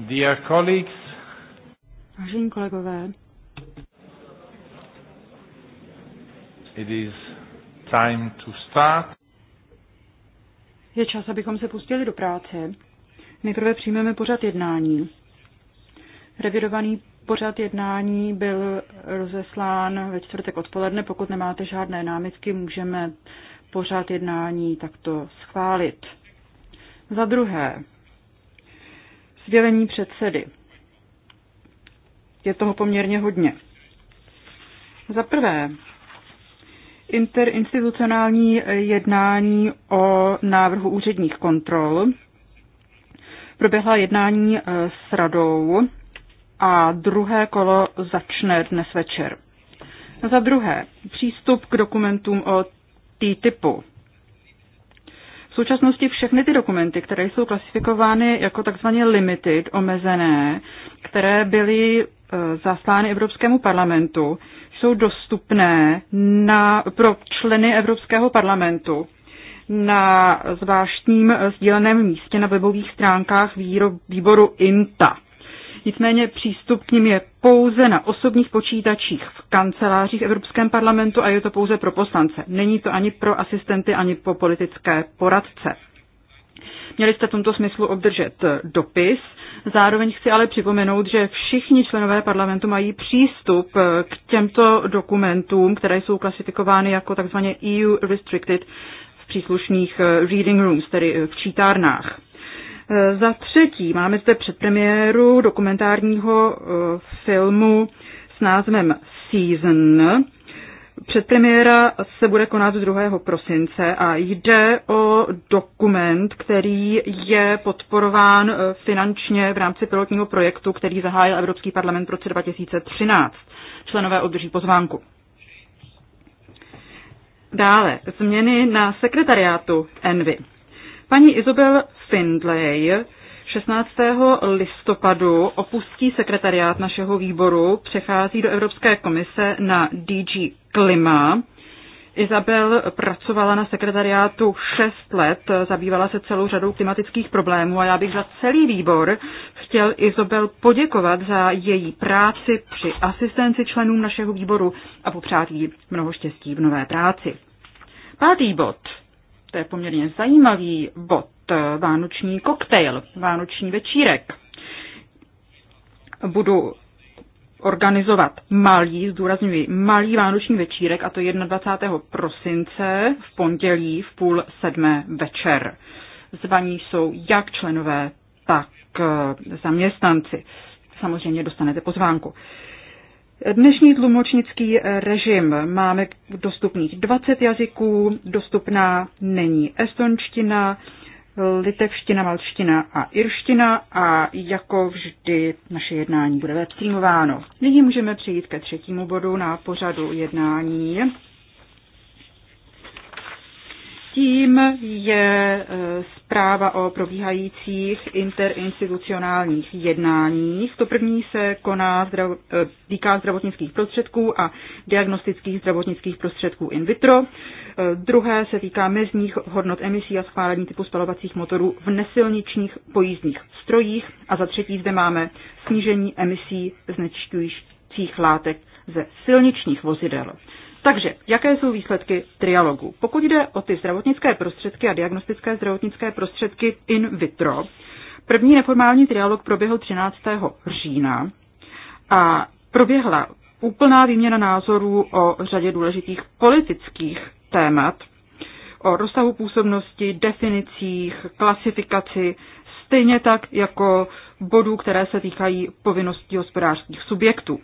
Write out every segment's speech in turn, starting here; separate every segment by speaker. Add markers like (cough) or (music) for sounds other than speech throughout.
Speaker 1: Dear colleagues,
Speaker 2: Vážení kolegové, it is time to start.
Speaker 3: Je čas, abychom se pustili do práce. Nejprve přijmeme pořad jednání. Revidovaný pořad jednání byl rozeslán ve čtvrtek odpoledne. Pokud nemáte žádné námitky, můžeme pořad jednání takto schválit. Za druhé, sdělení předsedy. Je toho poměrně hodně. Za prvé, interinstitucionální jednání o návrhu úředních kontrol. Proběhla jednání eh, s radou a druhé kolo začne dnes večer. Za druhé, přístup k dokumentům o T-typu současnosti všechny ty dokumenty, které jsou klasifikovány jako takzvaně limited, omezené, které byly e, zaslány Evropskému parlamentu, jsou dostupné na, pro členy Evropského parlamentu na zvláštním sdíleném místě na webových stránkách výrob, výboru INTA. Nicméně přístup k ním je pouze na osobních počítačích v kancelářích Evropském parlamentu a je to pouze pro poslance. Není to ani pro asistenty, ani po politické poradce. Měli jste v tomto smyslu obdržet dopis. Zároveň chci ale připomenout, že všichni členové parlamentu mají přístup k těmto dokumentům, které jsou klasifikovány jako takzvaně EU restricted v příslušných eh, reading rooms, tedy eh, v čítárnách. Eh, za třetí máme zde předpremiéru dokumentárního eh, filmu s názvem Season. Předpremiéra se bude konat 2. prosince a jde o dokument, který je podporován eh, finančně v rámci pilotního projektu, který zahájil Evropský parlament v roce 2013. Členové obdrží pozvánku. Dále změny na sekretariátu Envy. Paní Izobel Findlay 16. listopadu opustí sekretariát našeho výboru, přechází do Evropské komise na DG Klima. Izabel pracovala na sekretariátu 6 let, zabývala se celou řadou klimatických problémů a já bych za celý výbor chtěl Izabel poděkovat za její práci při asistenci členům našeho výboru a popřát jí mnoho štěstí v nové práci. Pátý bod, to je poměrně zajímavý bod, Eh, vánoční koktejl, vánoční večírek. Budu organizovat malý, zdůrazňuji, malý vánoční večírek a to 21. prosince v pondělí v půl sedmé večer. Zvaní jsou jak členové, tak eh, zaměstnanci. Samozřejmě dostanete pozvánku. Dnešní tlumočnický režim máme dostupných 20 jazyků, dostupná není estonština, litevština, malčtina a irština a jako vždy naše jednání bude webstreamováno. Nyní můžeme přejít ke třetímu bodu na pořadu jednání tím je e, zpráva o probíhajících interinstitucionálních jednáních. To první se koná zdrav, e, týká zdravotnických prostředků a diagnostických zdravotnických prostředků in vitro. E, druhé se týká mezních hodnot emisí a schválení typu spalovacích motorů v nesilničních pojízdních strojích. A za třetí zde máme snížení emisí znečišťujících látek ze silničních vozidel. Takže, jaké jsou výsledky trialogu? Pokud jde o ty zdravotnické prostředky a diagnostické zdravotnické prostředky in vitro, první neformální trialog proběhl 13. října a proběhla úplná výměna názorů o řadě důležitých politických témat, o rozsahu působnosti, definicích, klasifikaci, stejně tak jako bodů, které se týkají povinností hospodářských subjektů.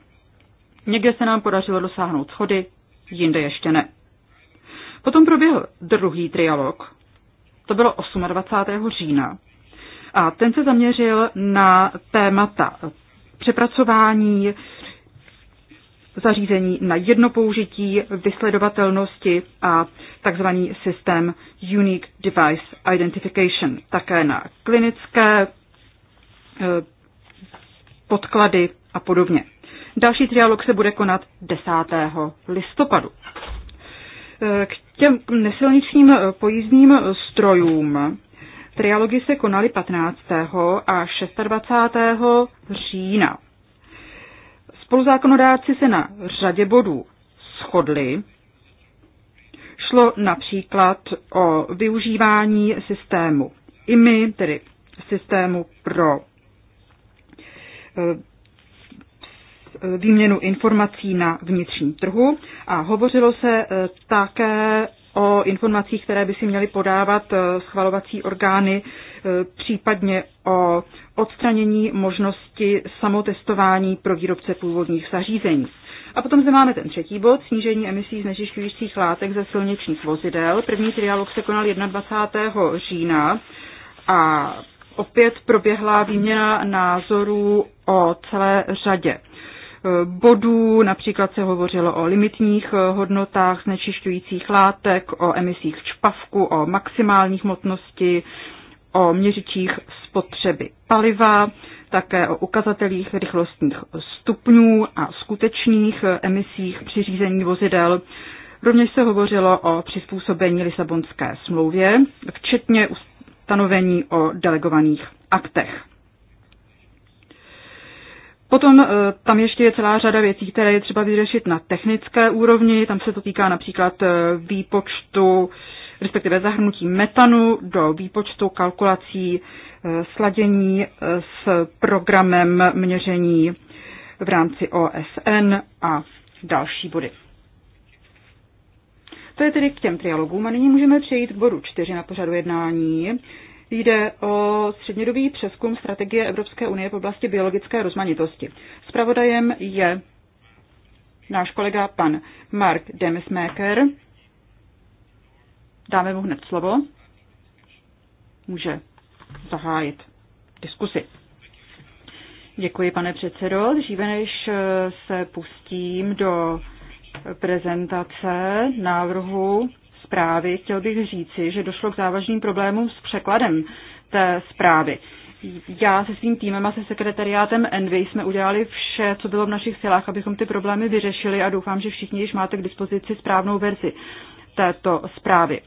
Speaker 3: Někde se nám podařilo dosáhnout schody, jinde ještě ne. Potom proběhl druhý trialog, to bylo 28. října, a ten se zaměřil na témata přepracování zařízení na jedno použití, vysledovatelnosti a takzvaný systém Unique Device Identification, také na klinické eh, podklady a podobně. Další trialog se bude konat 10. listopadu. E, k těm nesilničním e, pojízdním strojům trialogy se konaly 15. a 26. října. Spoluzákonodáci se na řadě bodů shodli. Šlo například o využívání systému IMI, tedy systému pro e, Eh, výměnu informací na vnitřním trhu a hovořilo se eh, také o informacích, které by si měly podávat eh, schvalovací orgány, případně o odstranění možnosti samotestování pro výrobce původních zařízení. A potom zde máme ten třetí bod, snížení emisí znečišťujících látek ze silničních vozidel. První trialog se konal 21. října a opět proběhla výměna názorů o celé řadě Eh, bodů, například se hovořilo o limitních eh, hodnotách znečišťujících látek, o emisích čpavku, o maximální hmotnosti, o měřičích spotřeby paliva, také o ukazatelích rychlostních stupňů a skutečných eh, emisích při řízení vozidel. Rovněž se hovořilo o přizpůsobení Lisabonské smlouvě, včetně ustanovení o delegovaných aktech. Potom eh, tam ještě je celá řada věcí, které je třeba vyřešit na technické úrovni. Tam se to týká například eh, výpočtu, respektive zahrnutí metanu do výpočtu kalkulací eh, sladění s programem měření v rámci OSN a další body. To je tedy k těm trialogům a nyní můžeme přejít k bodu 4 na pořadu jednání, Jde o střednědobý přeskum strategie Evropské unie v oblasti biologické rozmanitosti. Spravodajem je náš kolega pan Mark Demesmaker. Dáme mu hned slovo. Může zahájit diskusi. Děkuji, pane předsedo. Dříve než eh, se pustím do prezentace návrhu zprávy, chtěl bych říci, že došlo k závažným problémům s překladem té zprávy. Já se svým týmem a se sekretariátem Envy jsme udělali vše, co bylo v našich silách, abychom ty problémy vyřešili a doufám, že všichni již máte k dispozici správnou verzi této zprávy.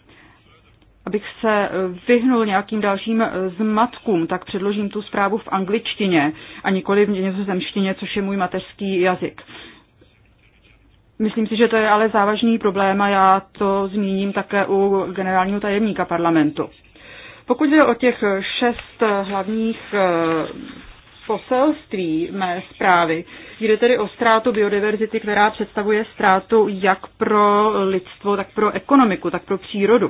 Speaker 3: Abych se vyhnul nějakým dalším zmatkům, tak předložím tu zprávu v angličtině a nikoli v nizozemštině, což je můj mateřský jazyk. Myslím si, že to je ale závažný problém a já to zmíním také u generálního tajemníka parlamentu. Pokud jde o těch šest hlavních eh, poselství mé zprávy, jde tedy o ztrátu biodiverzity, která představuje ztrátu jak pro lidstvo, tak pro ekonomiku, tak pro přírodu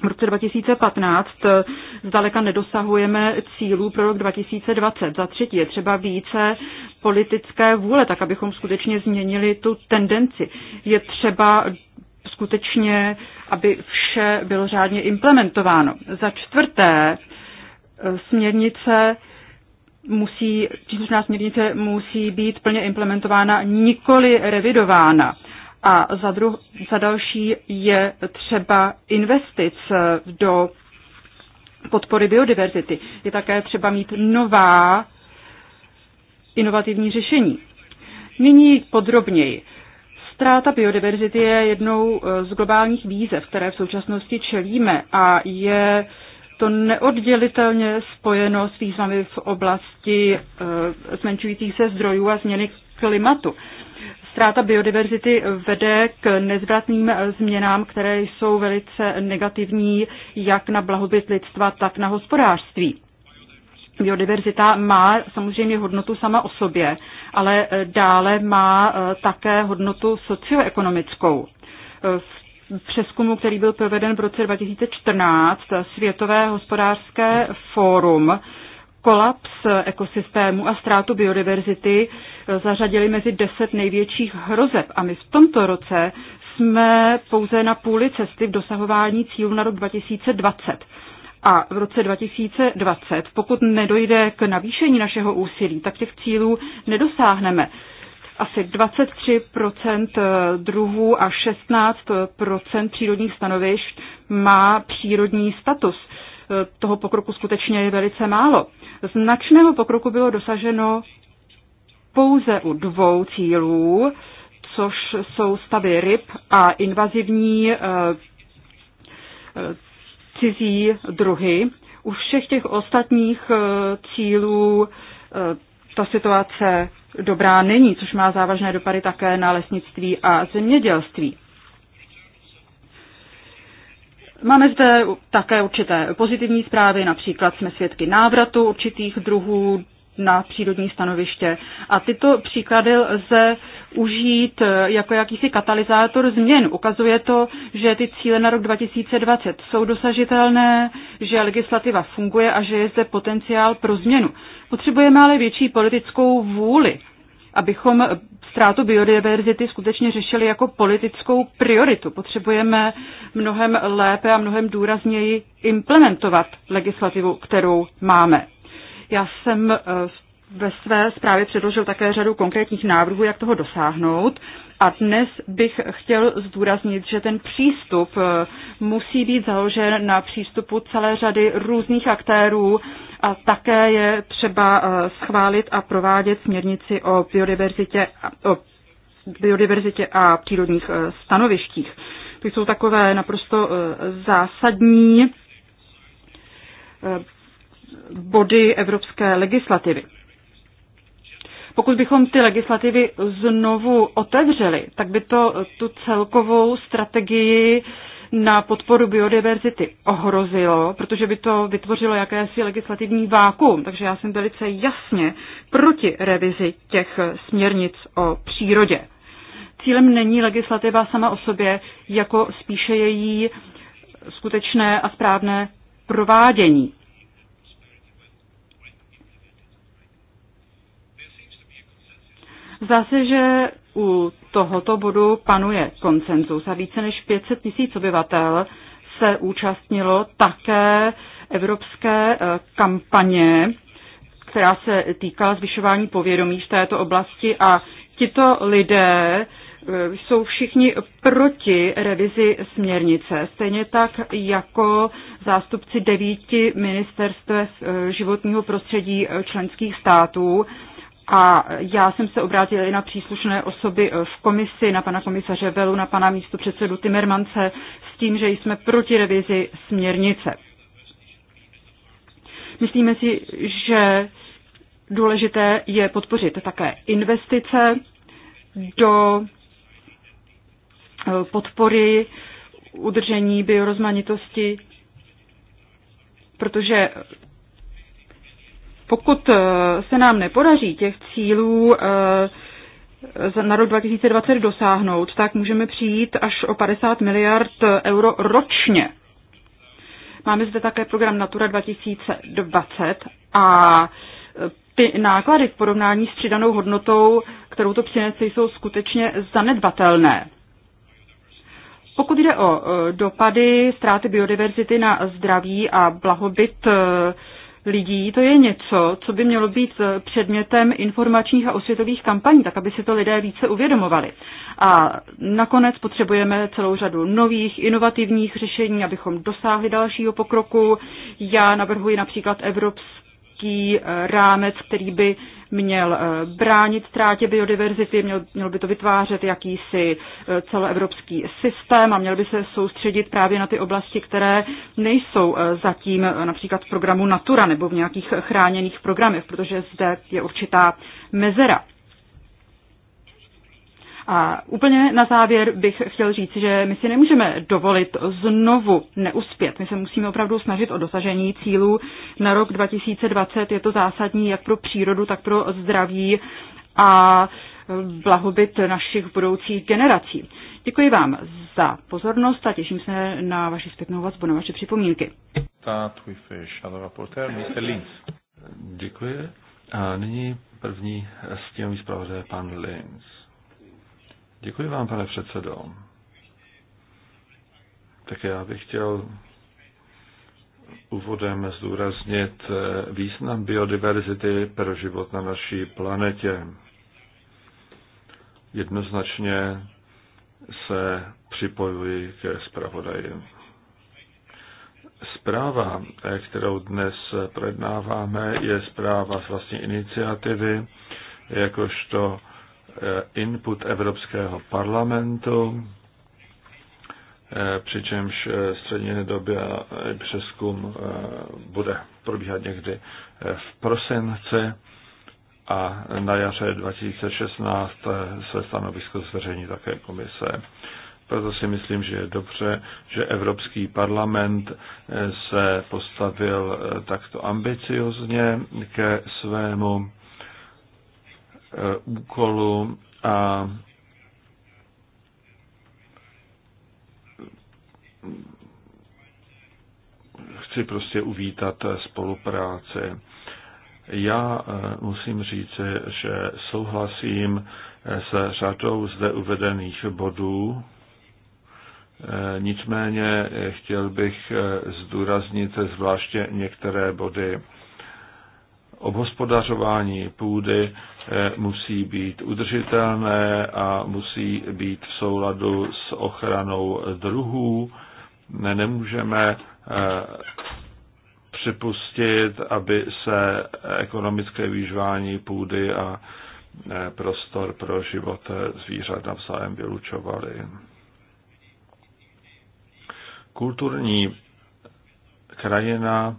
Speaker 3: v roce 2015 eh, zdaleka nedosahujeme cílů pro rok 2020. Za třetí je třeba více politické vůle, tak abychom skutečně změnili tu tendenci. Je třeba skutečně, aby vše bylo řádně implementováno. Za čtvrté, eh, směrnice musí, příslušná směrnice musí být plně implementována, nikoli revidována. A za, dru- za další je třeba investic do podpory biodiverzity. Je také třeba mít nová inovativní řešení. Nyní podrobněji. Ztráta biodiverzity je jednou eh, z globálních výzev, které v současnosti čelíme a je to neoddělitelně spojeno s výzvami v oblasti eh, zmenšujících se zdrojů a změny klimatu ztráta biodiverzity vede k nezvratným změnám, které jsou velice negativní jak na blahobyt lidstva, tak na hospodářství. Biodiverzita má samozřejmě hodnotu sama o sobě, ale dále má eh, také hodnotu socioekonomickou. Eh, v přeskumu, který byl proveden v roce 2014, Světové hospodářské fórum kolaps ekosystému a ztrátu biodiverzity zařadili mezi deset největších hrozeb. A my v tomto roce jsme pouze na půli cesty v dosahování cílu na rok 2020. A v roce 2020, pokud nedojde k navýšení našeho úsilí, tak těch cílů nedosáhneme. Asi 23 druhů a 16 přírodních stanovišť má přírodní status. Toho pokroku skutečně je velice málo. Značného pokroku bylo dosaženo pouze u dvou cílů, což jsou stavy ryb a invazivní eh, eh, cizí druhy. U všech těch ostatních eh, cílů ta situace dobrá není, což má závažné dopady také na lesnictví a zemědělství. Máme zde také určité pozitivní zprávy, například jsme svědky návratu určitých druhů na přírodní stanoviště. A tyto příklady lze užít eh, jako jakýsi katalyzátor změn. Ukazuje to, že ty cíle na rok 2020 jsou dosažitelné, že legislativa funguje a že je zde potenciál pro změnu. Potřebujeme ale větší politickou vůli abychom ztrátu biodiverzity skutečně řešili jako politickou prioritu. Potřebujeme mnohem lépe a mnohem důrazněji implementovat legislativu, kterou máme. Já jsem v eh, ve své zprávě předložil také řadu konkrétních návrhů, jak toho dosáhnout. A dnes bych chtěl zdůraznit, že ten přístup eh, musí být založen na přístupu celé řady různých aktérů a také je třeba eh, schválit a provádět směrnici o biodiverzitě, o biodiverzitě a přírodních eh, stanovištích. To jsou takové naprosto zásadní body evropské legislativy. Pokud bychom ty legislativy znovu otevřeli, tak by to tu celkovou strategii na podporu biodiverzity ohrozilo, protože by to vytvořilo jakési legislativní vákuum. Takže já jsem velice jasně proti revizi těch směrnic o přírodě. Cílem není legislativa sama o sobě, jako spíše její skutečné a správné provádění. Zase, že u tohoto bodu panuje koncenzus a více než 500 tisíc obyvatel se účastnilo také evropské eh, kampaně, která se týkala zvyšování povědomí v této oblasti a tito lidé eh, jsou všichni proti revizi směrnice, stejně tak jako zástupci devíti ministerstv eh, životního prostředí členských států a já jsem se obrátila i na příslušné osoby eh, v komisi, na pana komisaře Velu, na pana místopředsedu Timmermance, s tím, že jsme proti revizi směrnice. Myslíme si, že důležité je podpořit také investice do eh, podpory udržení biorozmanitosti, protože pokud eh, se nám nepodaří těch cílů eh, na rok 2020 dosáhnout, tak můžeme přijít až o 50 miliard euro ročně. Máme zde také program Natura 2020 a eh, ty náklady v porovnání s přidanou hodnotou, kterou to přinese, jsou skutečně zanedbatelné. Pokud jde o dopady ztráty biodiverzity na zdraví a blahobyt lidí, to je něco, co by mělo být eh, předmětem informačních a osvětových kampaní, tak aby si to lidé více uvědomovali. A nakonec potřebujeme celou řadu nových, inovativních řešení, abychom dosáhli dalšího pokroku. Já navrhuji například evropský eh, rámec, který by měl eh, bránit ztrátě biodiverzity, měl, měl by to vytvářet jakýsi eh, celoevropský systém a měl by se soustředit právě na ty oblasti, které nejsou eh, zatím například v programu Natura nebo v nějakých chráněných programech, protože zde je určitá mezera. A úplně na závěr bych chtěl říct, že my si nemůžeme dovolit znovu neuspět. My se musíme opravdu snažit o dosažení cílů na rok 2020. Je to zásadní jak pro přírodu, tak pro zdraví a blahobyt našich budoucích generací. Děkuji vám za pozornost a těším se na vaši zpětnou vazbu, na vaše připomínky.
Speaker 2: Děkuji. A nyní první stínový zpravodaj pan Lins. Děkuji vám, pane předsedo. Tak já bych chtěl úvodem zdůraznit význam biodiverzity pro život na naší planetě. Jednoznačně se připojuji ke zpravodaji. Zpráva, kterou dnes projednáváme, je zpráva z vlastní iniciativy, jakožto Eh, input Evropského parlamentu, eh, přičemž eh, středně době přeskum bude probíhat někdy v prosinci a na jaře 2016 se stanovisko zveřejní také komise. Proto si myslím, že je dobře, že Evropský parlament se postavil takto ambiciozně ke svému Eh, úkolu a chci prostě uvítat spolupráci. Já eh, musím říct, že souhlasím eh, se řadou zde uvedených bodů, nicméně chtěl bych zdůraznit zvláště některé body obhospodařování půdy eh, musí být udržitelné a musí být v souladu s ochranou druhů. Ne, nemůžeme eh, připustit, aby se ekonomické vyžvání půdy a eh, prostor pro život zvířat navzájem vylučovaly. Kulturní krajina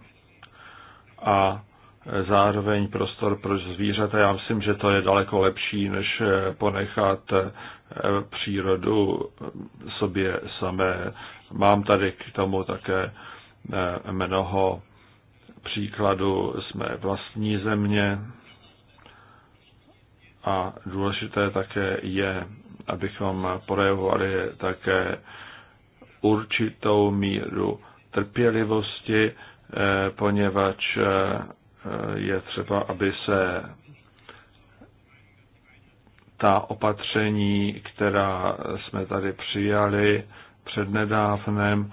Speaker 2: a zároveň prostor pro zvířata. Já myslím, že to je daleko lepší, než eh, ponechat eh, přírodu eh, sobě samé. Mám tady k tomu také mnoho příkladů z mé vlastní země a důležité také je, abychom projevovali také určitou míru trpělivosti, poněvadž je třeba, aby se ta opatření, která jsme tady přijali nedávnem,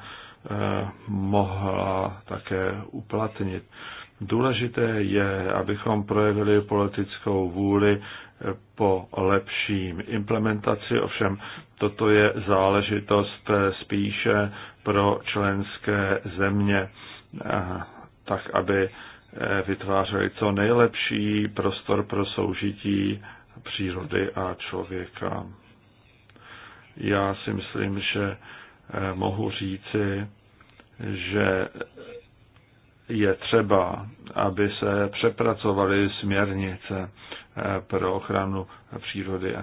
Speaker 2: eh, mohla také uplatnit. Důležité je, abychom projevili politickou vůli eh, po lepším implementaci, ovšem toto je záležitost eh, spíše pro členské země, tak aby Eh, vytvářeli co nejlepší prostor pro soužití přírody a člověka. Já si myslím, že eh, mohu říci, že je třeba, aby se přepracovaly směrnice eh, pro ochranu přírody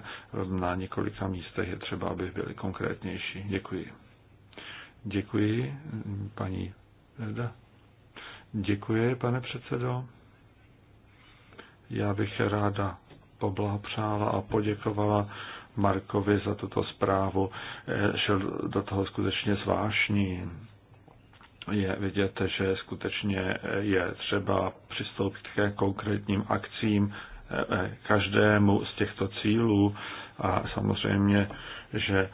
Speaker 2: na několika místech je třeba, aby byly konkrétnější. Děkuji. Děkuji, paní Reda. Děkuji, pane předsedo. Já bych ráda poblahopřála a poděkovala Markovi za tuto zprávu. Eh, šel do toho skutečně zvláštní. Je vidět, že skutečně eh, je třeba přistoupit ke konkrétním akcím eh, každému z těchto cílů a samozřejmě, že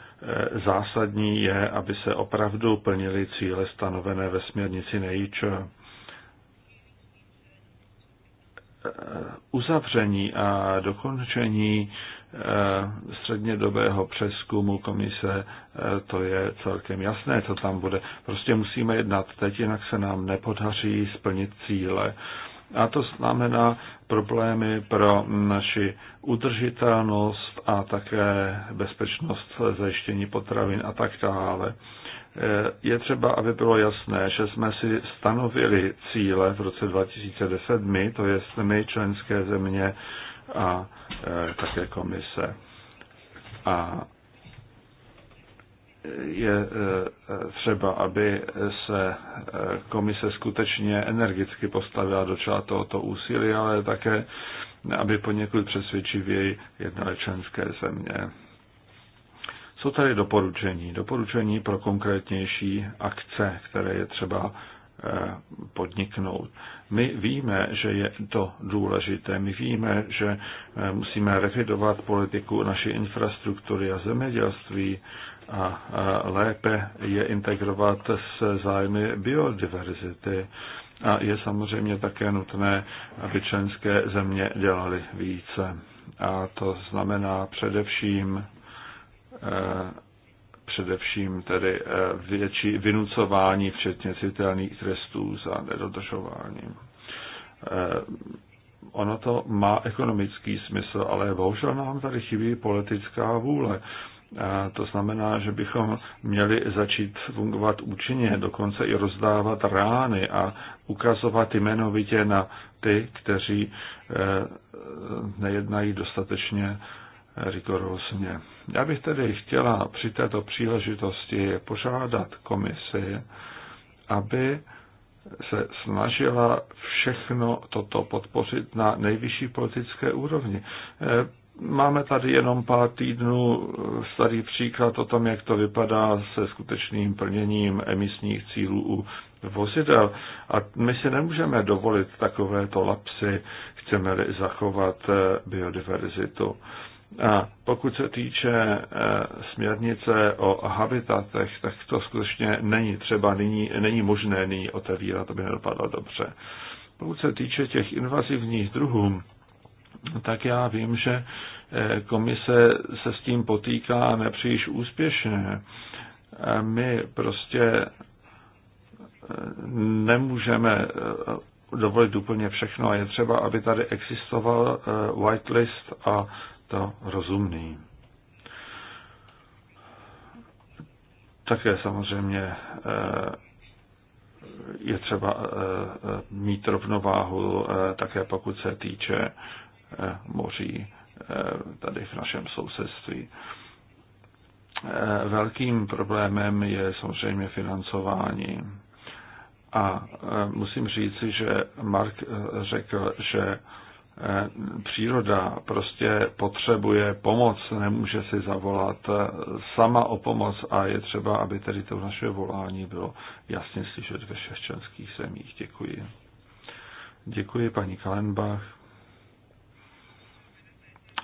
Speaker 2: zásadní je, aby se opravdu plnily cíle stanovené ve směrnici nature. Eh, uzavření a dokončení eh, střednědobého přeskumu komise, eh, to je celkem jasné, co tam bude. Prostě musíme jednat teď, jinak se nám nepodaří splnit cíle. A to znamená problémy pro naši udržitelnost a také bezpečnost zajištění potravin a tak dále. Eh, je třeba, aby bylo jasné, že jsme si stanovili cíle v roce 2010 my, to je my, členské země a eh, také komise. A je eh, třeba, aby se komise skutečně energicky postavila do čela tohoto úsilí, ale také, aby poněkud přesvědčivěji jednaly členské země. Jsou tady doporučení, doporučení pro konkrétnější akce, které je třeba eh, podniknout. My víme, že je to důležité. My víme, že eh, musíme revidovat politiku naší infrastruktury a zemědělství a eh, lépe je integrovat s zájmy biodiverzity. A je samozřejmě také nutné, aby členské země dělaly více. A to znamená především Eh, především tedy eh, větší vynucování, včetně citelných trestů za nedodržování. Eh, ono to má ekonomický smysl, ale bohužel nám tady chybí politická vůle. To znamená, že bychom měli začít fungovat účinně, dokonce i rozdávat rány a ukazovat jmenovitě na ty, kteří nejednají dostatečně rigorózně. Já bych tedy chtěla při této příležitosti požádat komisi, aby se snažila všechno toto podpořit na nejvyšší politické úrovni. E, máme tady jenom pár týdnů e, starý příklad o tom, jak to vypadá se skutečným plněním emisních cílů u vozidel. A my si nemůžeme dovolit takovéto lapsy, chceme-li zachovat e, biodiverzitu. A pokud se týče e, směrnice o habitatech, tak to skutečně není třeba, nyní, není možné nyní otevírat, aby nedopadlo dobře. Pokud se týče těch invazivních druhů, tak já vím, že e, komise se s tím potýká nepříliš úspěšně. E, my prostě nemůžeme dovolit úplně všechno a je třeba, aby tady existoval whitelist a to rozumný. Také samozřejmě eh, je třeba eh, eh, mít rovnováhu také pokud se týče moří tady v našem sousedství. Velkým problémem je samozřejmě financování. A musím říci, že Mark řekl, že Eh, příroda prostě potřebuje pomoc, nemůže si zavolat eh, sama o pomoc a je třeba, aby tedy to naše volání bylo jasně slyšet ve všech členských zemích. Děkuji. Děkuji paní Kalenbach.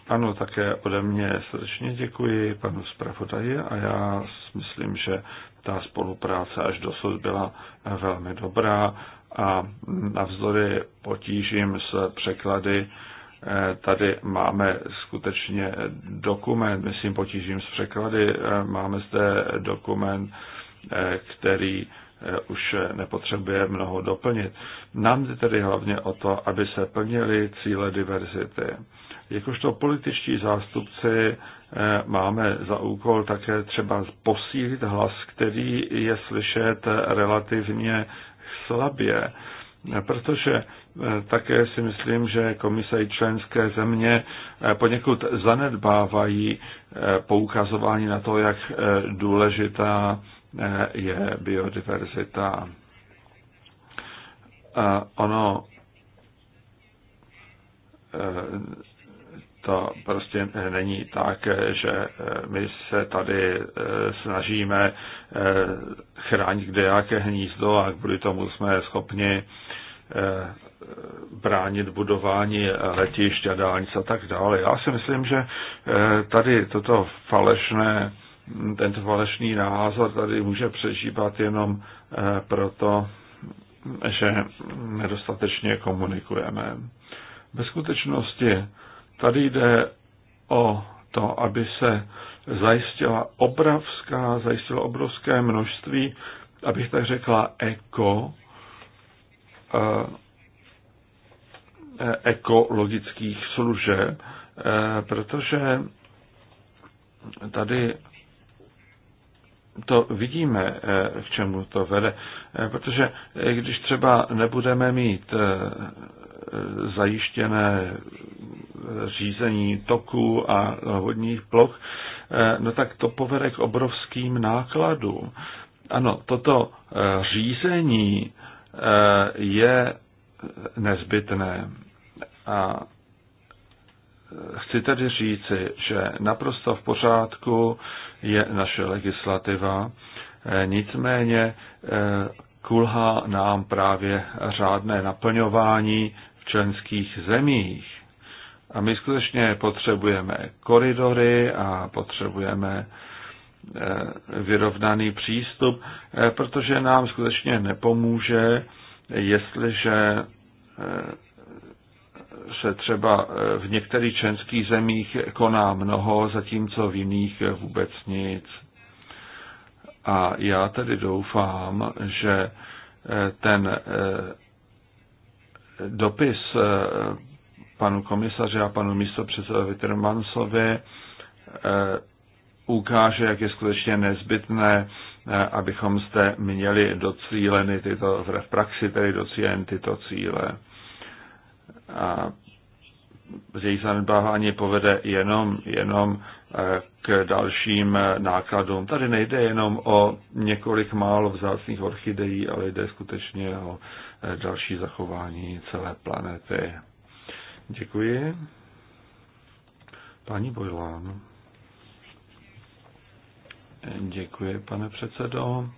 Speaker 2: Ano, také ode mě srdečně děkuji panu zpravodaji a já myslím, že ta spolupráce až dosud byla velmi dobrá a navzdory potížím s překlady eh, tady máme skutečně dokument, myslím potížím s překlady, eh, máme zde dokument, eh, který už nepotřebuje mnoho doplnit. Nám jde tedy hlavně o to, aby se plnily cíle diverzity. Jakožto političtí zástupci máme za úkol také třeba posílit hlas, který je slyšet relativně slabě, protože eh, také si myslím, že komise i členské země eh, poněkud zanedbávají eh, poukazování na to, jak důležitá je biodiverzita. Ono to prostě není tak, že eh, my se tady eh, snažíme eh, chránit jaké hnízdo a kvůli tomu jsme schopni bránit budování letišť a dálnic a tak dále. Já si myslím, že tady toto falešné, tento falešný názor tady může přežívat jenom proto, že nedostatečně komunikujeme. Ve skutečnosti Tady jde o to, aby se zajistila obrovská, zajistilo obrovské množství, abych tak řekla, eko, eh, eh, ekologických služeb, eh, protože tady to vidíme, k čemu to vede. Protože když třeba nebudeme mít zajištěné řízení toků a vodních ploch, eh, no tak to povede k obrovským nákladům. Ano, toto eh, řízení eh, je nezbytné. A chci tedy říci, že naprosto v pořádku je naše legislativa, nicméně kulhá nám právě řádné naplňování v členských zemích. A my skutečně potřebujeme koridory a potřebujeme eh, vyrovnaný přístup, eh, protože nám skutečně nepomůže, jestliže eh, se třeba v některých členských zemích koná mnoho, zatímco v jiných vůbec nic. A já tedy doufám, že ten dopis panu komisaři a panu místopředsedovi Termansovi eh, ukáže, jak je skutečně nezbytné, eh, abychom zde měli docíleny tyto, v praxi tedy docíleny tyto cíle. A jejich zanedbávání povede jenom, jenom eh, k dalším nákladům. Tady nejde jenom o několik málo vzácných orchidejí, ale jde skutečně o další zachování celé planety. Děkuji. Paní Bojlán. Děkuji, pane předsedo.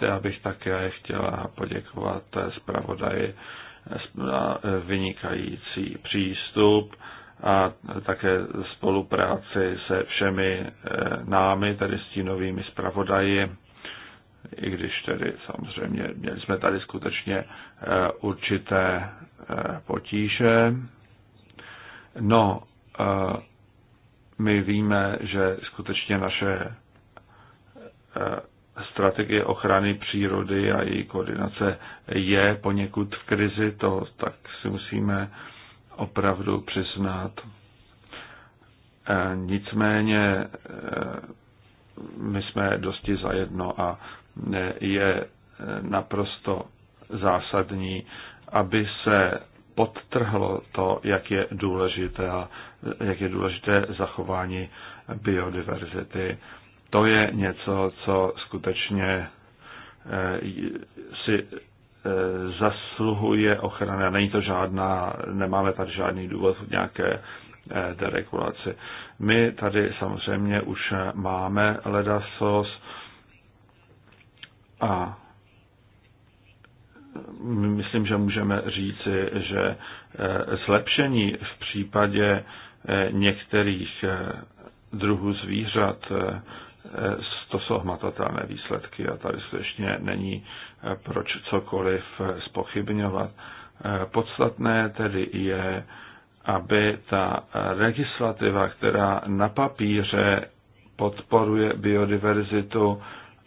Speaker 2: Eh, já bych také chtěla poděkovat zpravodaji za vynikající přístup a také spolupráci se všemi eh, námi, tedy novými zpravodaji, i když tedy samozřejmě měli jsme tady skutečně eh, určité Eh, potíže. No, eh, my víme, že skutečně naše eh, strategie ochrany přírody a její koordinace je poněkud v krizi, to tak si musíme opravdu přiznat. Nicméně my jsme dosti zajedno a je naprosto zásadní, aby se podtrhlo to, jak je důležité, jak je důležité zachování biodiverzity. To je něco, co skutečně eh, si eh, zasluhuje ochrany. A není to žádná, nemáme tady žádný důvod nějaké eh, deregulaci. My tady samozřejmě už máme ledasos a myslím, že můžeme říci, že eh, zlepšení v případě eh, některých eh, druhů zvířat, to jsou hmatatelné výsledky a tady skutečně není proč cokoliv spochybňovat. Podstatné tedy je, aby ta legislativa, která na papíře podporuje biodiverzitu,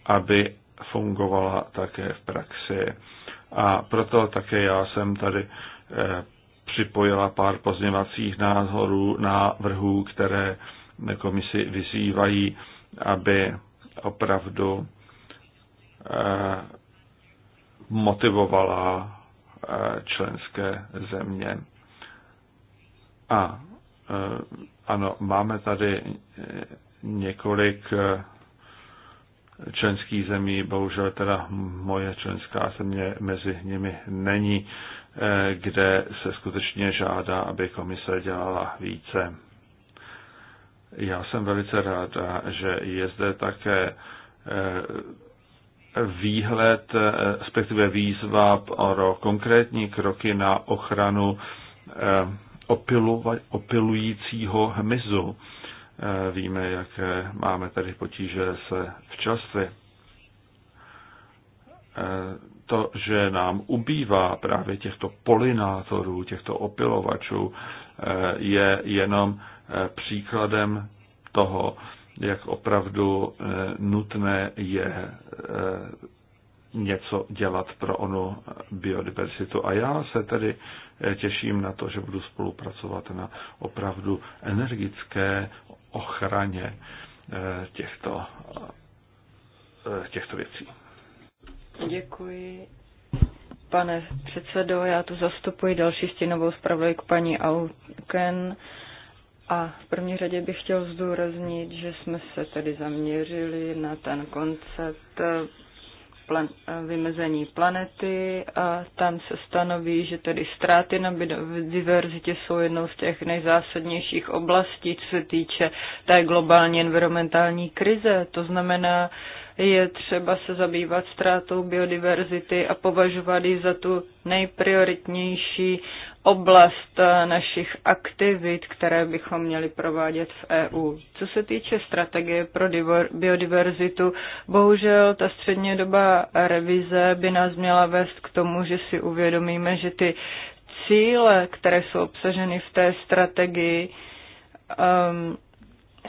Speaker 2: aby fungovala také v praxi. A proto také já jsem tady eh, připojila pár pozněvacích názorů, návrhů, které komisi vyzývají, aby opravdu eh, motivovala eh, členské země. A ano, máme tady několik členských zemí, bohužel teda moje členská země mezi nimi není, eh, kde se skutečně žádá, aby komise dělala více. Já jsem velice rád, že je zde také eh, výhled, eh, respektive výzva pro konkrétní kroky na ochranu opilujícího hmyzu Eh, víme, jaké máme tady potíže se včasy. Eh, to, že nám ubývá právě těchto polinátorů, těchto opilovačů, eh, je jenom příkladem toho, jak opravdu nutné je něco dělat pro onu biodiversitu. A já se tedy těším na to, že budu spolupracovat na opravdu energické ochraně eh, těchto, eh, těchto věcí.
Speaker 4: Děkuji. Pane předsedo, já tu zastupuji další stěnovou zpravodajku paní Auken. A v první řadě bych chtěl zdůraznit, že jsme se tedy zaměřili na ten koncept plan, vymezení planety a tam se stanoví, že tedy ztráty na biodiverzitě jsou jednou z těch nejzásadnějších oblastí, co se týče té globální environmentální krize. To znamená, je třeba se zabývat ztrátou biodiverzity a považovat ji za tu nejprioritnější oblast eh, našich aktivit, které bychom měli provádět v EU. Co se týče strategie pro biodiverzitu, bohužel ta střednědobá revize by nás měla vést k tomu, že si uvědomíme, že ty cíle, které jsou obsaženy v té strategii, um,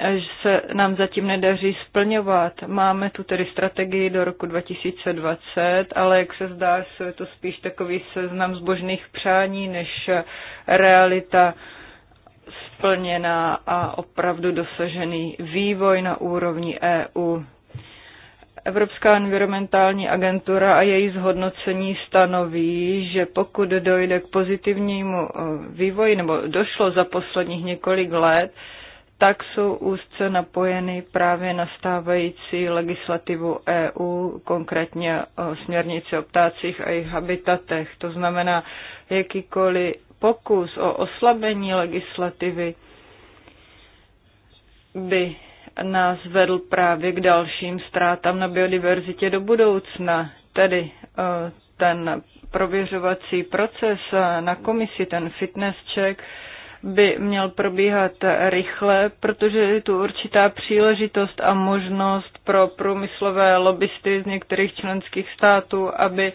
Speaker 4: že se nám zatím nedaří splňovat. Máme tu tedy strategii do roku 2020, ale jak se zdá, je to spíš takový seznam zbožných přání než realita splněná a opravdu dosažený vývoj na úrovni EU. Evropská environmentální agentura a její zhodnocení stanoví, že pokud dojde k pozitivnímu eh, vývoji, nebo došlo za posledních několik let, tak jsou úzce napojeny právě na stávající legislativu EU, konkrétně směrnici o ptácích a jejich habitatech. To znamená, jakýkoliv pokus o oslabení legislativy by nás vedl právě k dalším ztrátám na biodiverzitě do budoucna. Tedy eh, ten prověřovací proces na komisi, ten fitness check, by měl probíhat rychle, protože je tu určitá příležitost a možnost pro průmyslové lobbysty z některých členských států, aby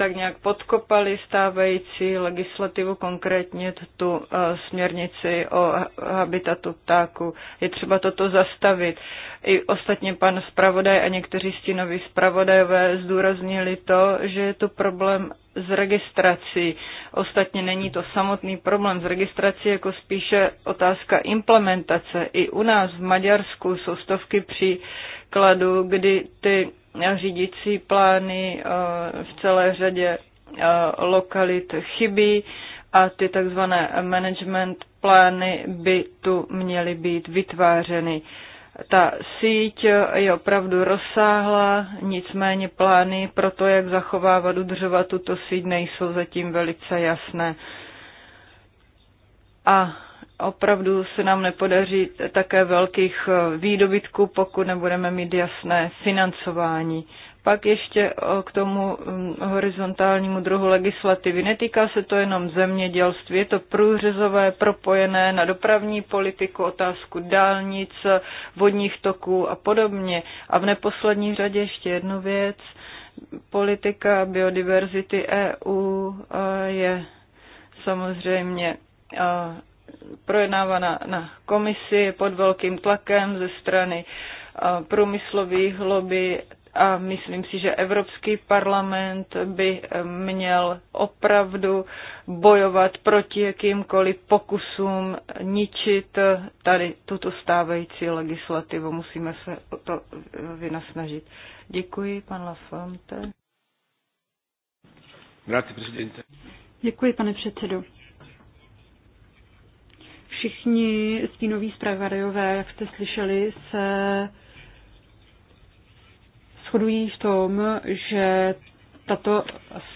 Speaker 4: tak nějak podkopali stávající legislativu, konkrétně tu eh, směrnici o habitatu ptáku. Je třeba toto zastavit. I ostatně pan zpravodaj a někteří stínoví zpravodajové zdůraznili to, že je tu problém s registrací. Ostatně není to samotný problém s registrací, jako spíše otázka implementace. I u nás v Maďarsku jsou stovky příkladů, kdy ty řídící plány eh, v celé řadě eh, lokalit chybí a ty takzvané management plány by tu měly být vytvářeny. Ta síť je opravdu rozsáhlá, nicméně plány pro to, jak zachovávat, udržovat tuto síť, nejsou zatím velice jasné. A opravdu se nám nepodaří také velkých eh, výdobytků, pokud nebudeme mít jasné financování. Pak ještě eh, k tomu mm, horizontálnímu druhu legislativy. Netýká se to jenom zemědělství, je to průřezové, propojené na dopravní politiku, otázku dálnic, vodních toků a podobně. A v neposlední řadě ještě jednu věc. Politika biodiverzity EU eh, je samozřejmě projednávána na komisi pod velkým tlakem ze strany eh, průmyslových lobby a myslím si, že Evropský parlament by eh, měl opravdu bojovat proti jakýmkoliv pokusům ničit eh, tady tuto stávající legislativu. Musíme se o to vynasnažit. Děkuji, pan Lafonte. Děkuji, pane předsedo.
Speaker 3: Všichni stínoví zpravodajové, jak jste slyšeli, se shodují v tom, že tato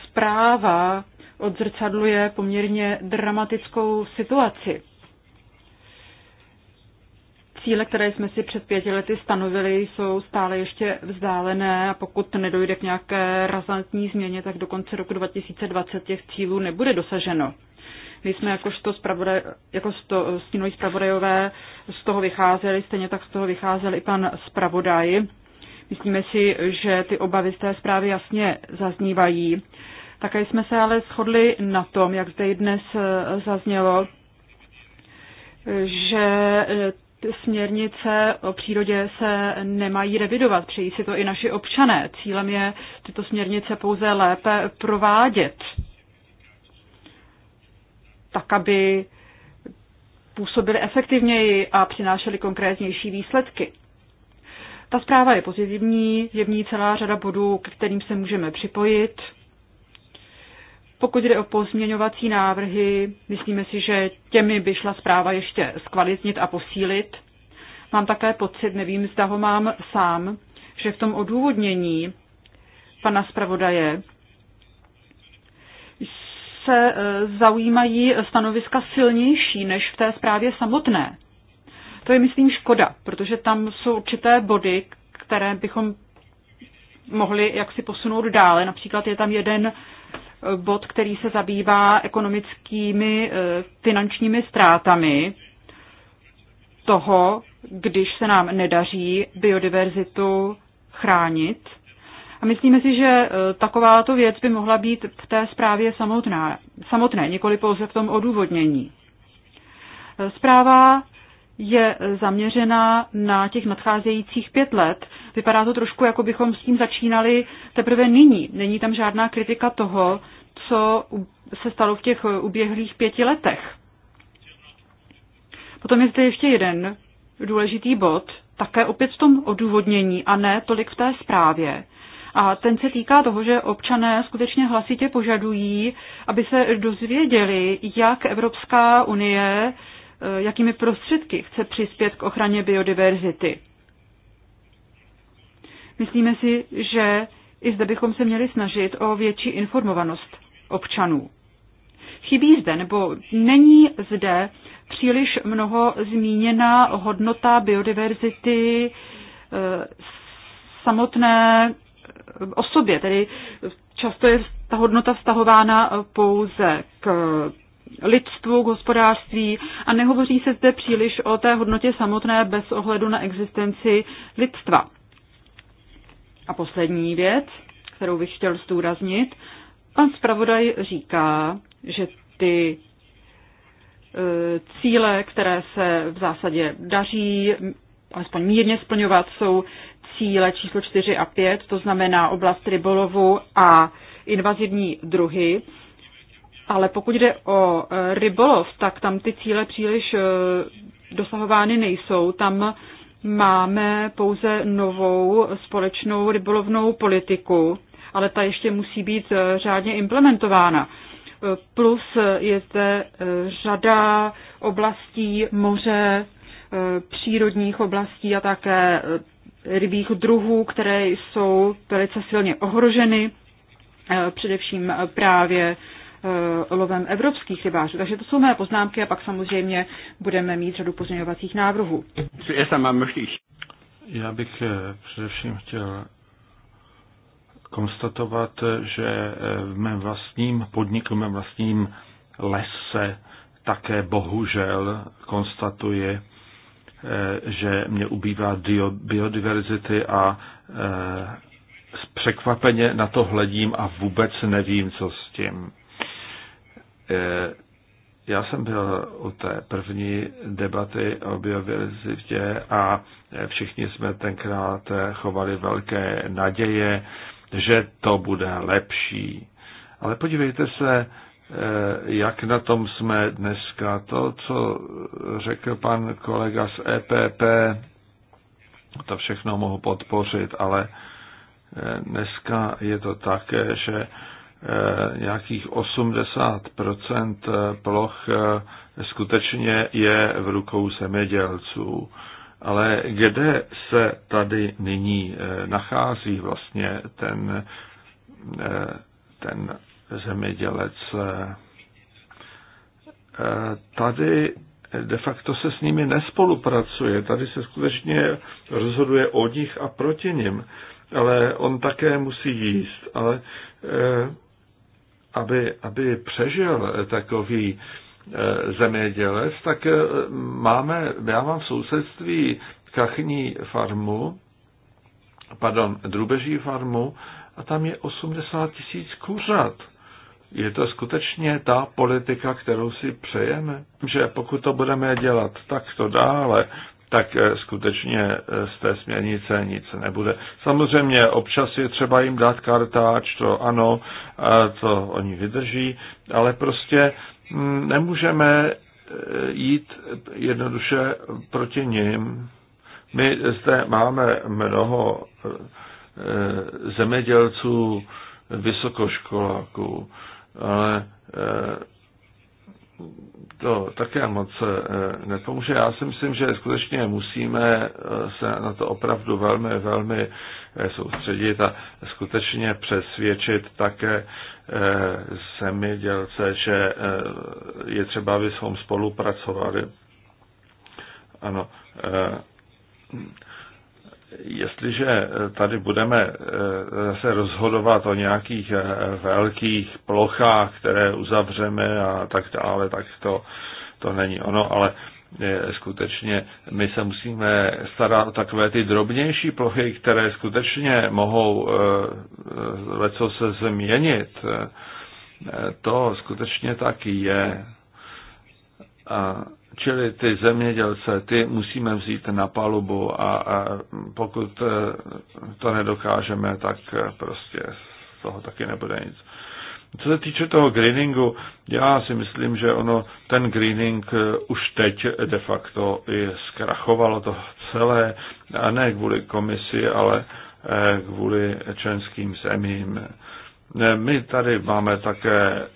Speaker 3: zpráva odzrcadluje poměrně dramatickou situaci. Cíle, které jsme si před pěti lety stanovili, jsou stále ještě vzdálené a pokud nedojde k nějaké razantní změně, tak do konce roku 2020 těch cílů nebude dosaženo. My jsme jakožto spravodaj, jako sto, stínoví spravodajové z toho vycházeli, stejně tak z toho vycházel i pan spravodaj. Myslíme si, že ty obavy z té zprávy jasně zaznívají. Také jsme se ale shodli na tom, jak zde i dnes eh, zaznělo, že eh, směrnice o přírodě se nemají revidovat. Přejí si to i naši občané. Cílem je tyto směrnice pouze lépe provádět tak aby působili efektivněji a přinášeli konkrétnější výsledky. Ta zpráva je pozitivní, je v ní celá řada bodů, k kterým se můžeme připojit. Pokud jde o pozměňovací návrhy, myslíme si, že těmi by šla zpráva ještě zkvalitnit a posílit. Mám také pocit, nevím, zda ho mám sám, že v tom odůvodnění pana zpravodaje se eh, zaujímají stanoviska silnější než v té zprávě samotné. To je, myslím, škoda, protože tam jsou určité body, které bychom mohli jaksi posunout dále. Například je tam jeden eh, bod, který se zabývá ekonomickými eh, finančními ztrátami toho, když se nám nedaří biodiverzitu chránit. A myslíme si, že e, takováto věc by mohla být v té zprávě samotná, samotné, nikoli pouze v tom odůvodnění. E, zpráva je zaměřena na těch nadcházejících pět let. Vypadá to trošku, jako bychom s tím začínali teprve nyní. Není tam žádná kritika toho, co se stalo v těch uběhlých pěti letech. Potom je zde ještě jeden důležitý bod, také opět v tom odůvodnění a ne tolik v té zprávě. A ten se týká toho, že občané skutečně hlasitě požadují, aby se dozvěděli, jak Evropská unie, eh, jakými prostředky chce přispět k ochraně biodiverzity. Myslíme si, že i zde bychom se měli snažit o větší informovanost občanů. Chybí zde, nebo není zde příliš mnoho zmíněna hodnota biodiverzity eh, samotné osobě, tedy často je ta hodnota vztahována pouze k lidstvu, k hospodářství a nehovoří se zde příliš o té hodnotě samotné bez ohledu na existenci lidstva. A poslední věc, kterou bych chtěl zdůraznit, pan zpravodaj říká, že ty e, cíle, které se v zásadě daří alespoň mírně splňovat, jsou cíle číslo 4 a 5, to znamená oblast rybolovu a invazivní druhy. Ale pokud jde o e, rybolov, tak tam ty cíle příliš e, dosahovány nejsou. Tam máme pouze novou společnou rybolovnou politiku, ale ta ještě musí být e, řádně implementována. Plus je zde řada oblastí moře, přírodních oblastí a také rybích druhů, které jsou velice silně ohroženy, eh, především právě eh, lovem evropských rybářů. Takže to jsou mé poznámky a pak samozřejmě budeme mít řadu pozměňovacích návrhů.
Speaker 2: Já bych eh, především chtěl konstatovat, že v mém vlastním podniku, v mém vlastním lese také bohužel konstatuje, Eh, že mě ubývá biodiverzity a eh, překvapeně na to hledím a vůbec nevím, co s tím. Eh, já jsem byl u té první debaty o biodiverzitě a všichni jsme tenkrát chovali velké naděje, že to bude lepší. Ale podívejte se, Eh, jak na tom jsme dneska. To, co řekl pan kolega z EPP, to všechno mohu podpořit, ale eh, dneska je to také, že eh, nějakých 80% ploch skutečně je v rukou zemědělců. Ale kde se tady nyní nachází vlastně ten, ten zemědělec. Eh, tady de facto se s nimi nespolupracuje, tady se skutečně rozhoduje o nich a proti nim, ale on také musí jíst, ale eh, aby, aby přežil takový eh, zemědělec, tak máme, já mám v sousedství kachní farmu, pardon, drubeží farmu a tam je 80 tisíc kuřat je to skutečně ta politika, kterou si přejeme, že pokud to budeme dělat takto dále, tak eh, skutečně eh, z té směrnice nic nebude. Samozřejmě občas je třeba jim dát kartáč, to ano, to oni vydrží, ale prostě hm, nemůžeme eh, jít jednoduše proti nim. My zde máme mnoho zemědělců, vysokoškoláků, ale eh, to také moc eh, nepomůže. Já si myslím, že skutečně musíme eh, se na to opravdu velmi, velmi soustředit a skutečně přesvědčit také zemědělce, že je třeba, aby s spolupracovali. Ano jestliže eh, tady budeme eh, se rozhodovat o nějakých eh, velkých plochách, které uzavřeme a tak dále, tak to, to není ono, ale skutečně my se musíme starat o takové ty drobnější plochy, které skutečně mohou leco se změnit. To skutečně tak je. A Čili ty zemědělce, ty musíme vzít na palubu a, a pokud e, to nedokážeme, tak e, prostě z toho taky nebude nic. Co se týče toho greeningu, já si myslím, že ono, ten greening e, už teď de facto i zkrachovalo to celé, a ne kvůli komisi, ale kvůli členským zemím. My tady máme také e,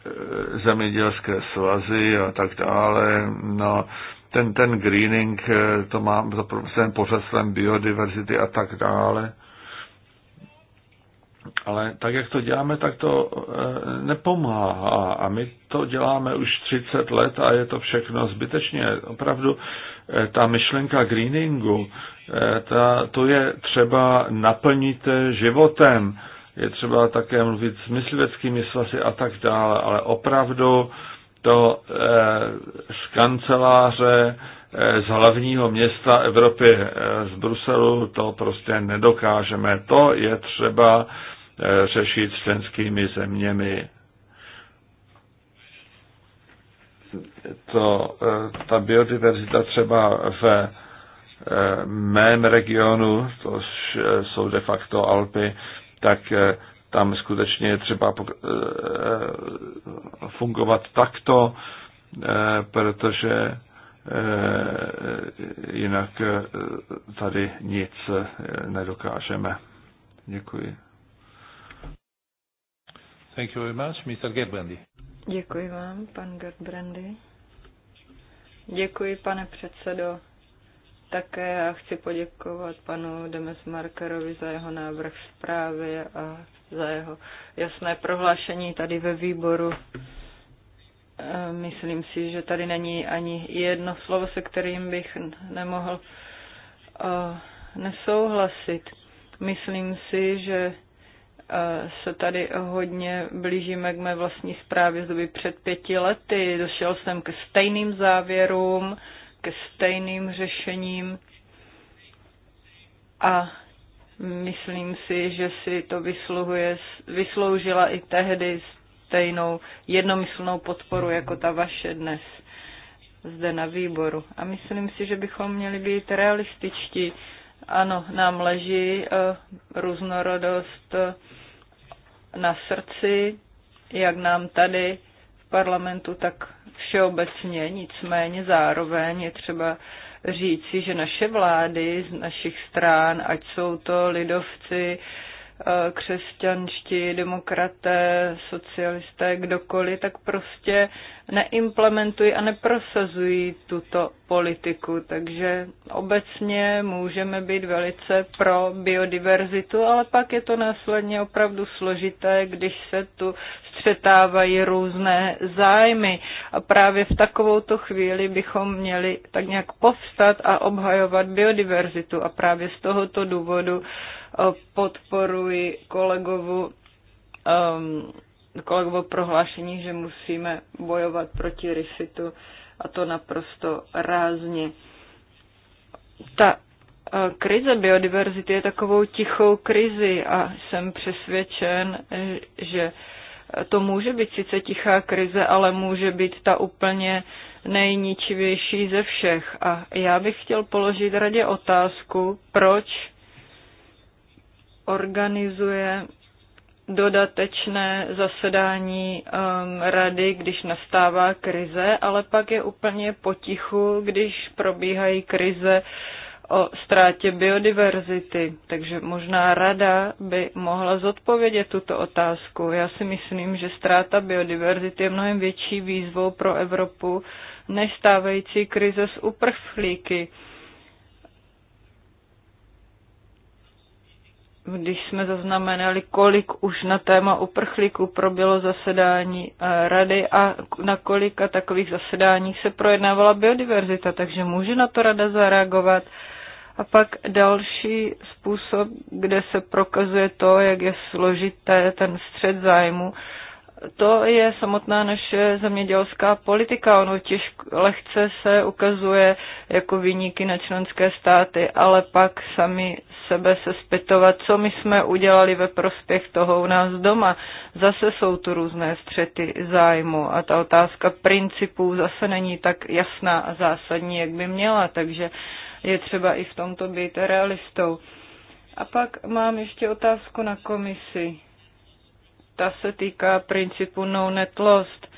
Speaker 2: zemědělské svazy a tak dále. No, ten, ten greening, e, to mám za ten pořadstvem biodiverzity a tak dále. Ale tak, jak to děláme, tak to e, nepomáhá. A my to děláme už 30 let a je to všechno zbytečně. Opravdu ta myšlenka greeningu, ta, to je třeba naplnit životem je třeba také mluvit s mysliveckými svazy a tak dále, ale opravdu to eh, z kanceláře eh, z hlavního města Evropy, eh, z Bruselu, to prostě nedokážeme. To je třeba řešit s členskými zeměmi. To, ta biodiverzita třeba v mém regionu, to jsou de facto Alpy, tak eh, tam skutečně je třeba eh, eh, fungovat takto, protože jinak tady nic nedokážeme. Děkuji. Thank you very much, Mr. Gerbrandy.
Speaker 4: Děkuji vám, pan Gerbrandy. Děkuji, pane předsedo. Také já chci poděkovat panu Markerovi za jeho návrh zprávy a za jeho jasné prohlášení tady ve výboru. E, myslím si, že tady není ani jedno slovo, se kterým bych nemohl e, nesouhlasit. Myslím si, že e, se tady hodně blížíme k mé vlastní zprávě z doby před pěti lety. Došel jsem k stejným závěrům ke stejným řešením a myslím si, že si to vysluhuje, vysloužila i tehdy stejnou jednomyslnou podporu jako ta vaše dnes zde na výboru. A myslím si, že bychom měli být realističtí. Ano, nám leží eh, různorodost eh, na srdci, jak nám tady parlamentu tak všeobecně, nicméně zároveň je třeba říci, že naše vlády z našich strán, ať jsou to lidovci, E, křesťanští, demokraté, socialisté, kdokoliv, tak prostě neimplementují a neprosazují tuto politiku. Takže obecně můžeme být velice pro biodiverzitu, ale pak je to následně opravdu složité, když se tu střetávají různé zájmy. A právě v takovouto chvíli bychom měli tak nějak povstat a obhajovat biodiverzitu. A právě z tohoto důvodu podporuji kolegovu, um, kolegovo prohlášení, že musíme bojovat proti risitu a to naprosto rázně. Ta eh, krize biodiverzity je takovou tichou krizi a jsem přesvědčen, eh, že to může být sice tichá krize, ale může být ta úplně nejničivější ze všech. A já bych chtěl položit radě otázku, proč organizuje dodatečné zasedání um, rady, když nastává krize, ale pak je úplně potichu, když probíhají krize o ztrátě biodiverzity. Takže možná rada by mohla zodpovědět tuto otázku. Já si myslím, že ztráta biodiverzity je mnohem větší výzvou pro Evropu než stávající krize s uprchlíky. když jsme zaznamenali, kolik už na téma uprchlíků probělo zasedání eh, rady a na kolika takových zasedáních se projednávala biodiverzita, takže může na to rada zareagovat. A pak další způsob, kde se prokazuje to, jak je složité ten střed zájmu, to je samotná naše zemědělská politika. Ono těžko, lehce se ukazuje jako vyníky na členské státy, ale pak sami sebe se zpytovat, co my jsme udělali ve prospěch toho u nás doma. Zase jsou tu různé střety zájmu a ta otázka principů zase není tak jasná a zásadní, jak by měla, takže je třeba i v tomto být realistou. A pak mám ještě otázku na komisi ta se týká principu no net lost.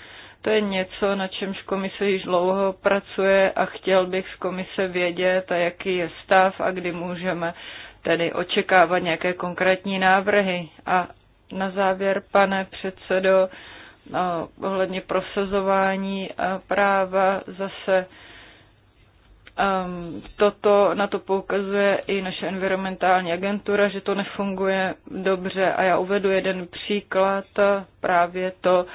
Speaker 4: To je něco, na čemž komise již dlouho pracuje a chtěl bych z komise vědět, a jaký je stav a kdy můžeme tedy očekávat nějaké konkrétní návrhy. A na závěr, pane předsedo, no, ohledně prosazování práva zase Ehm, toto, na to poukazuje i naše environmentální agentura, že to nefunguje dobře a já uvedu jeden příklad, eh, právě to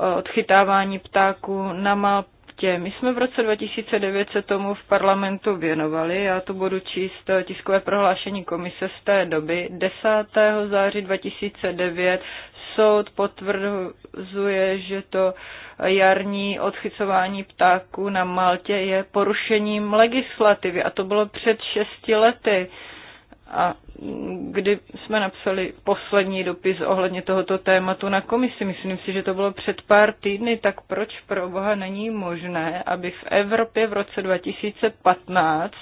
Speaker 4: eh, odchytávání ptáků na mapě. My jsme v roce 2009 se tomu v parlamentu věnovali, já tu budu číst eh, tiskové prohlášení komise z té doby. 10. září 2009 soud potvrzuje, že to uh, jarní odchycování ptáků na Maltě je porušením legislativy a to bylo před šesti lety. A kdy jsme napsali poslední dopis ohledně tohoto tématu na komisi, myslím si, že to bylo před pár týdny, tak proč pro Boha není možné, aby v Evropě v roce 2015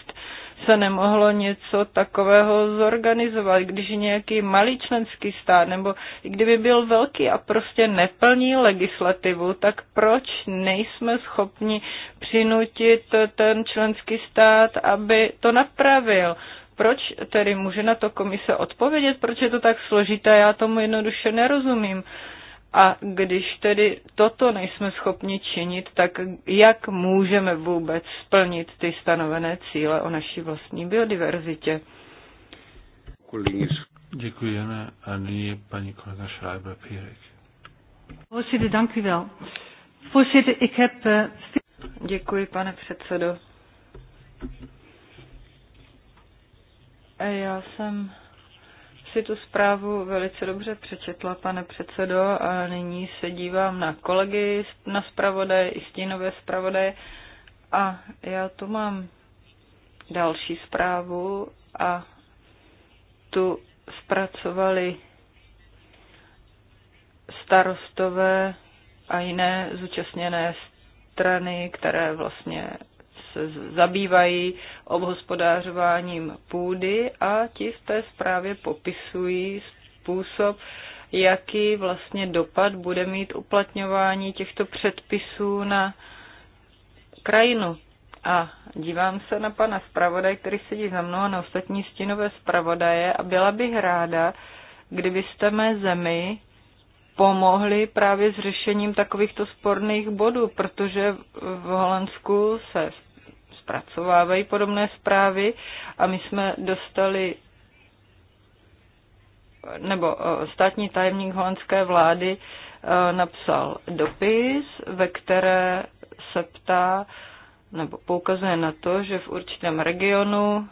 Speaker 4: se nemohlo něco takového zorganizovat, když nějaký malý členský stát, nebo kdyby byl velký a prostě neplní legislativu, tak proč nejsme schopni přinutit ten členský stát, aby to napravil? Proč tedy může na to komise odpovědět? Proč je to tak složité? Já tomu jednoduše nerozumím. Uh, a když tedy toto nejsme schopni činit, tak jak můžeme vůbec splnit ty stanovené cíle o naší vlastní biodiverzitě?
Speaker 2: Děkujeme. A nyní paní kolega Schreiber-Pírek.
Speaker 4: Eh, Děkuji, pane předsedo. Já jsem si tu zprávu velice dobře přečetla, pane předsedo, a nyní se dívám na kolegy, na zpravodaje i stínové zpravodaje. A já tu mám další zprávu a tu zpracovali starostové a jiné zúčastněné strany, které vlastně se zabývají obhospodářováním půdy a ti v té zprávě popisují způsob, jaký vlastně dopad bude mít uplatňování těchto předpisů na krajinu. A dívám se na pana zpravodaje, který sedí za mnou a na ostatní stínové zpravodaje a byla bych ráda, kdybyste mé zemi pomohli právě s řešením takovýchto sporných bodů, protože v Holandsku se zpracovávají podobné zprávy a my jsme dostali nebo eh, státní tajemník holandské vlády eh, napsal dopis, ve které se ptá nebo poukazuje na to, že v určitém regionu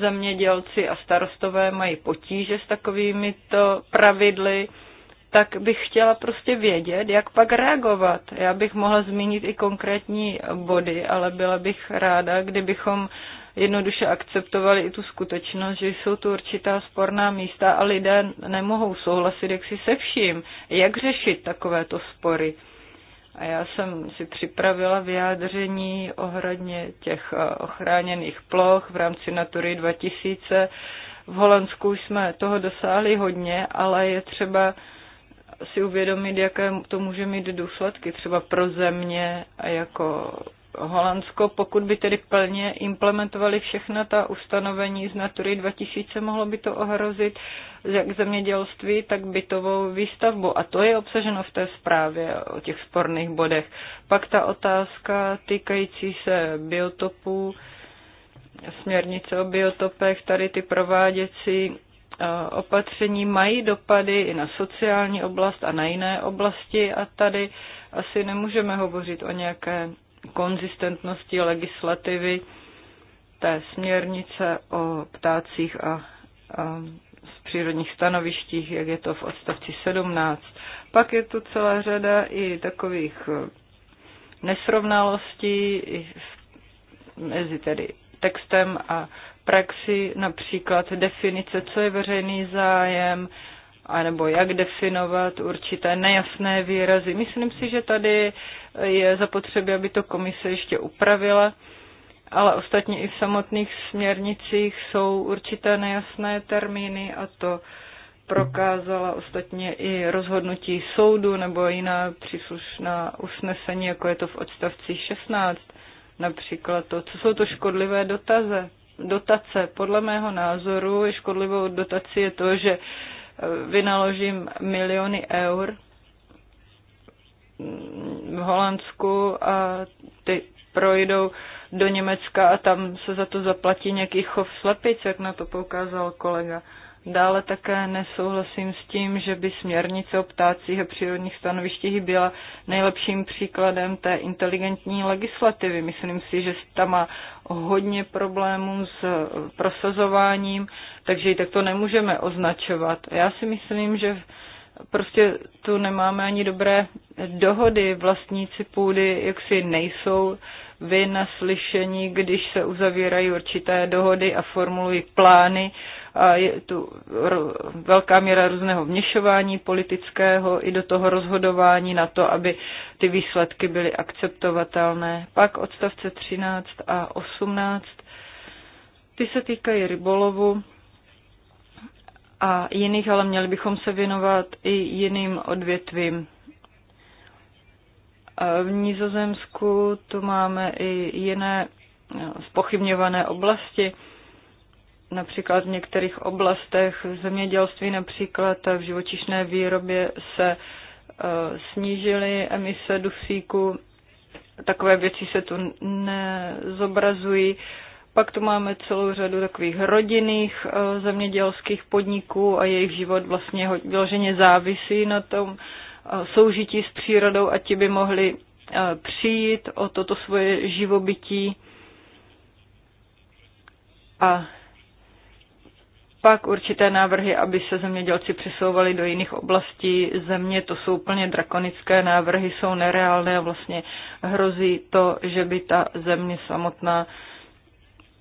Speaker 4: zemědělci a starostové mají potíže s takovými to pravidly tak bych chtěla prostě vědět, jak pak reagovat. Já bych mohla zmínit i konkrétní body, ale byla bych ráda, kdybychom jednoduše akceptovali i tu skutečnost, že jsou tu určitá sporná místa a lidé nemohou souhlasit jaksi se vším. Jak řešit takovéto spory? A já jsem si připravila vyjádření ohradně těch eh, ochráněných ploch v rámci Natury 2000. V Holandsku jsme toho dosáhli hodně, ale je třeba si uvědomit, jaké to může mít důsledky třeba pro země jako Holandsko, pokud by tedy plně implementovali všechna ta ustanovení z Natury 2000, mohlo by to ohrozit jak zemědělství, tak bytovou výstavbu. A to je obsaženo v té zprávě o těch sporných bodech. Pak ta otázka týkající se biotopů, směrnice o biotopech, tady ty prováděcí opatření mají dopady i na sociální oblast a na jiné oblasti a tady asi nemůžeme hovořit o nějaké konzistentnosti legislativy té směrnice o ptácích a, a z přírodních stanovištích, jak je to v odstavci 17. Pak je tu celá řada i takových e, nesrovnalostí i mezi tedy textem a praxi, například definice, co je veřejný zájem, anebo jak definovat určité nejasné výrazy. Myslím si, že tady je zapotřebí, aby to komise ještě upravila, ale ostatně i v samotných směrnicích jsou určité nejasné termíny a to prokázala ostatně i rozhodnutí soudu nebo jiná příslušná usnesení, jako je to v odstavci 16, například to, co jsou to škodlivé dotaze dotace. Podle mého názoru je škodlivou dotací je to, že eh, vynaložím miliony eur mm, v Holandsku a ty projdou do Německa a tam se za to zaplatí nějaký chov slepic, jak na to poukázal kolega. Dále také nesouhlasím s tím, že by směrnice o ptácích a přírodních stanovištích byla nejlepším příkladem té inteligentní legislativy. Myslím si, že tam má hodně problémů s prosazováním, takže i tak to nemůžeme označovat. Já si myslím, že prostě tu nemáme ani dobré dohody. Vlastníci půdy jaksi nejsou vy na slyšení, když se uzavírají určité dohody a formulují plány je tu velká míra různého vněšování politického i do toho rozhodování na to, aby ty výsledky byly akceptovatelné. Pak odstavce 13 a 18, ty se týkají rybolovu a jiných, ale měli bychom se věnovat i jiným odvětvím. V Nizozemsku tu máme i jiné spochybňované no, oblasti například v některých oblastech v zemědělství, například v živočišné výrobě se e, snížily emise dusíku. Takové věci se tu nezobrazují. Pak tu máme celou řadu takových rodinných e, zemědělských podniků a jejich život vlastně vyloženě závisí na tom e, soužití s přírodou a ti by mohli přijít o toto svoje živobytí a naopak určité návrhy, aby se zemědělci přesouvali do jiných oblastí země. To jsou úplně drakonické návrhy, jsou nereálné a vlastně hrozí to, že by ta země samotná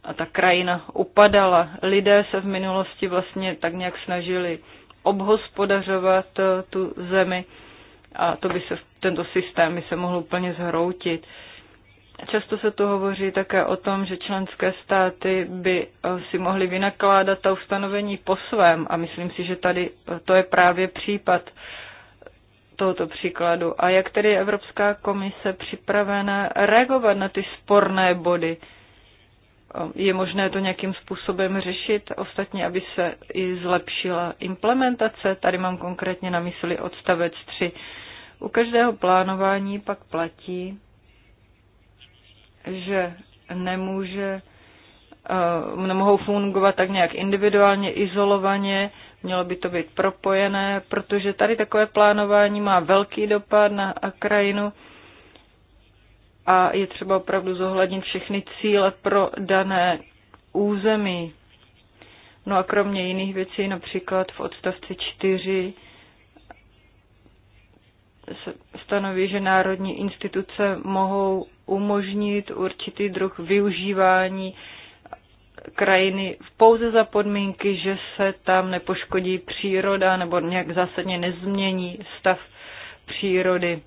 Speaker 4: a ta krajina upadala. Lidé se v minulosti vlastně tak nějak snažili obhospodařovat eh, tu zemi a to by se, tento systém by se mohl úplně zhroutit. Často se tu hovoří také o tom, že členské státy by eh, si mohly vynakládat ta ustanovení po svém a myslím si, že tady eh, to je právě případ tohoto příkladu. A jak tedy je Evropská komise připravena reagovat na ty sporné body? Eh, je možné to nějakým způsobem řešit, ostatně, aby se i zlepšila implementace? Tady mám konkrétně na mysli odstavec 3. U každého plánování pak platí, že nemůže, eh, nemohou fungovat tak nějak individuálně, izolovaně, mělo by to být propojené, protože tady takové plánování má velký dopad na krajinu a je třeba opravdu zohlednit všechny cíle pro dané území. No a kromě jiných věcí, například v odstavci 4 stanoví, že národní instituce mohou umožnit určitý druh využívání krajiny pouze za podmínky, že se tam nepoškodí příroda nebo nějak zásadně nezmění stav přírody.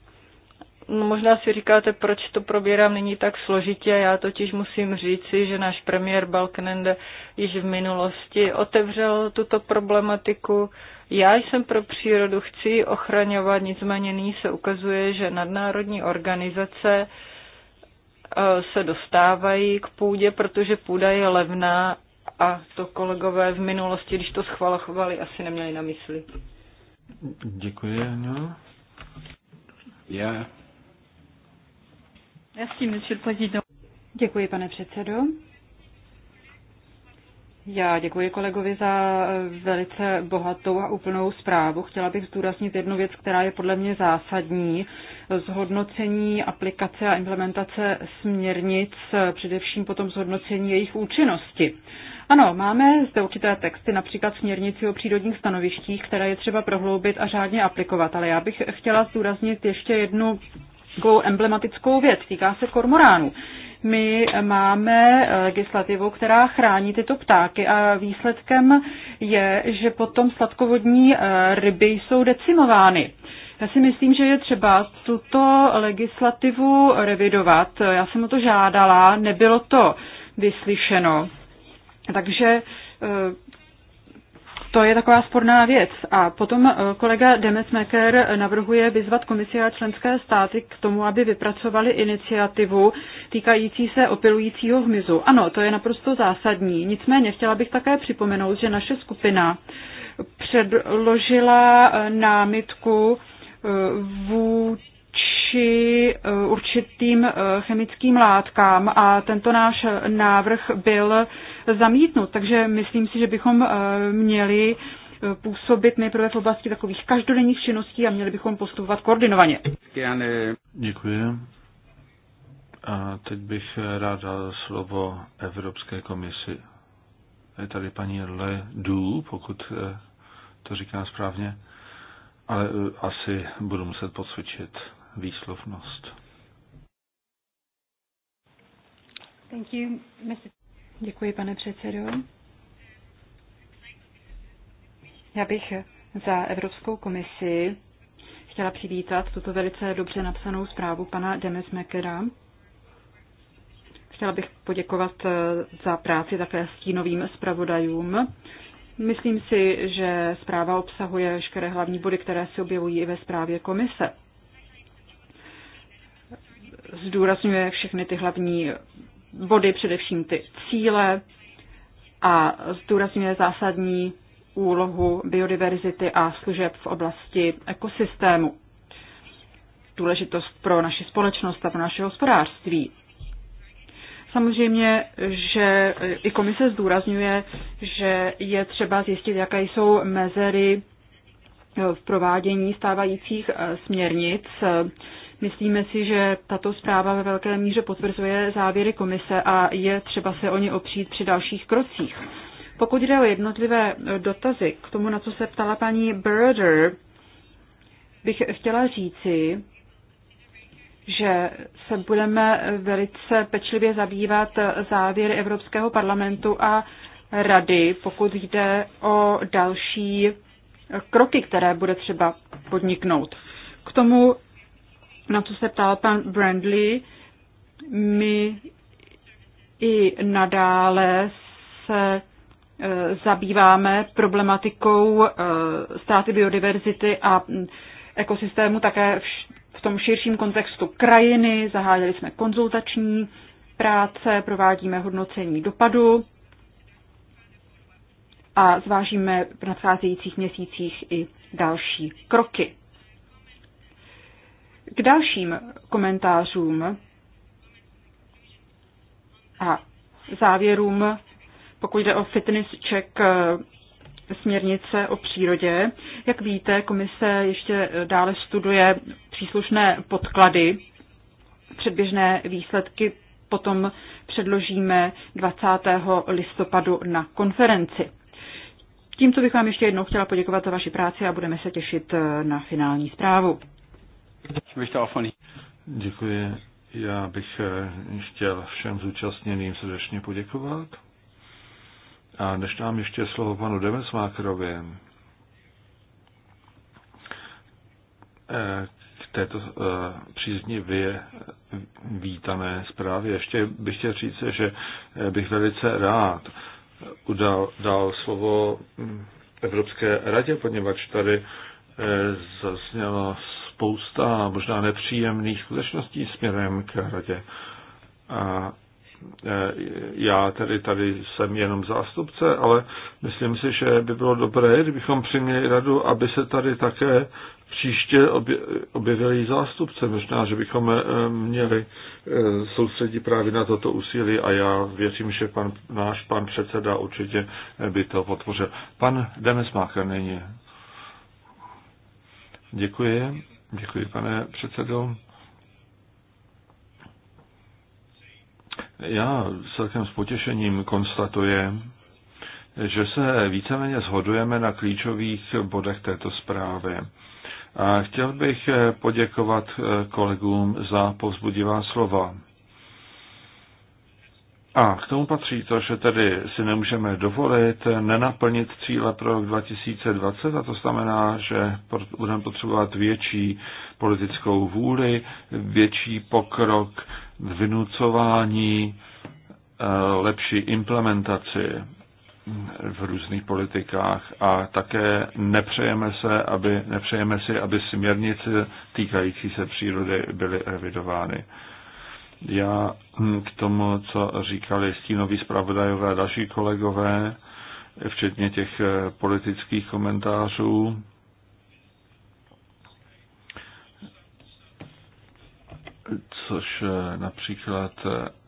Speaker 4: No, možná si říkáte, proč to probírám není tak složitě. Já totiž musím říci, že náš premiér Balkenende již v minulosti otevřel tuto problematiku. Já jsem pro přírodu, chci ji ochraňovat, nicméně nyní se ukazuje, že nadnárodní organizace E, se dostávají k půdě, protože půda je levná a to kolegové v minulosti, když to schvalochovali, asi neměli na mysli.
Speaker 2: Děkuji, Aňo. Já.
Speaker 3: Já s tím Děkuji, pane předsedo. Já děkuji kolegovi za eh, velice bohatou a úplnou zprávu. Chtěla bych zdůraznit jednu věc, která je podle mě zásadní. Zhodnocení aplikace a implementace směrnic, eh, především potom zhodnocení jejich účinnosti. Ano, máme zde určité texty, například směrnici o přírodních stanovištích, které je třeba prohloubit a řádně aplikovat, ale já bych chtěla zdůraznit ještě jednu emblematickou věc. Týká se kormoránů my máme legislativu, která chrání tyto ptáky a výsledkem je, že potom sladkovodní eh, ryby jsou decimovány. Já si myslím, že je třeba tuto legislativu revidovat. Já jsem o to žádala, nebylo to vyslyšeno. Takže eh, to je taková sporná věc. A potom eh, kolega Demesmeker navrhuje vyzvat komisi a členské státy k tomu, aby vypracovali iniciativu týkající se opilujícího hmyzu. Ano, to je naprosto zásadní. Nicméně chtěla bych také připomenout, že naše skupina předložila eh, námitku eh, vůči určitým chemickým látkám a tento náš návrh byl zamítnout. Takže myslím si, že bychom eh, měli eh, působit nejprve v oblasti takových každodenních činností a měli bychom postupovat koordinovaně.
Speaker 2: Děkuji. A teď bych rád dal slovo Evropské komisi. Je tady paní Le pokud eh, to říkám správně, ale asi budu muset podsvědčit výslovnost.
Speaker 3: Thank you, Mr. Děkuji, pane předsedo. Já bych za Evropskou komisi chtěla přivítat tuto velice dobře napsanou zprávu pana Demes Mekera. Chtěla bych poděkovat eh, za práci také stínovým zpravodajům. Myslím si, že zpráva obsahuje veškeré hlavní body, které se objevují i ve zprávě komise. Zdůrazňuje všechny ty hlavní body, především ty cíle a zdůrazňuje zásadní úlohu biodiverzity a služeb v oblasti ekosystému. Důležitost pro naši společnost a pro naše hospodářství. Samozřejmě, že i komise zdůrazňuje, že je třeba zjistit, jaké jsou mezery v provádění stávajících eh, směrnic, Myslíme si, že tato zpráva ve velké míře potvrzuje závěry komise a je třeba se o ně opřít při dalších krocích. Pokud jde o jednotlivé dotazy k tomu, na co se ptala paní Berder, bych chtěla říci, že se budeme velice pečlivě zabývat závěry Evropského parlamentu a rady, pokud jde o další kroky, které bude třeba podniknout. K tomu na co se ptal pan Brandley, my i nadále se e, zabýváme problematikou e, státy biodiverzity a ekosystému také v tom širším kontextu krajiny. Zahájili jsme konzultační práce, provádíme hodnocení dopadu a zvážíme v nadcházejících měsících i další kroky. K dalším komentářům a závěrům, pokud jde o fitness check eh, směrnice o přírodě. Jak víte, komise ještě dále studuje příslušné podklady. Předběžné výsledky potom předložíme 20. listopadu na konferenci. Tímto bych vám ještě jednou chtěla poděkovat za vaši práci a budeme se těšit eh, na finální zprávu.
Speaker 2: Ich möchte auch von Děkuji. Já bych eh, chtěl všem zúčastněným srdečně poděkovat. A než dám ještě slovo panu Demesmákrovi, eh, k této eh, příznivě vítané zprávě. Ještě bych chtěl říct, že bych velice rád udal, dal slovo hm, Evropské radě, poněvadž tady zaznělo spousta možná nepříjemných skutečností směrem k radě. A e, já tedy tady jsem jenom zástupce, ale myslím si, že by bylo dobré, kdybychom přiměli radu, aby se tady také příště objevili zástupce. Možná, že bychom e, měli e, soustředit právě na toto úsilí a já věřím, že pan, náš pan předseda určitě by to podpořil. Pan Demesmáker není. Děkuji. Děkuji, pane předsedo. Já celkem s potěšením konstatuji, že se víceméně shodujeme na klíčových bodech této zprávy. A chtěl bych poděkovat kolegům za povzbudivá slova. A k tomu patří to, že tedy si nemůžeme dovolit nenaplnit cíle pro rok 2020 a to znamená, že budeme potřebovat větší politickou vůli, větší pokrok v vynucování, eh, lepší implementaci v různých politikách a také nepřejeme, se, aby, nepřejeme si, aby směrnice týkající se přírody byly revidovány. Já hm, k tomu, co říkali stínoví zpravodajové a další kolegové, včetně těch eh, politických komentářů, což eh, například eh,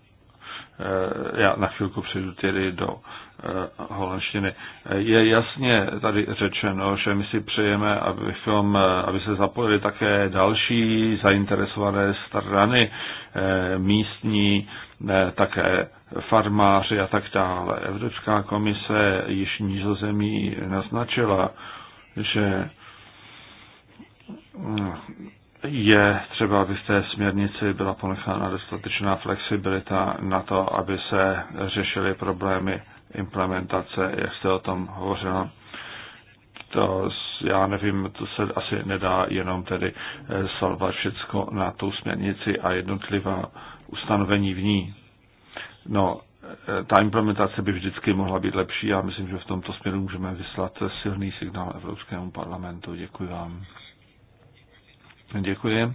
Speaker 2: Eh, já na chvilku přijdu tedy do eh, holandštiny. Eh, je jasně tady řečeno, že my si přejeme, abychom, aby se zapojili také další zainteresované strany, místní, také farmáři a tak dále. Evropská komise již nízozemí naznačila, že mm, je třeba, aby v té směrnici byla ponechána dostatečná flexibilita na to, aby se řešily problémy implementace, jak jste o tom hovořila. To já nevím, to se asi nedá jenom tedy eh, salvat všecko na tu směrnici a jednotlivá ustanovení v ní. No, eh, ta implementace by vždycky mohla být lepší a myslím, že v tomto směru můžeme vyslat silný signál Evropskému parlamentu. Děkuji vám. Děkuji.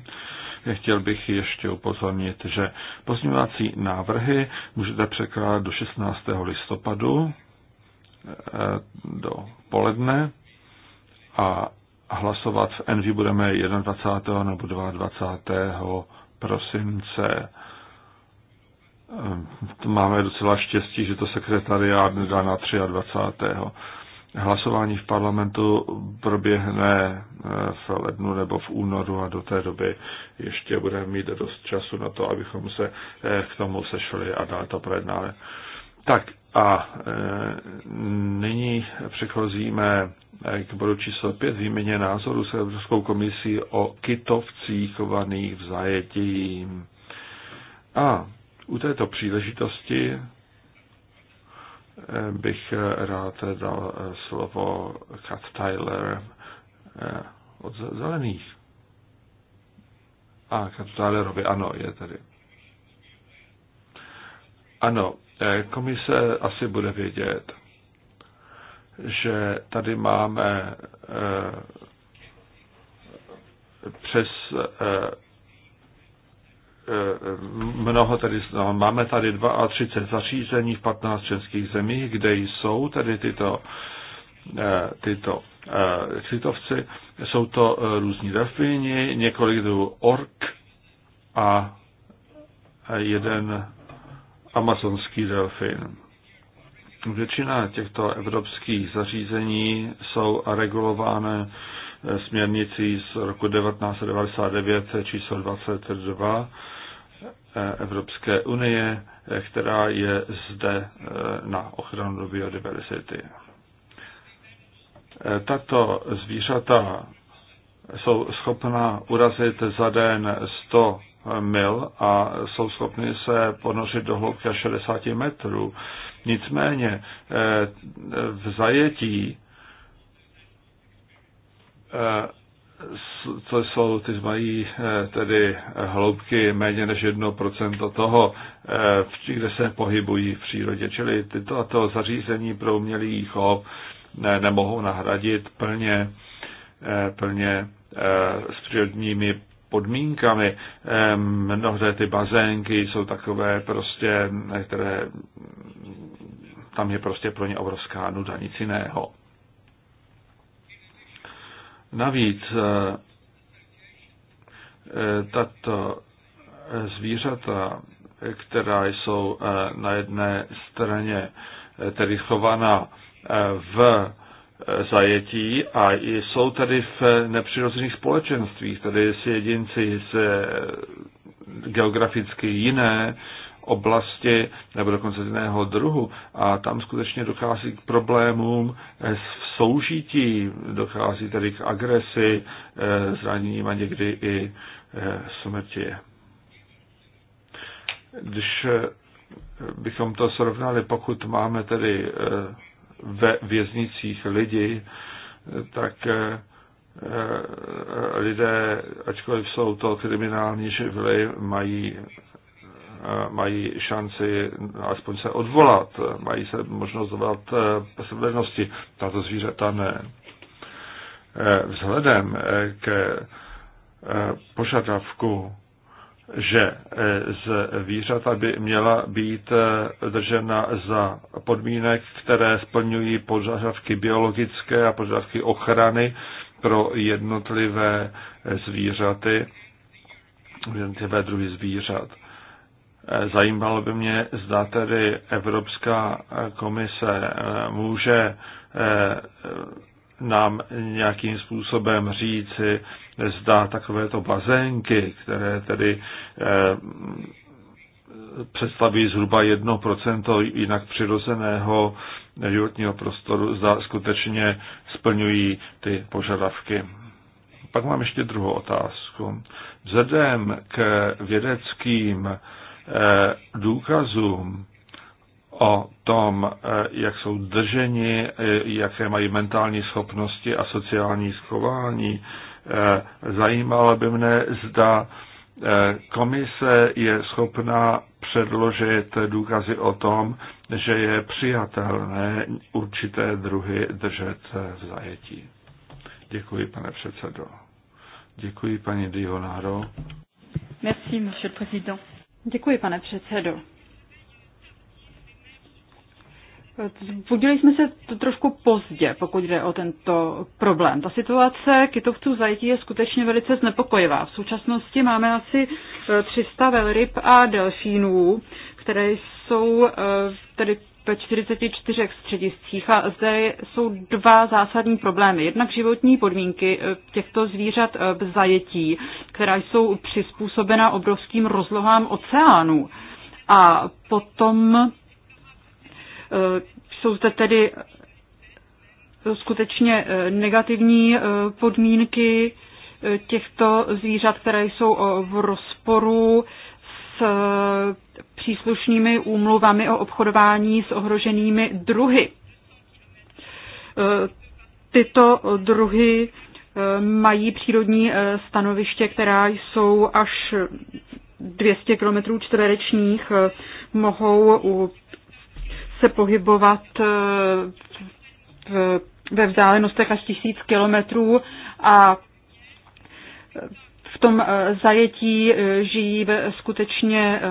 Speaker 2: Chtěl bych ještě upozornit, že pozměňovací návrhy můžete překládat do 16. listopadu eh, do poledne a hlasovat v Envy budeme 21. nebo 22. prosince. Eh, máme docela štěstí, že to sekretariát nedá na 23. Hlasování v parlamentu proběhne eh, v lednu nebo v únoru a do té doby ještě budeme mít dost času na to, abychom se eh, k tomu sešli a dále to projednali. Tak a eh, nyní přecházíme k bodu číslo 5 výměně názoru s Evropskou komisí o kytovcích chovaných v zajetí. A u této příležitosti bych rád dal slovo Kat Tyler eh, od zelených. A Kat Tylerovi, ano, je tady. Ano, eh, komise asi bude vědět, že tady máme eh, přes Eh, mnoho tady, no, máme tady 32 zařízení v 15 českých zemích, kde jsou tady tyto, eh, tyto eh, citovci. Jsou to různí delfíni, několik druhů ork a jeden amazonský delfín. Většina těchto evropských zařízení jsou regulovány směrnicí z roku 1999 číslo 22 Evropské unie, která je zde eh, na ochranu biodiverzity. Eh, tato zvířata jsou schopna urazit za den 100 mil a jsou schopny se ponořit do hloubky 60 metrů. Nicméně eh, v zajetí co jsou, ty mají eh, tedy eh, hloubky méně než 1% toho, eh, kde se pohybují v přírodě. Čili tyto a to zařízení pro umělý chov ne, nemohou nahradit plně, plně s přírodními podmínkami. Mnohé ty bazénky jsou takové prostě, které tam je prostě pro ně obrovská nuda, nic jiného. Navíc eh, eh, tato eh, zvířata, která jsou na jedné straně tedy chovaná v zajetí a jsou tady v nepřirozených společenstvích, tedy jsou jedinci z geograficky jiné oblasti nebo dokonce z jiného druhu a tam skutečně dochází k problémům v soužití, dochází tedy k agresi, eh, zraněním a někdy i eh, smrti. Když eh, bychom to srovnali, pokud máme tedy ve věznicích lidi, tak lidé, ačkoliv jsou to kriminální živly, mají Eh, mají šanci aspoň se odvolat, mají se možnost zvolat eh, spravedlnosti. Tato zvířata ne. Eh, vzhledem k požadavku, že zvířata by měla být držena za podmínek, které splňují požadavky biologické a požadavky ochrany pro jednotlivé zvířaty, jednotlivé druhy zvířat. Eh, zajímalo by mě, zda tedy Evropská eh, komise eh, může nám nějakým způsobem říci, zda takovéto bazénky, které tedy představí zhruba 1% jinak přirozeného životního prostoru, zda skutečně splňují ty požadavky. Pak mám ještě druhou otázku. Vzhledem k vědeckým Eh, důkazům o tom, eh, jak jsou drženi, eh, jaké mají mentální schopnosti a sociální schování, zajímalo by mne, zda komise je schopná předložit důkazy o tom, že je přijatelné určité druhy držet v zajetí. Děkuji, pane předsedo. Děkuji, paní Dionáro.
Speaker 3: Merci, monsieur le président. Děkuji, pane předsedo. Budili jsme se to trošku pozdě, pokud jde o tento problém. Ta situace kytovců zajetí je skutečně velice znepokojivá. V současnosti máme asi 300 eh, velryb a delfínů, které jsou eh, tedy 44 střediscích a zde jsou dva zásadní problémy. Jednak životní podmínky eh, těchto zvířat eh, v zajetí, která jsou přizpůsobena obrovským rozlohám oceánů. A potom eh, jsou zde tedy skutečně negativní podmínky těchto zvířat, které jsou v rozporu s příslušnými úmluvami o obchodování s ohroženými druhy. E, tyto druhy e, mají přírodní e, stanoviště, která jsou až 200 km čtverečních, mohou se pohybovat ve vzdálenostech až tisíc kilometrů a v tom zajetí žijí skutečně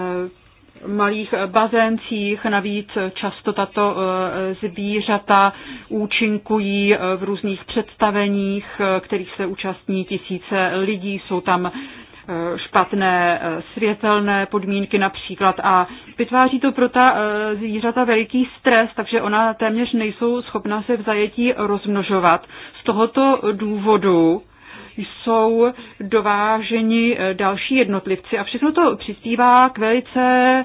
Speaker 3: malých bazéncích. Navíc často tato eh, zvířata účinkují eh, v různých představeních, eh, kterých se účastní tisíce lidí. Jsou tam špatné světelné podmínky například a vytváří to pro ta zvířata veliký stres, takže ona téměř nejsou schopna se v zajetí rozmnožovat. Z tohoto důvodu jsou dováženi eh, další jednotlivci a všechno to přispívá k velice eh,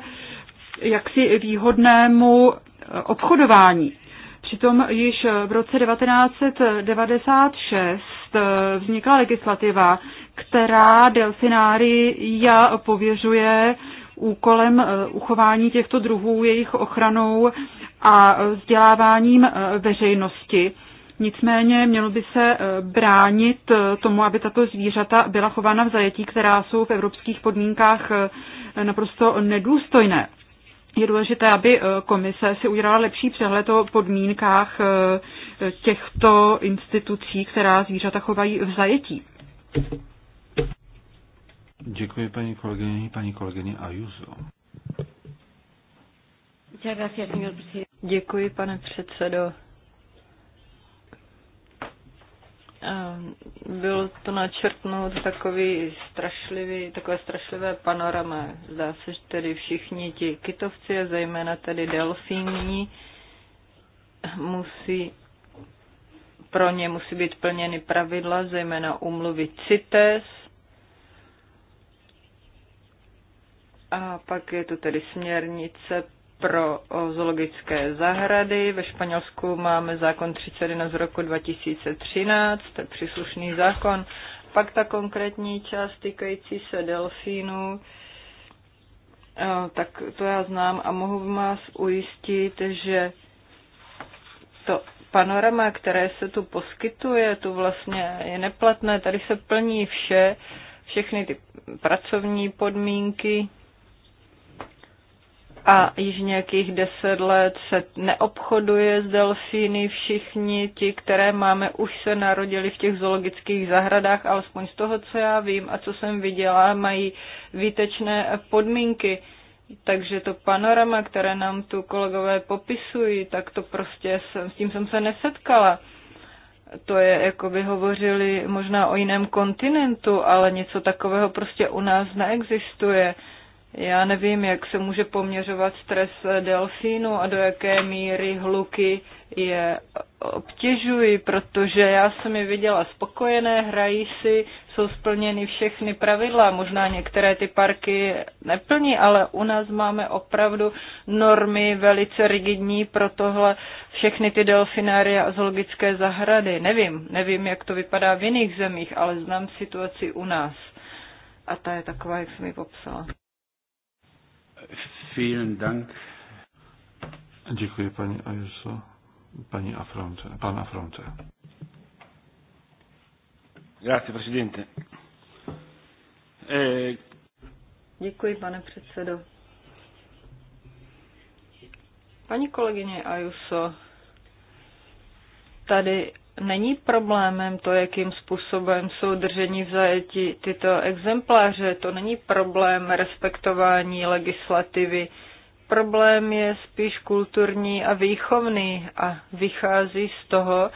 Speaker 3: jaksi výhodnému eh, obchodování. Přitom již v roce 1996 vznikla legislativa, která delfinária pověřuje úkolem uchování těchto druhů, jejich ochranou a vzděláváním veřejnosti. Nicméně mělo by se eh, bránit eh, tomu, aby tato zvířata byla chována v zajetí, která jsou v evropských podmínkách eh, naprosto nedůstojné. Je důležité, aby komise si udělala lepší přehled o podmínkách těchto institucí, která zvířata chovají v zajetí.
Speaker 2: Děkuji paní kolegyni, paní kolegyni Ayuso.
Speaker 4: Děkuji, pane předsedo. Ehm, bylo to načrtnout takový strašlivý, takové strašlivé panorama. Zdá se, že tedy všichni ti kytovci a zejména tedy delfíní musí pro ně musí být plněny pravidla, zejména umluvy CITES. A pak je tu tedy směrnice pro zoologické zahrady. Ve Španělsku máme zákon 31 z roku 2013, to je příslušný zákon. Pak ta konkrétní část týkající se delfínů, tak to já znám a mohu vás ujistit, že to panorama, které se tu poskytuje, tu vlastně je neplatné, tady se plní vše, všechny ty pracovní podmínky, a již nějakých deset let se neobchoduje s delfíny. Všichni ti, které máme, už se narodili v těch zoologických zahradách, alespoň z toho, co já vím a co jsem viděla, mají výtečné podmínky. Takže to panorama, které nám tu kolegové popisují, tak to prostě jsem, s tím jsem se nesetkala. To je, jako by hovořili možná o jiném kontinentu, ale něco takového prostě u nás neexistuje. Já nevím, jak se může poměřovat stres delfínu a do jaké míry hluky je obtěžují, protože já jsem je viděla spokojené, hrají si, jsou splněny všechny pravidla. Možná některé ty parky neplní, ale u nás máme opravdu normy velice rigidní pro tohle všechny ty delfináry a zoologické zahrady. Nevím, nevím, jak to vypadá v jiných zemích, ale znám situaci u nás. A ta je taková, jak jsem ji popsala.
Speaker 2: Vielen Dank. Děkuji, paní Ayuso. Paní Afronte, pan Afronte. Grazie, presidente. Eh...
Speaker 4: Děkuji, pane předsedo. Paní kolegyně Ayuso, tady není problémem to, jakým způsobem jsou drženi v zajetí tyto exempláře. To není problém respektování legislativy. Problém je spíš kulturní a výchovný a vychází z toho,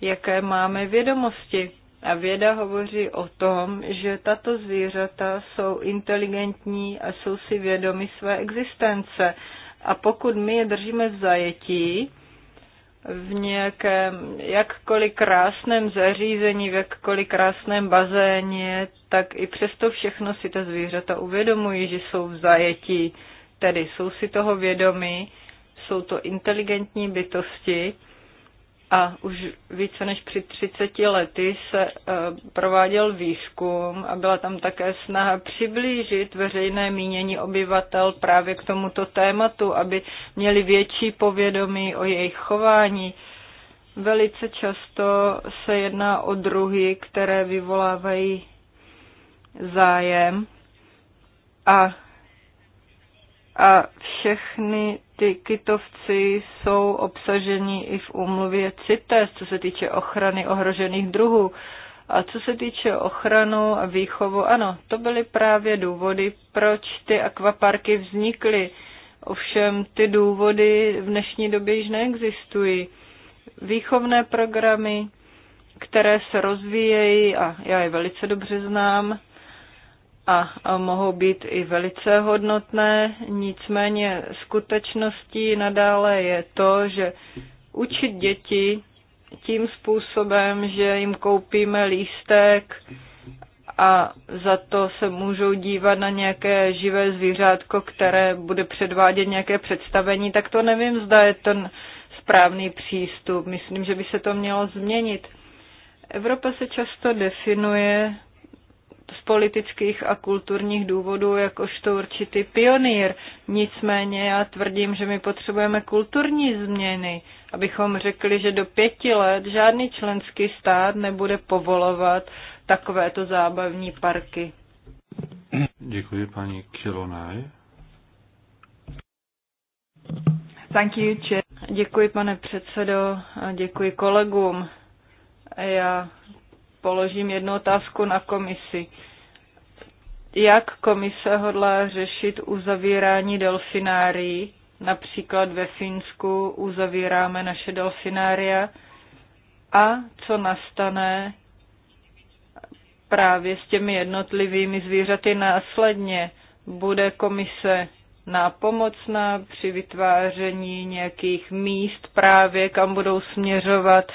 Speaker 4: jaké máme vědomosti. A věda hovoří o tom, že tato zvířata jsou inteligentní a jsou si vědomi své existence. A pokud my je držíme v zajetí, v nějakém jakkoliv krásném zařízení, v jakkoliv krásném bazéně, tak i přesto všechno si ta zvířata uvědomují, že jsou v zajetí, tedy jsou si toho vědomi, jsou to inteligentní bytosti a už více než při 30 lety se eh, prováděl výzkum a byla tam také snaha přiblížit veřejné mínění obyvatel právě k tomuto tématu, aby měli větší povědomí o jejich chování. Velice často se jedná o druhy, které vyvolávají zájem a, a všechny ty kytovci jsou obsaženi i v úmluvě CITES, co se týče ochrany ohrožených druhů. A co se týče ochranu a výchovu, ano, to byly právě důvody, proč ty akvaparky vznikly. Ovšem ty důvody v dnešní době již neexistují. Výchovné programy, které se rozvíjejí, a já je velice dobře znám, a mohou být i velice hodnotné, nicméně skutečností nadále je to, že učit děti tím způsobem, že jim koupíme lístek a za to se můžou dívat na nějaké živé zvířátko, které bude předvádět nějaké představení, tak to nevím, zda je ten správný přístup. Myslím, že by se to mělo změnit. Evropa se často definuje z politických a kulturních důvodů jakožto určitý pionýr. Nicméně já tvrdím, že my potřebujeme kulturní změny, abychom řekli, že do pěti let žádný členský stát nebude povolovat takovéto zábavní parky.
Speaker 2: Děkuji paní Kilonaj.
Speaker 4: Thank you, Děkuji, pane předsedo, a děkuji kolegům. Já položím jednu otázku na komisi. Jak komise hodlá řešit uzavírání delfinárií? Například ve Finsku uzavíráme naše delfinária. A co nastane právě s těmi jednotlivými zvířaty následně? Bude komise nápomocná při vytváření nějakých míst právě, kam budou směřovat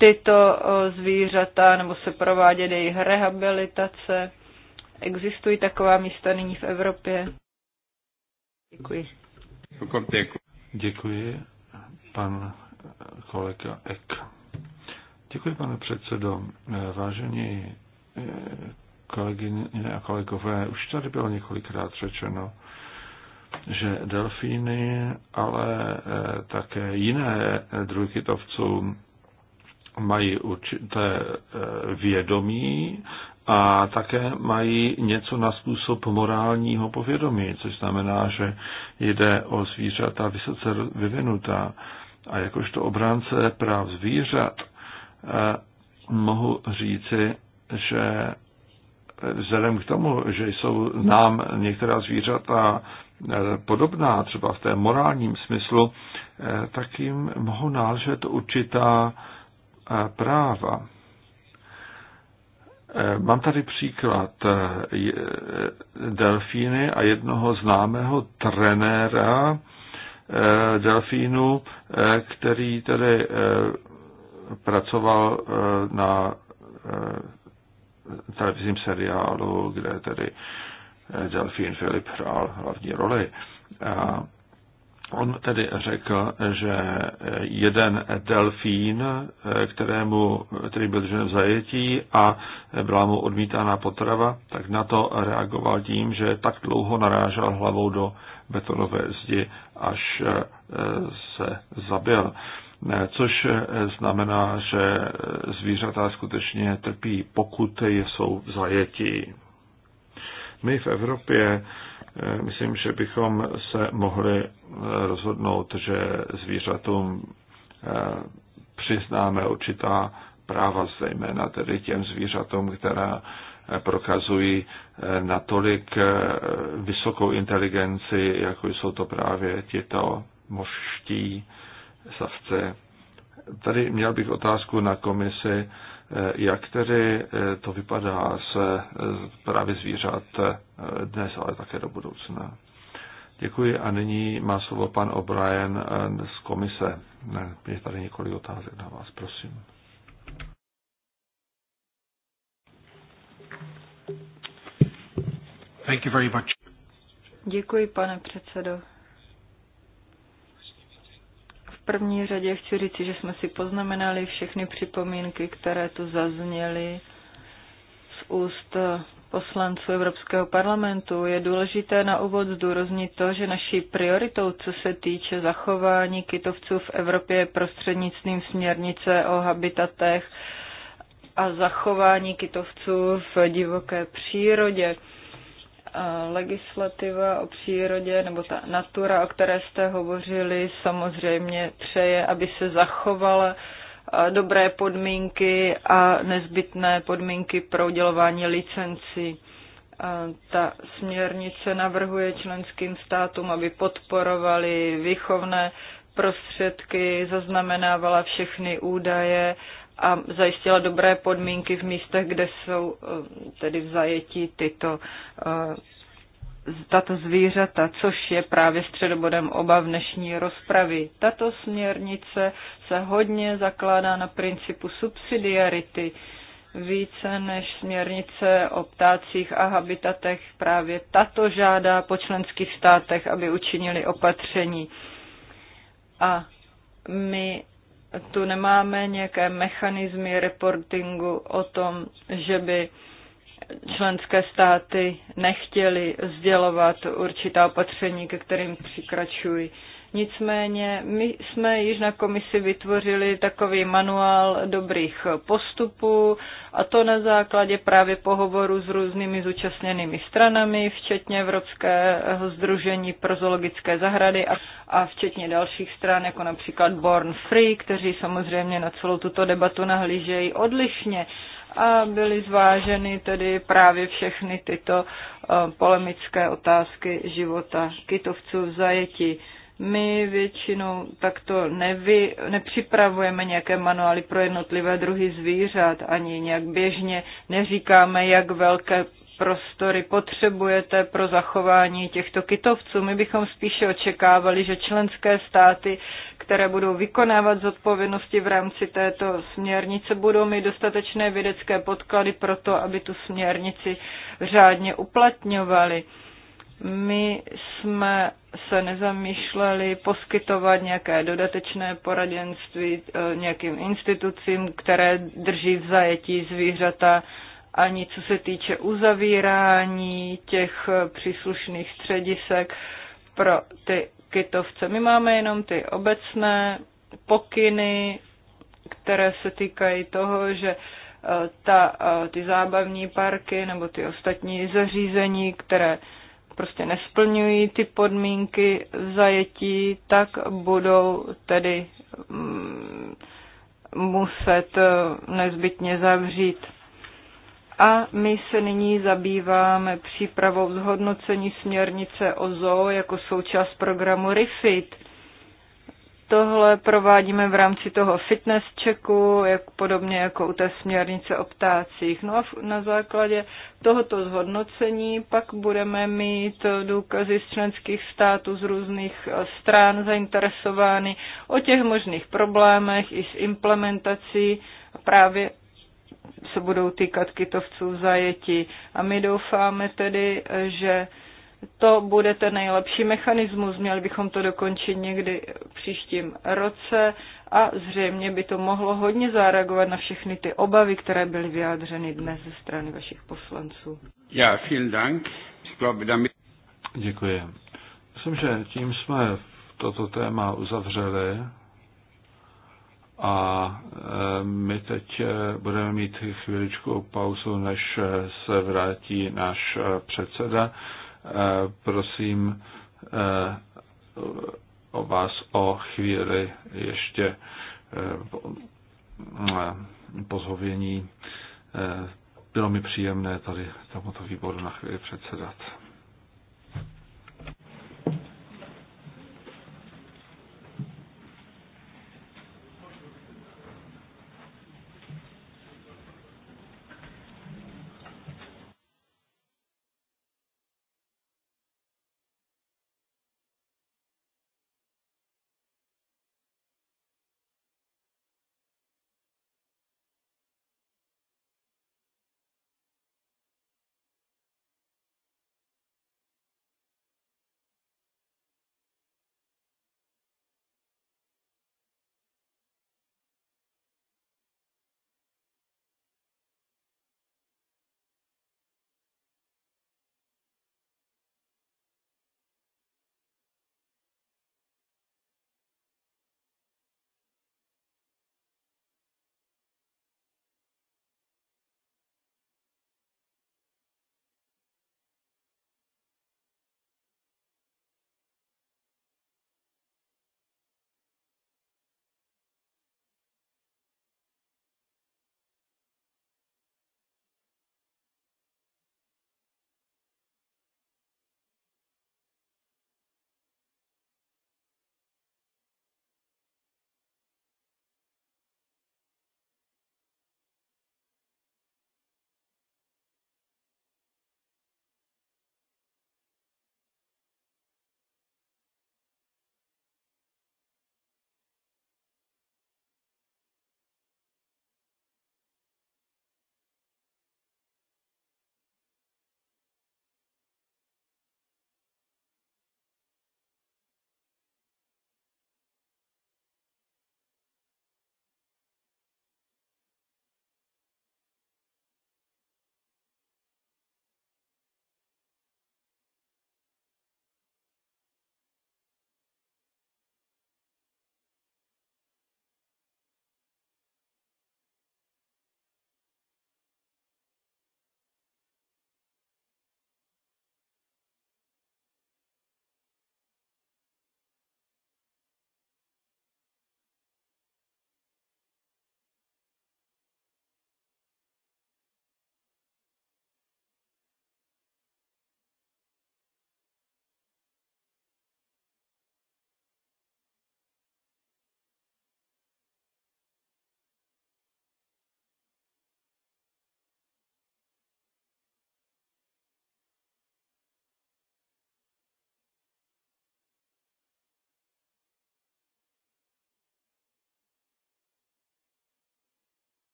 Speaker 4: tyto zvířata nebo se provádět jejich rehabilitace. Existují taková místa nyní v Evropě? Děkuji.
Speaker 2: Děkuji, pan eh, kolega Ek. Děkuji, pane předsedo. Eh, vážení eh, kolegyně a kolegové, už tady bylo několikrát řečeno, že delfíny, ale také jiné druhy kytovců mají určité eh, vědomí a také mají něco na způsob morálního povědomí, což znamená, že jde o zvířata vysoce vyvinutá. A jakožto obránce práv zvířat eh, mohu říci, že vzhledem k tomu, že jsou nám některá zvířata eh, podobná, třeba v té morálním smyslu, tak jim mohou náležet určitá práva. Eh, mám tady příklad eh, eh, delfíny a jednoho známého trenéra delfínu, který tedy pracoval na televizním seriálu, kde tedy delfín Filip hrál hlavní roli. A On tedy řekl, že jeden delfín, kterému, který byl držen v zajetí a byla mu odmítána potrava, tak na to reagoval tím, že tak dlouho narážel hlavou do betonové zdi, až eh, se zabil. Eh, což eh, znamená, že zvířata skutečně trpí, pokud jsou v zajetí. My v Evropě Eh, myslím, že bychom se mohli eh, rozhodnout, že zvířatům eh, přiznáme určitá práva, zejména tedy těm zvířatům, která prokazují natolik vysokou inteligenci, jako jsou to právě tyto moští savce. Tady měl bych otázku na komisi, jak tedy to vypadá se právě zvířat dnes, ale také do budoucna. Děkuji a nyní má slovo pan O'Brien eh, z komise. je tady několik otázek na vás, prosím. Thank you very much.
Speaker 4: Děkuji, pane předsedo. V první řadě chci říci, že jsme si poznamenali všechny připomínky, které tu zazněly z úst poslanců Evropského parlamentu. Je důležité na úvod zdůraznit to, že naší prioritou, co se týče zachování kytovců v Evropě, je prostřednictvím směrnice o habitatech a zachování kytovců v divoké přírodě. Legislativa o přírodě nebo ta natura, o které jste hovořili, samozřejmě přeje, aby se zachovala dobré podmínky a nezbytné podmínky pro udělování licencí. Ta směrnice navrhuje členským státům, aby podporovali výchovné prostředky, zaznamenávala všechny údaje a zajistila dobré podmínky v místech, kde jsou e, tedy v zajetí tyto e, tato zvířata, což je právě středobodem obav dnešní rozpravy. Tato směrnice se hodně zakládá na principu subsidiarity. Více než směrnice o ptácích a habitatech právě tato žádá po členských státech, aby učinili opatření. A my tu nemáme nějaké mechanizmy reportingu o tom, že by členské státy nechtěly sdělovat určitá opatření, ke kterým přikračují. Nicméně my jsme již na komisi vytvořili takový manuál dobrých postupů a to na základě právě pohovoru s různými zúčastněnými stranami, včetně Evropského združení pro zoologické zahrady a, a včetně dalších stran, jako například Born Free, kteří samozřejmě na celou tuto debatu nahlížejí odlišně a byly zváženy tedy právě všechny tyto e, polemické otázky života kytovců v zajetí. My většinou takto nevy, nepřipravujeme nějaké manuály pro jednotlivé druhy zvířat, ani nějak běžně neříkáme, jak velké prostory potřebujete pro zachování těchto kytovců. My bychom spíše očekávali, že členské státy které budou vykonávat zodpovědnosti v rámci této směrnice, budou mít dostatečné vědecké podklady pro to, aby tu směrnici řádně uplatňovali. My jsme se nezamýšleli poskytovat nějaké dodatečné poradenství eh, nějakým institucím, které drží v zajetí zvířata, ani co se týče uzavírání těch eh, příslušných středisek pro ty kytovce. My máme jenom ty obecné pokyny, které se týkají toho, že e, ta, e, ty zábavní parky nebo ty ostatní zařízení, které prostě nesplňují ty podmínky zajetí, tak budou tedy mm, muset e, nezbytně zavřít. A my se nyní zabýváme přípravou zhodnocení směrnice o zoo jako součást programu REFIT. Tohle provádíme v rámci toho fitness checku, jak, podobně jako u té směrnice o ptácích. No a na základě tohoto zhodnocení pak budeme mít důkazy z členských států z různých eh, stran zainteresovány o těch možných problémech i s implementací právě se budou týkat kytovců v zajetí. A my doufáme tedy, že to bude ten nejlepší mechanismus. Měli bychom to dokončit někdy v příštím roce a zřejmě by to mohlo hodně zareagovat na všechny ty obavy, které byly vyjádřeny dnes ze strany vašich poslanců.
Speaker 2: Já, vielen Dank. Děkuji. Myslím, že tím jsme toto téma uzavřeli. A eh, my teď eh, budeme mít chvíličku pauzu, než eh, se vrátí náš předseda. Prosím o vás o chvíli ještě pozhovění. Bylo mi příjemné tady tomuto výboru na chvíli předsedat.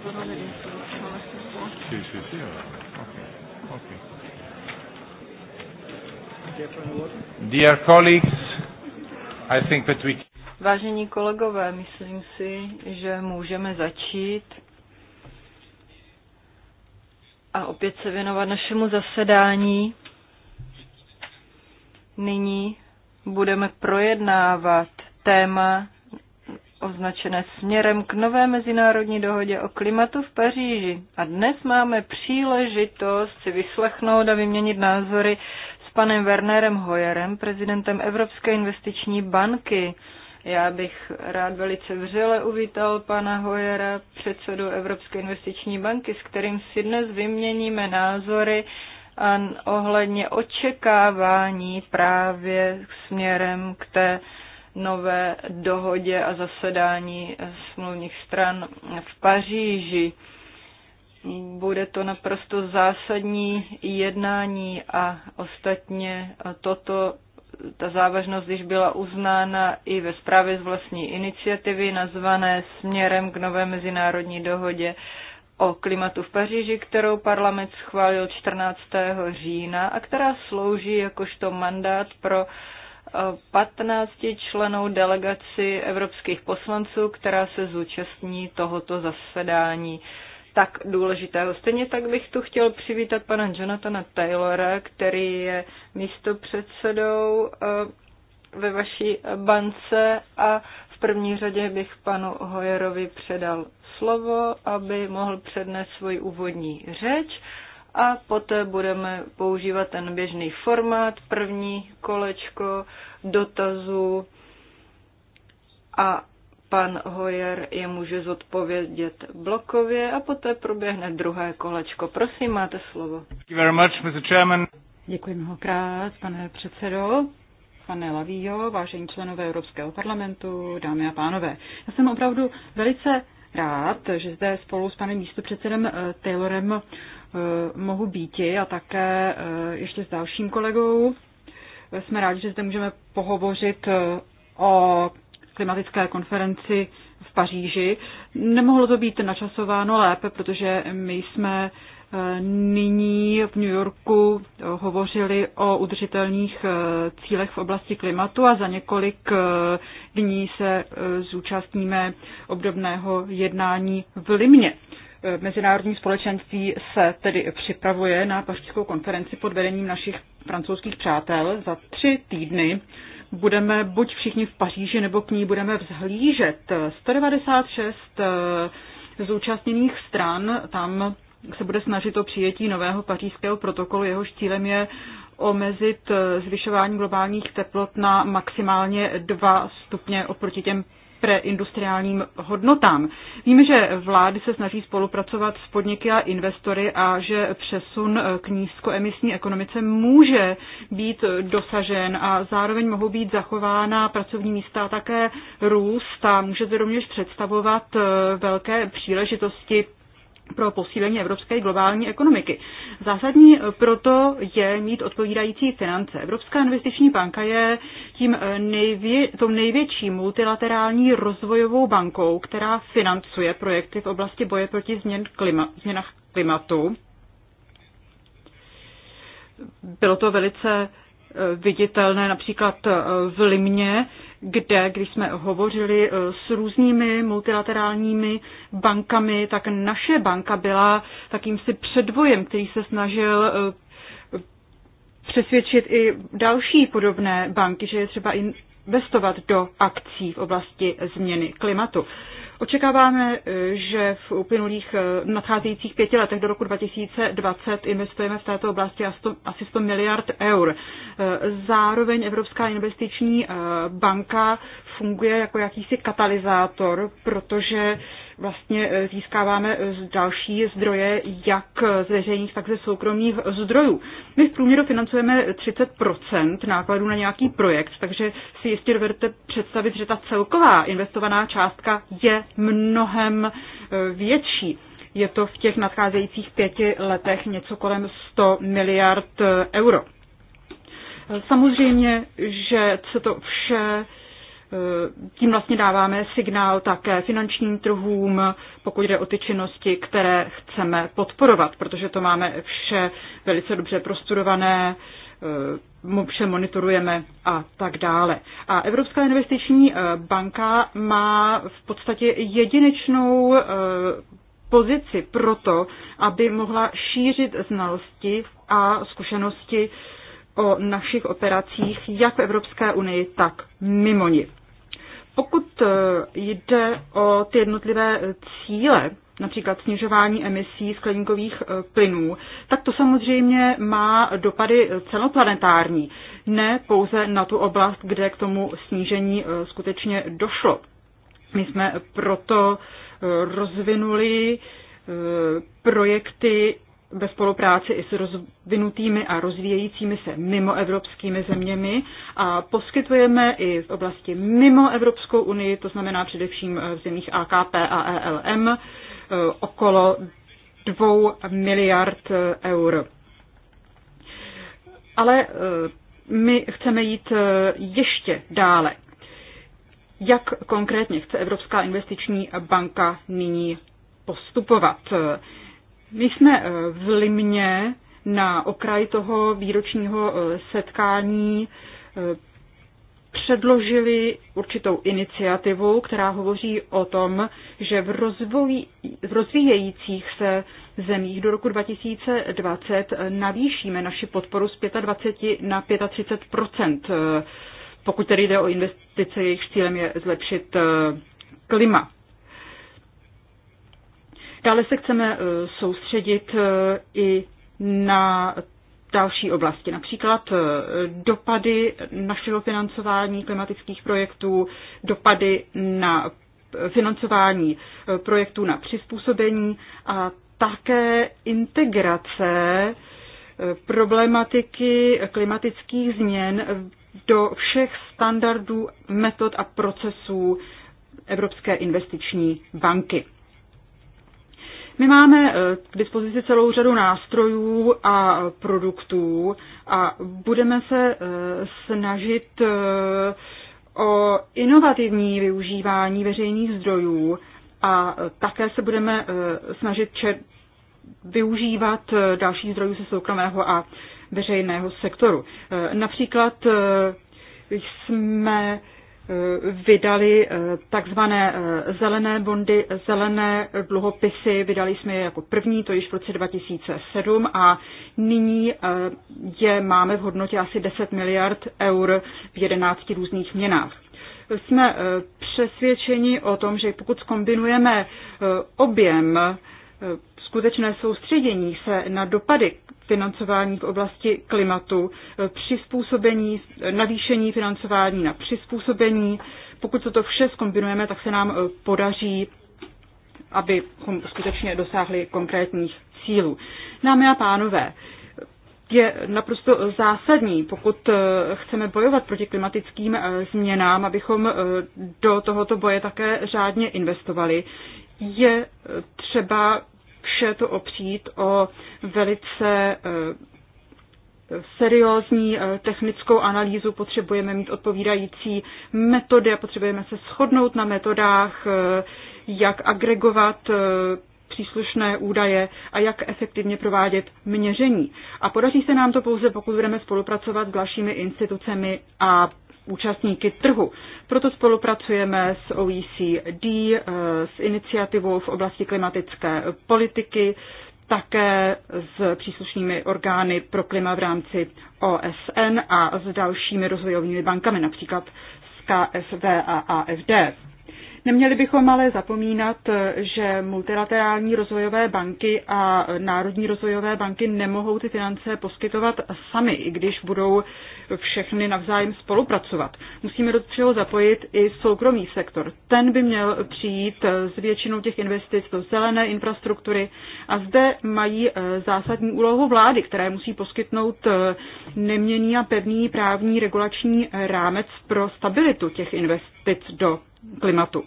Speaker 2: parole adesso, non
Speaker 1: Dear colleagues, I think that we...
Speaker 4: Vážení kolegové, myslím si, že můžeme začít a opět se věnovat našemu zasedání. Nyní budeme projednávat téma označené směrem k nové mezinárodní dohodě o klimatu v Paříži. A dnes máme příležitost si vyslechnout a vyměnit názory s panem Wernerem Hoyerem, prezidentem Evropské investiční banky. Já bych rád velice vřele uvítal pana Hojera, předsedu Evropské investiční banky, s kterým si dnes vyměníme názory ohledně očekávání právě směrem k té nové dohodě a zasedání smluvních stran v Paříži. Bude to naprosto zásadní jednání a ostatně toto, ta závažnost když byla uznána i ve zprávě z vlastní iniciativy nazvané Směrem k nové mezinárodní dohodě o klimatu v Paříži, kterou parlament schválil 14. října a která slouží jakožto mandát pro uh, 15 členů delegaci evropských poslanců, která se zúčastní tohoto zasedání tak důležitého. Stejně tak bych tu chtěl přivítat pana Jonathana Taylora, který je místopředsedou eh, ve vaší bance a v první řadě bych panu Hojerovi předal slovo, aby mohl přednést svoji úvodní řeč a poté budeme používat ten běžný formát, první kolečko dotazů a pan Hoyer je může zodpovědět blokově a poté proběhne druhé kolečko. Prosím, máte slovo. Děkuji
Speaker 3: mnohokrát, pane předsedo, pane Lavíjo, vážení členové Evropského parlamentu, dámy a pánové. Já jsem opravdu velice rád, že zde spolu s panem místopředsedem eh, Taylorem uh, Eh, mohu býti a také eh, ještě s dalším kolegou. Eh, jsme rádi, že zde můžeme pohovořit o klimatické konferenci v Paříži. Nemohlo to být načasováno lépe, protože my jsme nyní v New Yorku hovořili o udržitelných cílech v oblasti klimatu a za několik dní se zúčastníme obdobného jednání v Limně. Eh, mezinárodní společenství se tedy připravuje na pařížskou konferenci pod vedením našich francouzských přátel. Za tři týdny budeme buď všichni v Paříži, nebo k ní budeme vzhlížet. 196 eh, zúčastněných stran tam se bude snažit o přijetí nového pařížského protokolu. Jeho cílem je omezit eh, zvyšování globálních teplot na maximálně 2 stupně oproti těm preindustriálním hodnotám. Víme, že vlády se snaží spolupracovat s podniky a investory a že přesun k nízkoemisní ekonomice může být dosažen a zároveň mohou být zachována pracovní místa a také růst a může to rovněž představovat velké příležitosti pro posílení evropské globální ekonomiky. Zásadní proto je mít odpovídající finance. Evropská investiční banka je tím nejvě, tou největší multilaterální rozvojovou bankou, která financuje projekty v oblasti boje proti změn klima, změnách klimatu. Bylo to velice eh, viditelné například eh, v Limně kde, když jsme hovořili eh, s různými multilaterálními bankami, tak naše banka byla takým si předvojem, který se snažil eh, přesvědčit i další podobné banky, že je třeba investovat do akcí v oblasti změny klimatu. Očekáváme, eh, že v uplynulých eh, nadcházejících pěti letech do roku 2020 investujeme v této oblasti asi 100 miliard eur. Eh, zároveň Evropská investiční banka funguje jako jakýsi katalyzátor, protože vlastně eh, získáváme eh, další zdroje, jak z veřejných, tak ze soukromých zdrojů. My v průměru financujeme 30 nákladů na nějaký projekt, takže si jistě dovedete představit, že ta celková investovaná částka je mnohem eh, větší. Je to v těch nadcházejících pěti letech něco kolem 100 miliard euro. Samozřejmě, že se to vše tím vlastně dáváme signál také finančním trhům, pokud jde o ty činnosti, které chceme podporovat, protože to máme vše velice dobře prostudované, eh, vše monitorujeme a tak dále. A Evropská investiční eh, banka má v podstatě jedinečnou eh, pozici pro to, aby mohla šířit znalosti a zkušenosti o našich operacích jak v Evropské unii, tak mimo ní. Pokud e, jde o ty jednotlivé e, cíle, například snižování emisí skleníkových e, plynů, tak to samozřejmě má dopady celoplanetární, ne pouze na tu oblast, kde k tomu snížení skutečně došlo. My jsme proto rozvinuli projekty ve spolupráci i s rozvinutými a rozvíjejícími se mimoevropskými zeměmi a poskytujeme i v oblasti mimo Evropskou unii, to znamená především eh, v zemích AKP a ELM, eh, okolo 2 miliard eh, eur. Ale my chceme jít ještě dále. Jak konkrétně chce Evropská investiční banka nyní postupovat? My jsme eh, v Limně na okraji toho výročního eh, setkání eh, předložili určitou iniciativu, která hovoří o tom, že v, rozvoj, v rozvíjejících se zemích do roku 2020 navýšíme naši podporu z 25 na 35 pokud tedy jde o investice, jejich cílem je zlepšit klima. Dále se chceme eh, soustředit eh, i na další oblasti, například eh, dopady našeho financování klimatických projektů, dopady na financování projektů na přizpůsobení a také integrace problematiky klimatických změn do všech standardů, metod a procesů Evropské investiční banky. My máme eh, k dispozici celou řadu nástrojů a produktů a budeme se eh, snažit eh, o inovativní využívání veřejných zdrojů a také se budeme snažit využívat další zdrojů ze soukromého a veřejného sektoru. Například jsme vydali eh, takzvané eh, zelené bondy, zelené dluhopisy, vydali jsme je jako první, to již v roce 2007 a nyní eh, je máme v hodnotě asi 10 miliard eur v 11 různých měnách. Jsme přesvědčeni o tom, že pokud skombinujeme objem skutečné soustředění se na dopady financování v oblasti klimatu, eh, přizpůsobení, navýšení financování na přizpůsobení. Pokud toto to vše zkombinujeme, tak se nám eh, podaří abychom skutečně dosáhli konkrétních cílů. Námi a pánové, je naprosto zásadní, pokud eh, chceme bojovat proti klimatickým změnám, abychom do tohoto boje také řádně investovali, je třeba vše to opřít o velice eh, seriózní eh, technickou analýzu, potřebujeme mít odpovídající metody a potřebujeme se shodnout na metodách, eh, jak agregovat příslušné údaje a jak efektivně provádět měření. A podaří se nám to pouze, pokud budeme spolupracovat s dalšími institucemi a účastníky trhu. Proto spolupracujeme s OECD, eh, s iniciativou v oblasti klimatické politiky, také s příslušnými orgány pro klima v rámci OSN a s dalšími rozvojovými bankami, například s KSV a AFD. Neměli bychom ale zapomínat, že multilaterální rozvojové banky a národní rozvojové banky nemohou ty finance poskytovat sami, i když budou všechny navzájem spolupracovat. Musíme do toho zapojit i soukromý sektor. Ten by měl přijít eh, s většinou těch investic do zelené infrastruktury a zde mají eh, zásadní úlohu vlády, které musí poskytnout eh, neměný a pevný právní regulační rámec pro stabilitu těch investic do klimatu.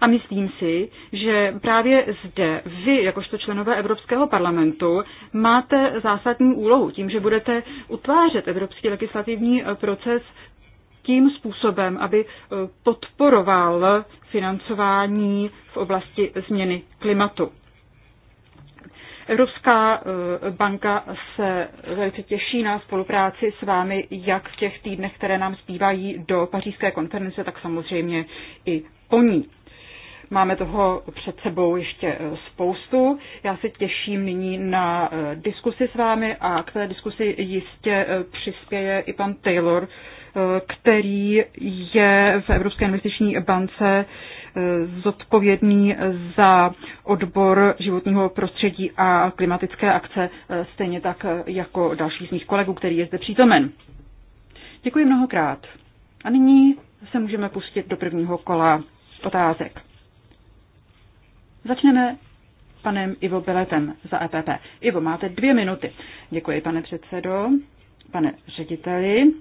Speaker 3: A myslím si, že právě zde vy, jakožto členové Evropského parlamentu, máte zásadní úlohu tím, že budete utvářet evropský legislativní eh, proces tím způsobem, aby eh, podporoval financování v oblasti změny klimatu. Evropská eh, banka se velice těší na spolupráci s vámi, jak v těch týdnech, které nám zbývají do pařížské konference, tak samozřejmě i po ní. Máme toho před sebou ještě eh, spoustu. Já se těším nyní na eh, diskusi s vámi a k té diskusi jistě eh, přispěje i pan Taylor, který je v Evropské investiční bance zodpovědný za odbor životního prostředí a klimatické akce, stejně tak jako další z mých kolegů, který je zde přítomen. Děkuji mnohokrát. A nyní se můžeme pustit do prvního kola otázek. Začneme panem Ivo Beletem za EPP. Ivo, máte dvě minuty. Děkuji, pane předsedo, pane řediteli.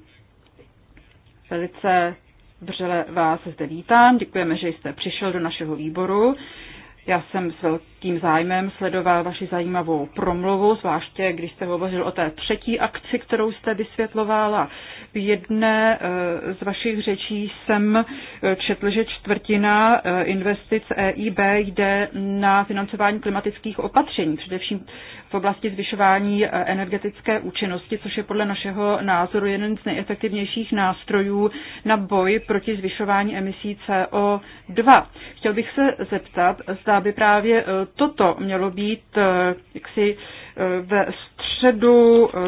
Speaker 3: Velice vřele vás zde vítám. Děkujeme, že jste přišel do našeho výboru. Já jsem s velkým velkým zájmem sledoval vaši zajímavou promluvu, zvláště když jste hovořil o té třetí akci, kterou jste vysvětlovala. V jedné eh, z vašich řečí jsem eh, četl, že čtvrtina eh, investic EIB jde na financování klimatických opatření, především v oblasti zvyšování energetické účinnosti, což je podle našeho názoru jeden z nejefektivnějších nástrojů na boj proti zvyšování emisí CO2. Chtěl bych se zeptat, zda by právě toto mělo být eh, jaksi eh, ve středu eh,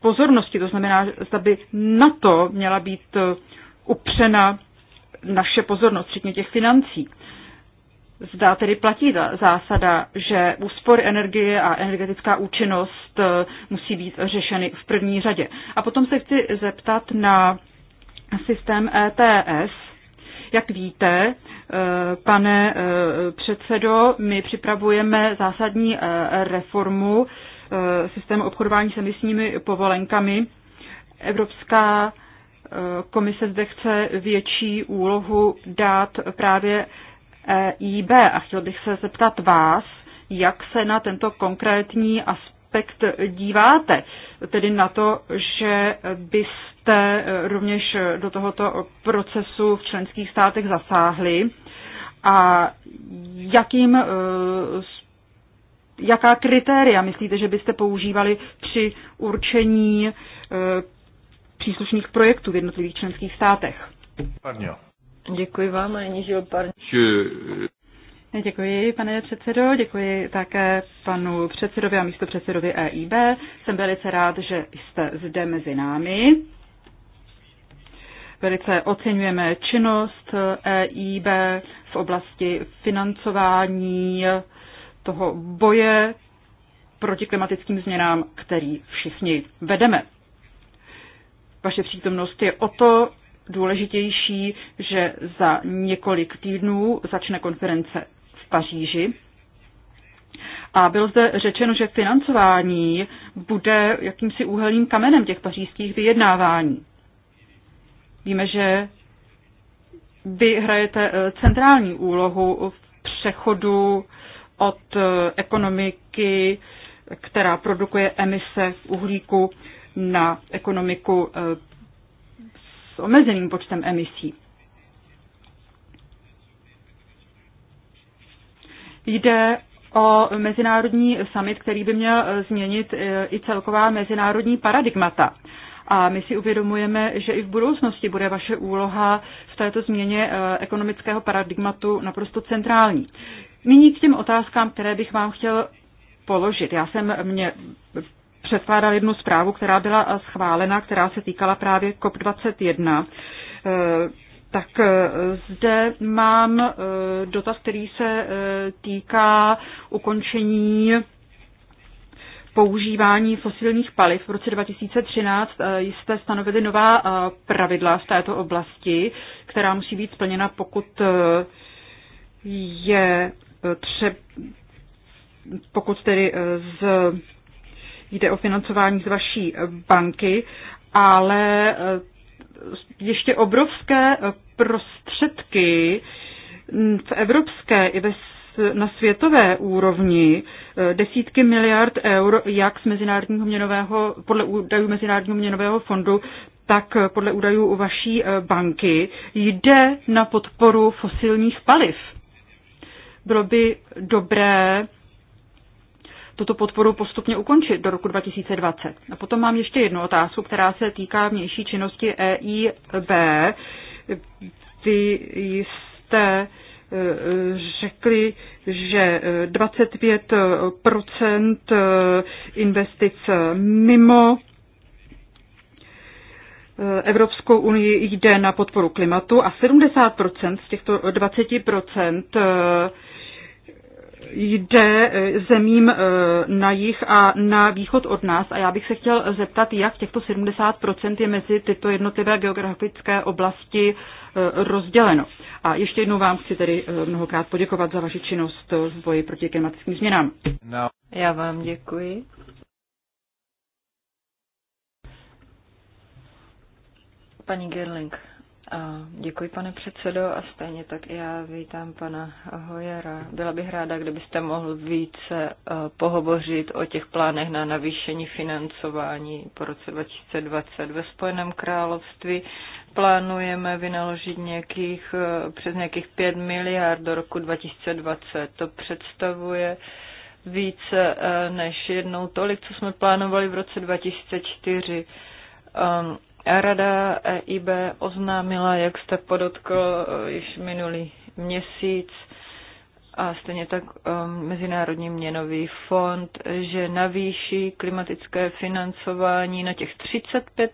Speaker 3: pozornosti, to znamená, zda by na to měla být upřena naše pozornost, včetně těch financí. Zdá tedy platí ta zásada, že úspory energie a energetická účinnost musí být řešeny v první řadě. A potom se chci zeptat na systém ETS, jak víte, eh, pane eh, předsedo, my připravujeme zásadní eh, reformu systému obchodování s emisními povolenkami. Evropská komise zde chce větší úlohu dát právě EIB a chtěl bych se zeptat vás, jak se na tento konkrétní aspekt aspekt díváte, tedy na to, že byste eh, rovněž eh, do tohoto procesu v členských státech zasáhli a jakým, eh, jaká kritéria myslíte, že byste používali při určení příslušných projektů v jednotlivých členských státech? Děkuji vám, Ani Žilpar. Děkuji, pane předsedo, děkuji také panu předsedovi a místopředsedovi EIB. Jsem velice rád, že jste zde mezi námi. Velice oceňujeme činnost EIB v oblasti financování toho boje proti klimatickým změnám, který všichni vedeme. Vaše přítomnost je o to důležitější, že za několik týdnů začne konference Paříži. A bylo zde řečeno, že financování bude jakýmsi úhelným kamenem těch pařížských vyjednávání. Víme, že vy hrajete eh, centrální úlohu v přechodu od eh, ekonomiky, která produkuje emise uhlíku, na ekonomiku eh, s omezeným počtem emisí. Jde o mezinárodní summit, který by měl eh, změnit eh, i celková mezinárodní paradigmata. A my si uvědomujeme, že i v budoucnosti bude vaše úloha v této změně eh, ekonomického paradigmatu naprosto centrální. Nyní k těm otázkám, které bych vám chtěl položit. Já jsem mě předkládal jednu zprávu, která byla schválena, která se týkala právě COP21. Tak eh, zde mám eh, dotaz, který se eh, týká ukončení používání fosilních paliv. V roce 2013 jste stanovili nová pravidla v této oblasti, která musí být splněna, pokud je tře, pokud tedy z, jde o financování z vaší banky, ale ještě obrovské eh, prostředky mm, v evropské i ve na světové úrovni eh, desítky miliard eur, jak z Mezinárodního měnového, podle údajů Mezinárodního měnového fondu, tak eh, podle údajů u vaší banky, jde na podporu fosilních paliv. Bylo by dobré tuto podporu postupně ukončit do roku 2020. A potom mám ještě jednu otázku, která se týká vnější činnosti EIB. Vy jste e, řekli, že 25 e, e, investic mimo Evropskou unii jde na podporu klimatu a 70 z těchto 20 jde eh, zemím eh, na jich a na východ od nás a já bych se chtěl zeptat, jak těchto 70% je mezi tyto jednotlivé geografické oblasti eh, rozděleno. A ještě jednou vám chci tedy mnohokrát poděkovat za vaši činnost v boji proti klimatickým změnám.
Speaker 4: Já vám děkuji. Paní Gerling. Děkuji, pane předsedo, a stejně tak já vítám pana Hojera. Byla bych ráda, kdybyste mohl více eh, pohovořit o těch plánech na navýšení financování po roce 2020 ve Spojeném království. Plánujeme vynaložit nějakých, eh, přes nějakých 5 miliard do roku 2020. To představuje více eh, než jednou tolik, co jsme plánovali v roce 2004 Rada EIB oznámila, jak jste podotkl eh, již minulý měsíc, a stejně tak ehm, Mezinárodní měnový fond, že navýší klimatické financování na těch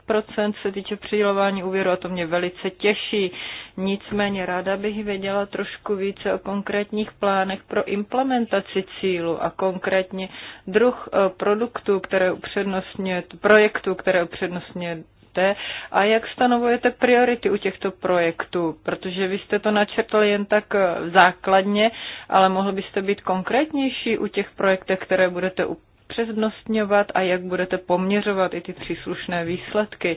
Speaker 4: 35% se týče přidělování úvěru a to mě velice těší. Nicméně ráda bych věděla trošku více o konkrétních plánech pro implementaci cílu a konkrétně druh eh, produktů, které upřednostňuje, projektů, které upřednostňuje máte a jak stanovujete priority u těchto projektů, protože vy jste to načrtli jen tak eh, základně, ale mohl byste být konkrétnější u těch projektech, které budete upřednostňovat a jak budete poměřovat i ty příslušné výsledky.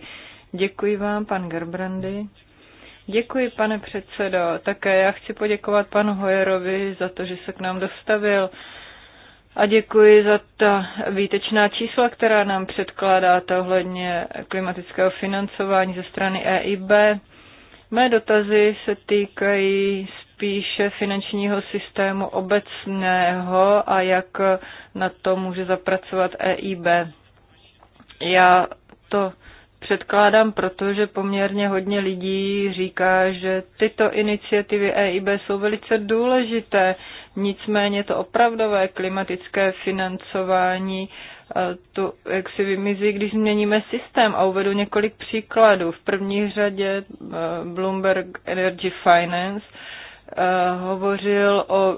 Speaker 4: Děkuji vám, pan Gerbrandy. Děkuji, pane předsedo. Také já chci poděkovat panu Hojerovi za to, že se k nám dostavil. A děkuji za ta výtečná čísla, která nám předkládáte ohledně klimatického financování ze strany EIB. Mé dotazy se týkají spíše finančního systému obecného a jak na to může zapracovat EIB. Já to předkládám, protože poměrně hodně lidí říká, že tyto iniciativy EIB jsou velice důležité Nicméně to opravdové klimatické financování eh, to jak si vymizí, když změníme systém. A uvedu několik příkladů. V první řadě eh, Bloomberg Energy Finance eh, hovořil o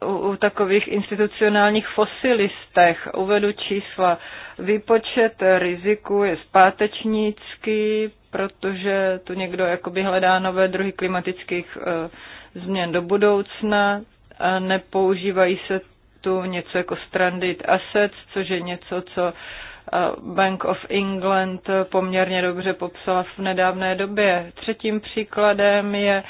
Speaker 4: o takových institucionálních fosilistech. Uvedu čísla. Výpočet riziku je zpátečnický, protože tu někdo jakoby hledá nové druhy klimatických změn do budoucna. A nepoužívají se tu něco jako stranded assets, což je něco, co eh, Bank of England poměrně dobře popsala v nedávné době. Třetím příkladem je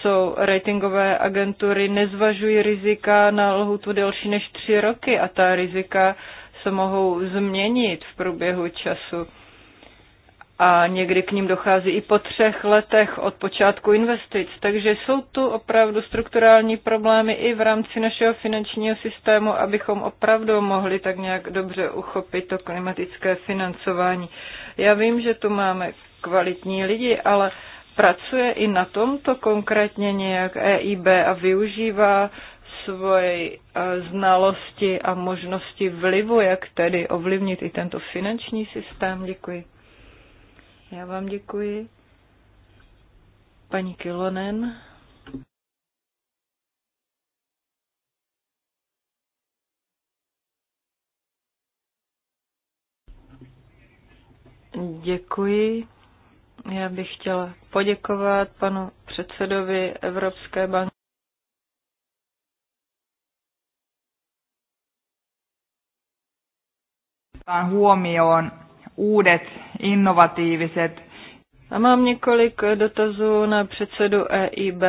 Speaker 4: jsou ratingové agentury nezvažují rizika na lhutu delší než tři roky a ta rizika se mohou změnit v průběhu času a někdy k ním dochází i po třech letech od počátku investic. Takže jsou tu opravdu strukturální problémy i v rámci našeho finančního systému, abychom opravdu mohli tak nějak dobře uchopit to klimatické financování. Já vím, že tu máme kvalitní lidi, ale pracuje i na tomto konkrétně nějak EIB a využívá svoje eh, znalosti a možnosti vlivu, jak tedy ovlivnit i tento finanční systém. Děkuji. Já vám děkuji. Paní Kilonen. Děkuji. Já bych chtěla poděkovat panu předsedovi Evropské banky. huomioon uudet innovatiiviset. A mám několik dotazů na předsedu EIB.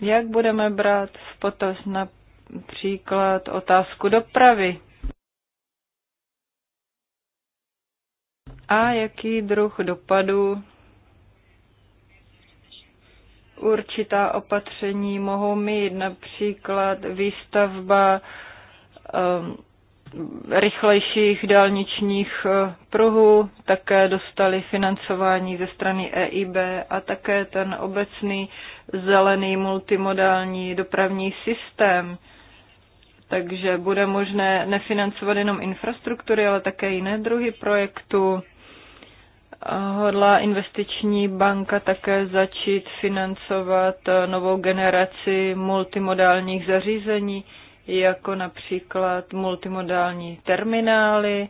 Speaker 4: Jak budeme brát v potaz například otázku dopravy? A jaký druh dopadu určitá opatření mohou mít, například výstavba um, rychlejších dálničních eh, pruhů, také dostali financování ze strany EIB a také ten obecný zelený multimodální dopravní systém. Takže bude možné nefinancovat jenom infrastruktury, ale také jiné druhy projektů. Hodlá investiční banka také začít financovat eh, novou generaci multimodálních zařízení jako například multimodální terminály,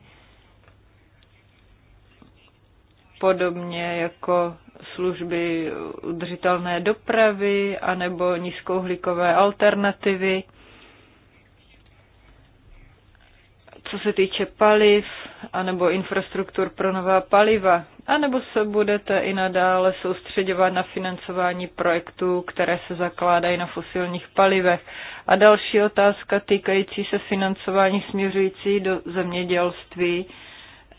Speaker 4: podobně jako služby udržitelné dopravy anebo nízkouhlíkové alternativy. Co se týče paliv anebo infrastruktur pro nová paliva, a nebo se budete i nadále soustředovat na financování projektů, které se zakládají na fosilních palivech? A další otázka týkající se financování směřující do zemědělství.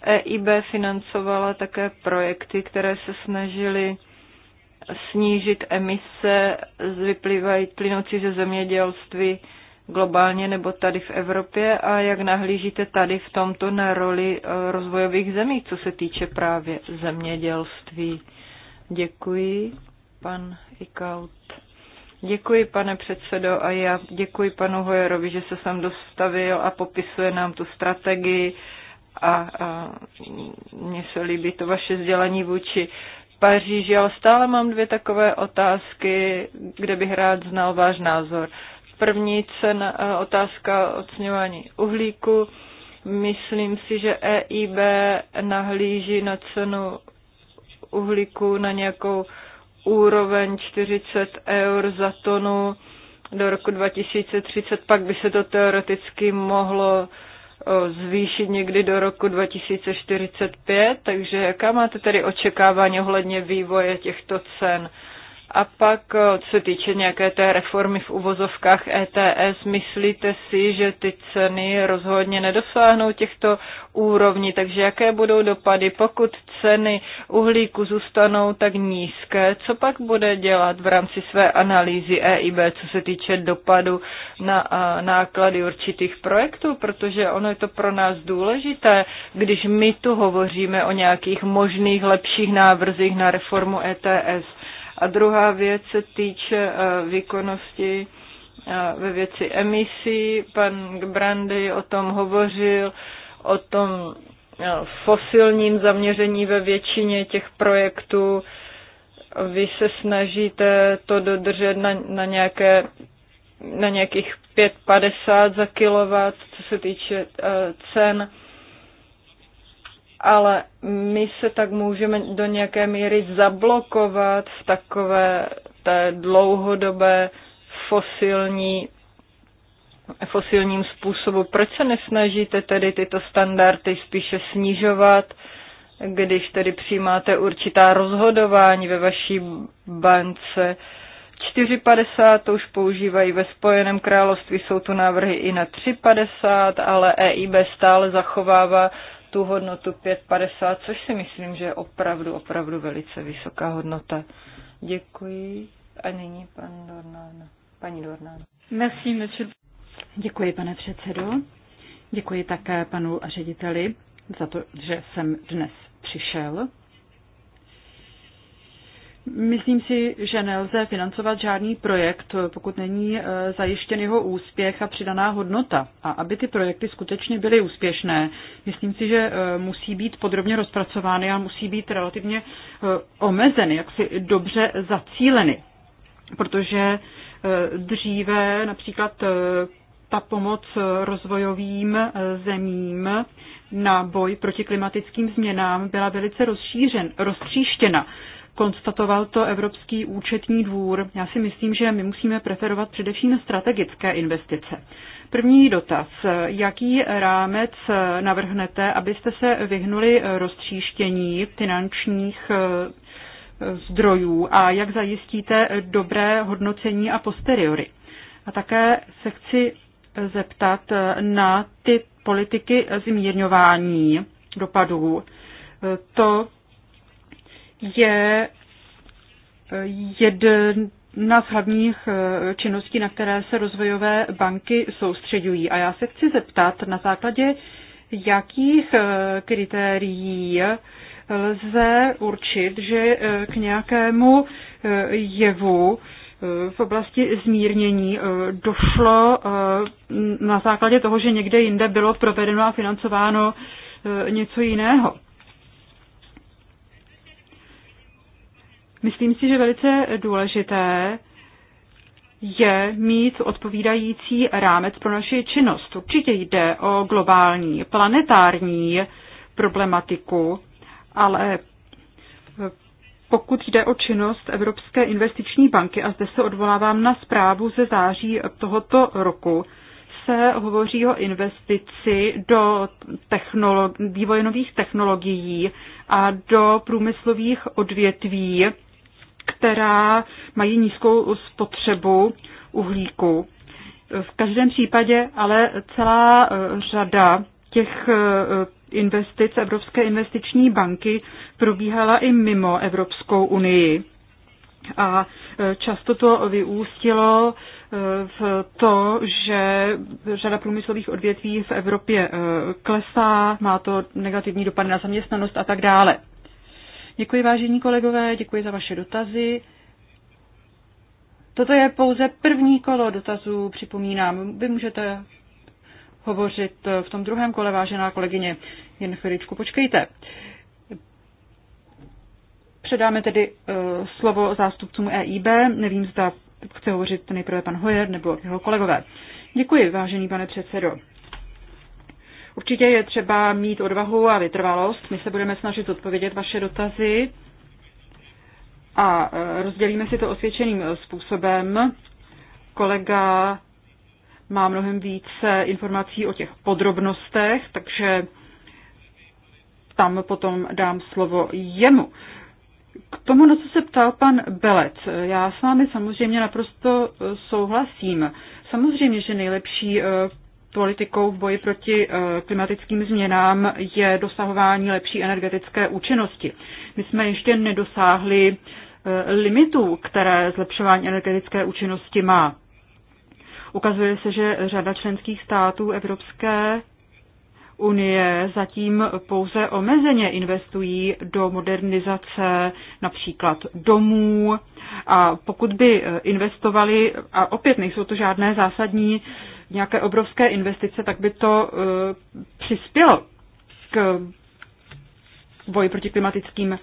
Speaker 4: EIB financovala také projekty, které se snažily snížit emise vyplývají plynoucí ze zemědělství globálně nebo tady v Evropě a jak nahlížíte tady v tomto na roli eh, rozvojových zemí, co se týče právě zemědělství. Děkuji, pan Ikaut. Děkuji, pane předsedo, a já děkuji panu Hojerovi, že se sem dostavil a popisuje nám tu strategii a, a mně se líbí to vaše sdělení vůči Paříži, ale stále mám dvě takové otázky, kde bych rád znal váš názor. První cen, eh, otázka oceňování uhlíku. Myslím si, že EIB nahlíží na cenu uhlíku na nějakou úroveň 40 eur za tonu do roku 2030, pak by se to teoreticky mohlo zvýšit někdy do roku 2045, takže jaká máte tedy očekávání ohledně vývoje těchto cen? A pak, eh, co se týče nějaké té reformy v uvozovkách ETS, myslíte si, že ty ceny rozhodně nedosáhnou těchto úrovní, takže jaké budou dopady, pokud ceny uhlíku zůstanou tak nízké, co pak bude dělat v rámci své analýzy EIB, co se týče dopadu na eh, náklady určitých projektů, protože ono je to pro nás důležité, když my tu hovoříme o nějakých možných lepších návrzích na reformu ETS a druhá věc se týče eh, výkonnosti eh, ve věci emisí. Pan Brandy o tom hovořil, o tom eh, fosilním zaměření ve většině těch projektů. Vy se snažíte to dodržet na, na, nějaké, na nějakých 5,50 za kilowatt, co se týče cen ale my se tak můžeme do nějaké míry zablokovat v takové té dlouhodobé fosilní fosilním způsobu. Proč se nesnažíte tedy tyto standardy spíše snižovat, když tedy přijímáte určitá rozhodování ve vaší bance? 4,50 to už používají ve Spojeném království, jsou tu návrhy i na 3,50, ale EIB stále zachovává tu hodnotu 5,50, což si myslím, že je opravdu, opravdu velice vysoká hodnota. Děkuji. A nyní pan Dornána. Paní Dornána.
Speaker 3: Merci, monsieur. Děkuji, pane předsedo. Děkuji také panu řediteli za to, že jsem dnes přišel. Myslím si, že nelze financovat žádný projekt, pokud není eh, zajištěn jeho úspěch a přidaná hodnota. A aby ty projekty skutečně byly úspěšné, myslím si, že eh, musí být podrobně rozpracovány a musí být relativně eh, omezeny, jaksi dobře zacíleny. Protože dříve například ta pomoc rozvojovým zemím na boj proti klimatickým změnám byla velice rozšířen, roztříštěna konstatoval to Evropský účetní dvůr. Já si myslím, že my musíme preferovat především strategické investice. První dotaz. Jaký rámec navrhnete, abyste se vyhnuli roztříštění finančních eh, zdrojů a jak zajistíte dobré hodnocení a posteriori? A také se chci zeptat na ty politiky zmírňování dopadů. To je eh, jedna z hlavních eh, činností, na které se rozvojové banky soustředují. A já se chci zeptat, na základě jakých eh, kritérií lze určit, že k nějakému jevu v oblasti zmírnění došlo na základě toho, že někde jinde bylo provedeno a financováno něco jiného. Myslím si, že velice důležité je mít odpovídající rámec pro naši činnost. Určitě jde o globální, planetární problematiku, ale pokud jde o činnost Evropské investiční banky, a zde se odvolávám na zprávu ze září tohoto roku, se hovoří o investici do technologi- vývoje nových technologií a do průmyslových odvětví, která mají nízkou spotřebu uhlíku. V každém případě ale celá eh, řada těch eh, investic Evropské investiční banky probíhala i mimo Evropskou unii. A eh, často to vyústilo v to, že řada průmyslových odvětví v Evropě klesá, má to negativní dopady na zaměstnanost a tak dále. Děkuji, vážení kolegové, děkuji za vaše dotazy. Toto je pouze první kolo dotazů, připomínám. Vy můžete hovořit v tom druhém kole, vážená kolegyně. Jen chviličku počkejte. Předáme tedy uh, slovo zástupcům EIB. Nevím, zda chce hovořit nejprve pan Hojer nebo jeho kolegové. Děkuji, vážený pane předsedo. Určitě je třeba mít odvahu a vytrvalost. My se budeme snažit odpovědět vaše dotazy a e, rozdělíme si to osvědčeným způsobem. Kolega má mnohem více informací o těch podrobnostech, takže tam potom dám slovo jemu. K tomu, na co se ptal pan Belec, já s vámi samozřejmě naprosto souhlasím. Samozřejmě, že nejlepší e, politikou v boji proti eh, klimatickým změnám je dosahování lepší energetické účinnosti. My jsme ještě nedosáhli eh, limitů, které zlepšování energetické účinnosti má. Ukazuje se, že řada členských států Evropské unie zatím pouze omezeně investují do modernizace například domů a pokud by investovali, a opět nejsou to žádné zásadní nějaké obrovské investice, tak by to eh, přispělo k boji proti klimatickým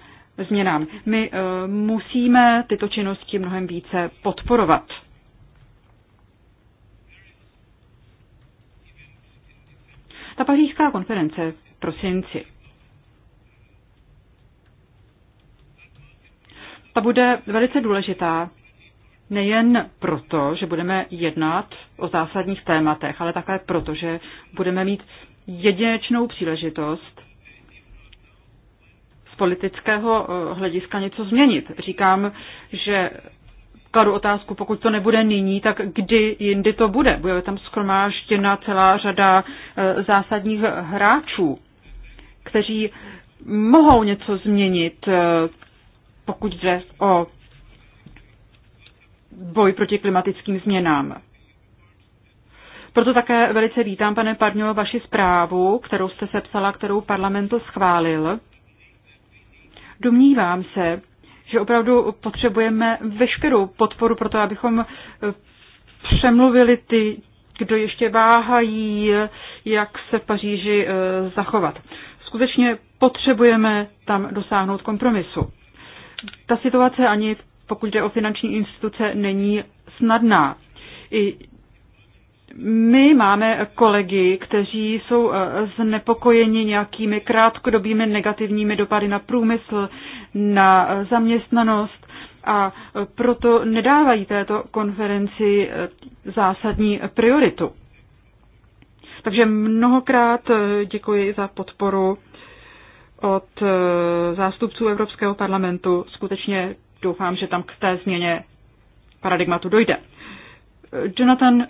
Speaker 3: změnám. My eh, musíme tyto činnosti mnohem více podporovat. Ta pařížská konference v prosinci. Ta bude velice důležitá nejen proto, že budeme jednat o zásadních tématech, ale také proto, že budeme mít jedinečnou příležitost z politického eh, hlediska něco změnit. Říkám, že kladu otázku, pokud to nebude nyní, tak kdy jindy to bude. Bude tam skromážděna celá řada eh, zásadních hráčů, kteří mohou něco změnit, eh, pokud jde o boj proti klimatickým změnám. Proto také velice vítám, pane Parňo, vaši zprávu, kterou jste sepsala, kterou parlamentu schválil. Domnívám se, že opravdu potřebujeme veškerou podporu pro to, abychom eh, přemluvili ty, kdo ještě váhají, jak se v Paříži eh, zachovat. Skutečně potřebujeme tam dosáhnout kompromisu. Ta situace ani v pokud jde o finanční instituce, není snadná. I my máme kolegy, kteří jsou eh, znepokojeni nějakými krátkodobými negativními dopady na průmysl, na eh, zaměstnanost a eh, proto nedávají této konferenci zásadní prioritu. Takže mnohokrát děkuji za podporu od zástupců Evropského parlamentu. Skutečně doufám, že tam k té změně paradigmatu dojde. Jonathan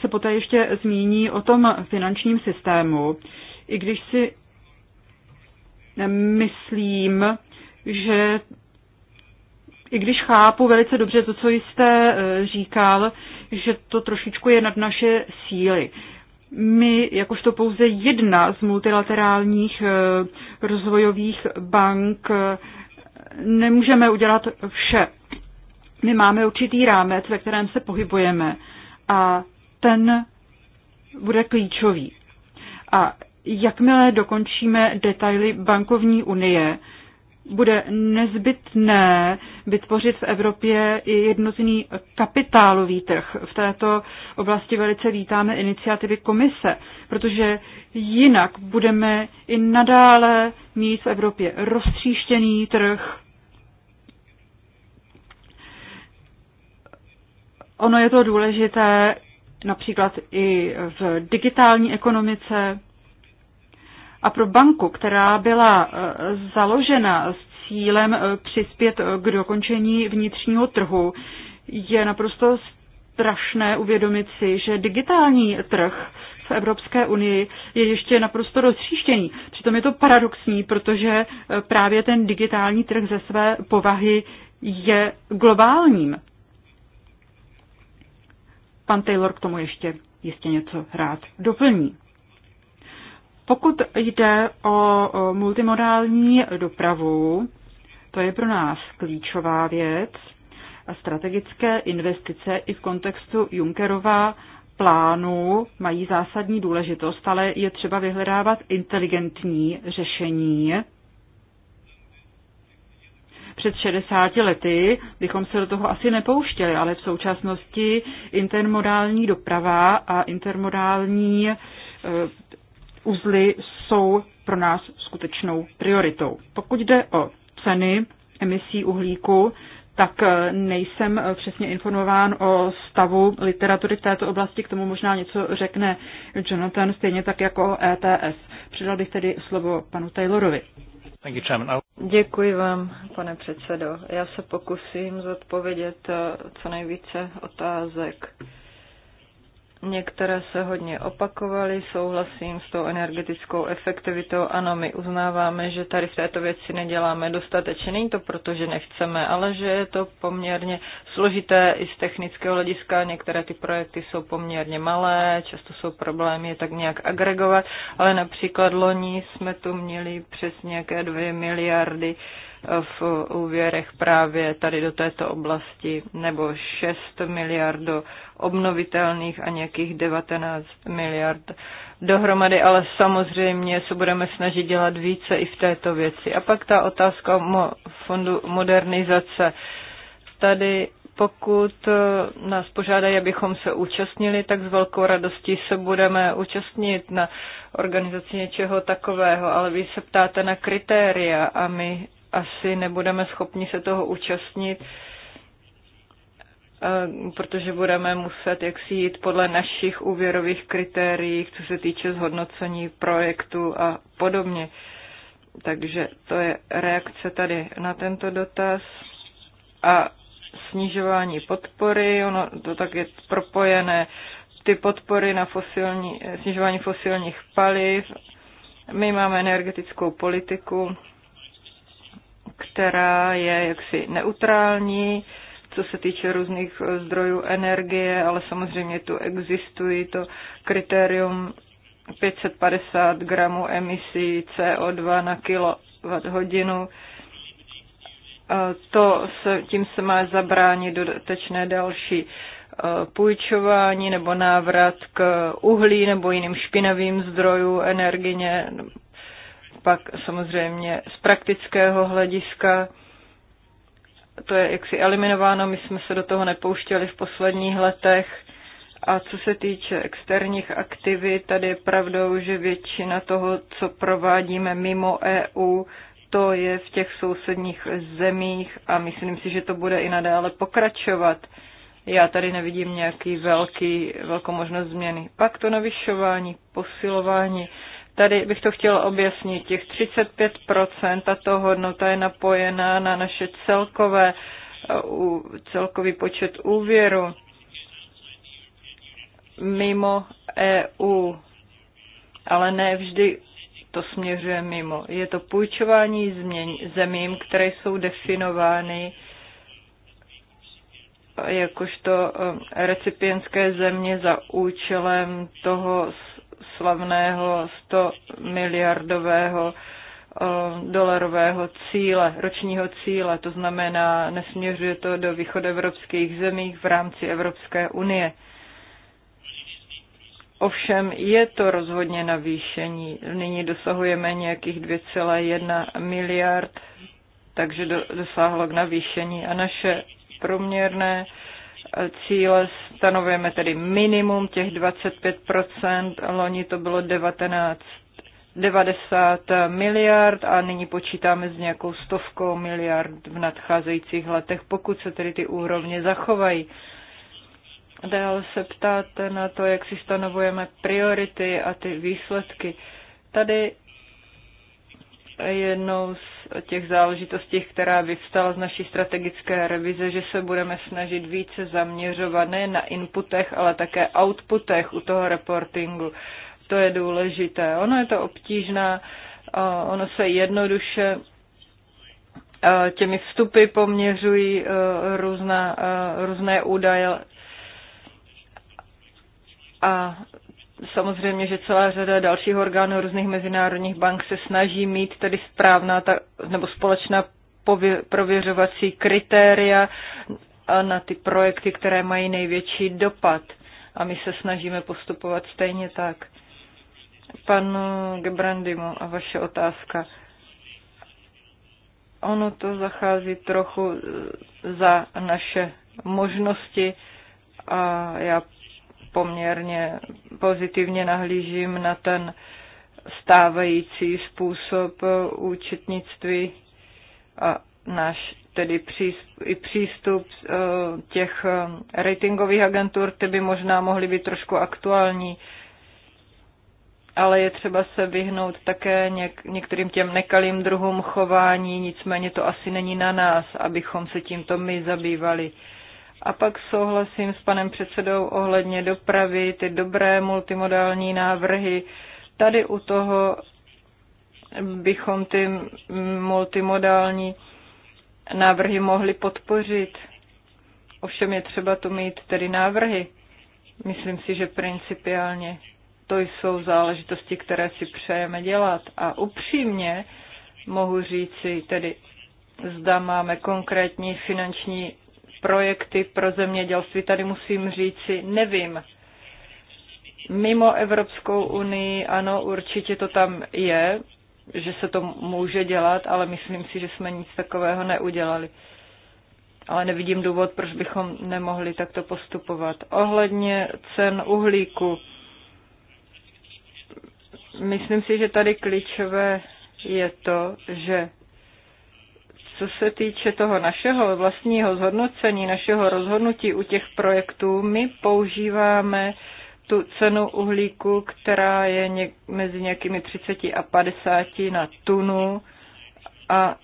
Speaker 3: se poté ještě zmíní o tom finančním systému, i když si myslím, že i když chápu velice dobře to, co jste eh, říkal, že to trošičku je nad naše síly. My, jakožto pouze jedna z multilaterálních eh, rozvojových bank, eh, nemůžeme udělat vše. My máme určitý rámec, ve kterém se pohybujeme a ten bude klíčový. A jakmile dokončíme detaily bankovní unie, bude nezbytné vytvořit v Evropě i jednotný kapitálový trh. V této oblasti velice vítáme iniciativy komise, protože jinak budeme i nadále mít v Evropě roztříštěný trh, Ono je to důležité například i v digitální ekonomice. A pro banku, která byla e, založena s cílem e, přispět e, k dokončení vnitřního trhu, je naprosto strašné uvědomit si, že digitální trh v Evropské unii je ještě naprosto rozstříštěný. Přitom je to paradoxní, protože právě ten digitální trh ze své povahy je globálním Pan Taylor k tomu ještě jistě něco rád doplní. Pokud jde o multimodální dopravu, to je pro nás klíčová věc a strategické investice i v kontextu Junckerova plánu mají zásadní důležitost, ale je třeba vyhledávat inteligentní řešení, před 60 lety bychom se do toho asi nepouštěli, ale v současnosti intermodální doprava a intermodální e, uzly jsou pro nás skutečnou prioritou. Pokud jde o ceny emisí uhlíku, tak e, nejsem přesně informován o stavu literatury v této oblasti, k tomu možná něco řekne
Speaker 4: Jonathan, stejně tak jako ETS. Předal bych tedy slovo panu Taylorovi. Děkuji vám, pane předsedo. Já se pokusím zodpovědět eh, co nejvíce otázek. Některé se hodně opakovaly, souhlasím s tou energetickou efektivitou. Ano, my uznáváme, že tady v této věci neděláme dostatečně. Není to proto, že nechceme, ale že je to poměrně složité i z technického hlediska. Některé ty projekty jsou poměrně malé, často jsou problémy je tak nějak agregovat, ale například loni jsme tu měli přes nějaké dvě miliardy uh, v úvěrech právě tady do této oblasti, nebo 6 miliard do obnovitelných a nějakých 19 miliard dohromady, ale samozřejmě se budeme snažit dělat více i v této věci. A pak ta otázka o fondu modernizace. Tady pokud eh, nás požádají, abychom se účastnili, tak s velkou radostí se budeme účastnit na organizaci něčeho takového, ale vy se ptáte na kritéria a my asi nebudeme schopni se toho účastnit, eh, protože budeme muset si jít podle našich úvěrových kritérií, co se týče zhodnocení projektu a podobně. Takže to je reakce tady na tento dotaz. A snižování podpory, ono to tak je propojené, ty podpory na fosilní, snižování fosilních paliv, my máme energetickou politiku, která je jaksi neutrální, co se týče různých eh, zdrojů energie, ale samozřejmě tu existují to kritérium 550 gramů emisí CO2 na kWh. To se, tím se má zabránit dodatečné další eh, půjčování nebo návrat k uhlí nebo jiným špinavým zdrojům energie pak samozřejmě z praktického hlediska to je jaksi eliminováno, my jsme se do toho nepouštěli v posledních letech. A co se týče externích aktivit, tady je pravdou, že většina toho, co provádíme mimo EU, to je v těch sousedních zemích a myslím si, že to bude i nadále pokračovat. Já tady nevidím nějaký velký, velkou možnost změny. Pak to navyšování, posilování. Tady bych to chtěla objasnit. Těch 35% tato hodnota je napojená na naše celkové, eh, celkový počet úvěru mimo EU, ale ne vždy to směřuje mimo. Je to půjčování změň, zemím, které jsou definovány jakožto eh, recipientské země za účelem toho slavného 100 miliardového eh, dolarového cíle, ročního cíle, to znamená, nesměřuje to do východoevropských zemí v rámci Evropské unie. Ovšem je to rozhodně navýšení. Nyní dosahujeme nějakých 2,1 miliard, takže do, dosáhlo k navýšení a naše průměrné uh, cíle stanovujeme tedy minimum těch 25 loni to bylo 19 90 miliard a nyní počítáme s nějakou stovkou miliard v nadcházejících letech, pokud se tedy ty úrovně zachovají. Dále se ptáte na to, jak si stanovujeme priority a ty výsledky. Tady jednou z těch záležitostí, která vyvstala z naší strategické revize, že se budeme snažit více zaměřovat ne na inputech, ale také outputech u toho reportingu. To je důležité. Ono je to obtížné. ono se jednoduše těmi vstupy poměřují různá, různé údaje a samozřejmě, že celá řada dalších orgánů různých mezinárodních bank se snaží mít tedy správná ta, nebo společná pově, prověřovací kritéria na ty projekty, které mají největší dopad. A my se snažíme postupovat stejně tak. Panu Gebrandimu a vaše otázka. Ono to zachází trochu za naše možnosti a já poměrně pozitivně nahlížím na ten stávající způsob účetnictví a náš tedy i přístup eh, těch eh, ratingových agentur, ty by možná mohly být trošku aktuální, ale je třeba se vyhnout také něk- některým těm nekalým druhům chování, nicméně to asi není na nás, abychom se tímto my zabývali. A pak souhlasím s panem předsedou ohledně dopravy, ty dobré multimodální návrhy. Tady u toho bychom ty multimodální návrhy mohli podpořit. Ovšem je třeba tu mít tedy návrhy. Myslím si, že principiálně to jsou záležitosti, které si přejeme dělat. A upřímně mohu říci, tedy zda máme konkrétní finanční projekty pro zemědělství. Tady musím říci, nevím. Mimo Evropskou unii, ano, určitě to tam je, že se to může dělat, ale myslím si, že jsme nic takového neudělali. Ale nevidím důvod, proč bychom nemohli takto postupovat. Ohledně cen uhlíku. Myslím si, že tady klíčové je to, že co se týče toho našeho vlastního zhodnocení, našeho rozhodnutí u těch projektů, my používáme tu cenu uhlíku, která je něk- mezi nějakými 30 a 50 na tunu a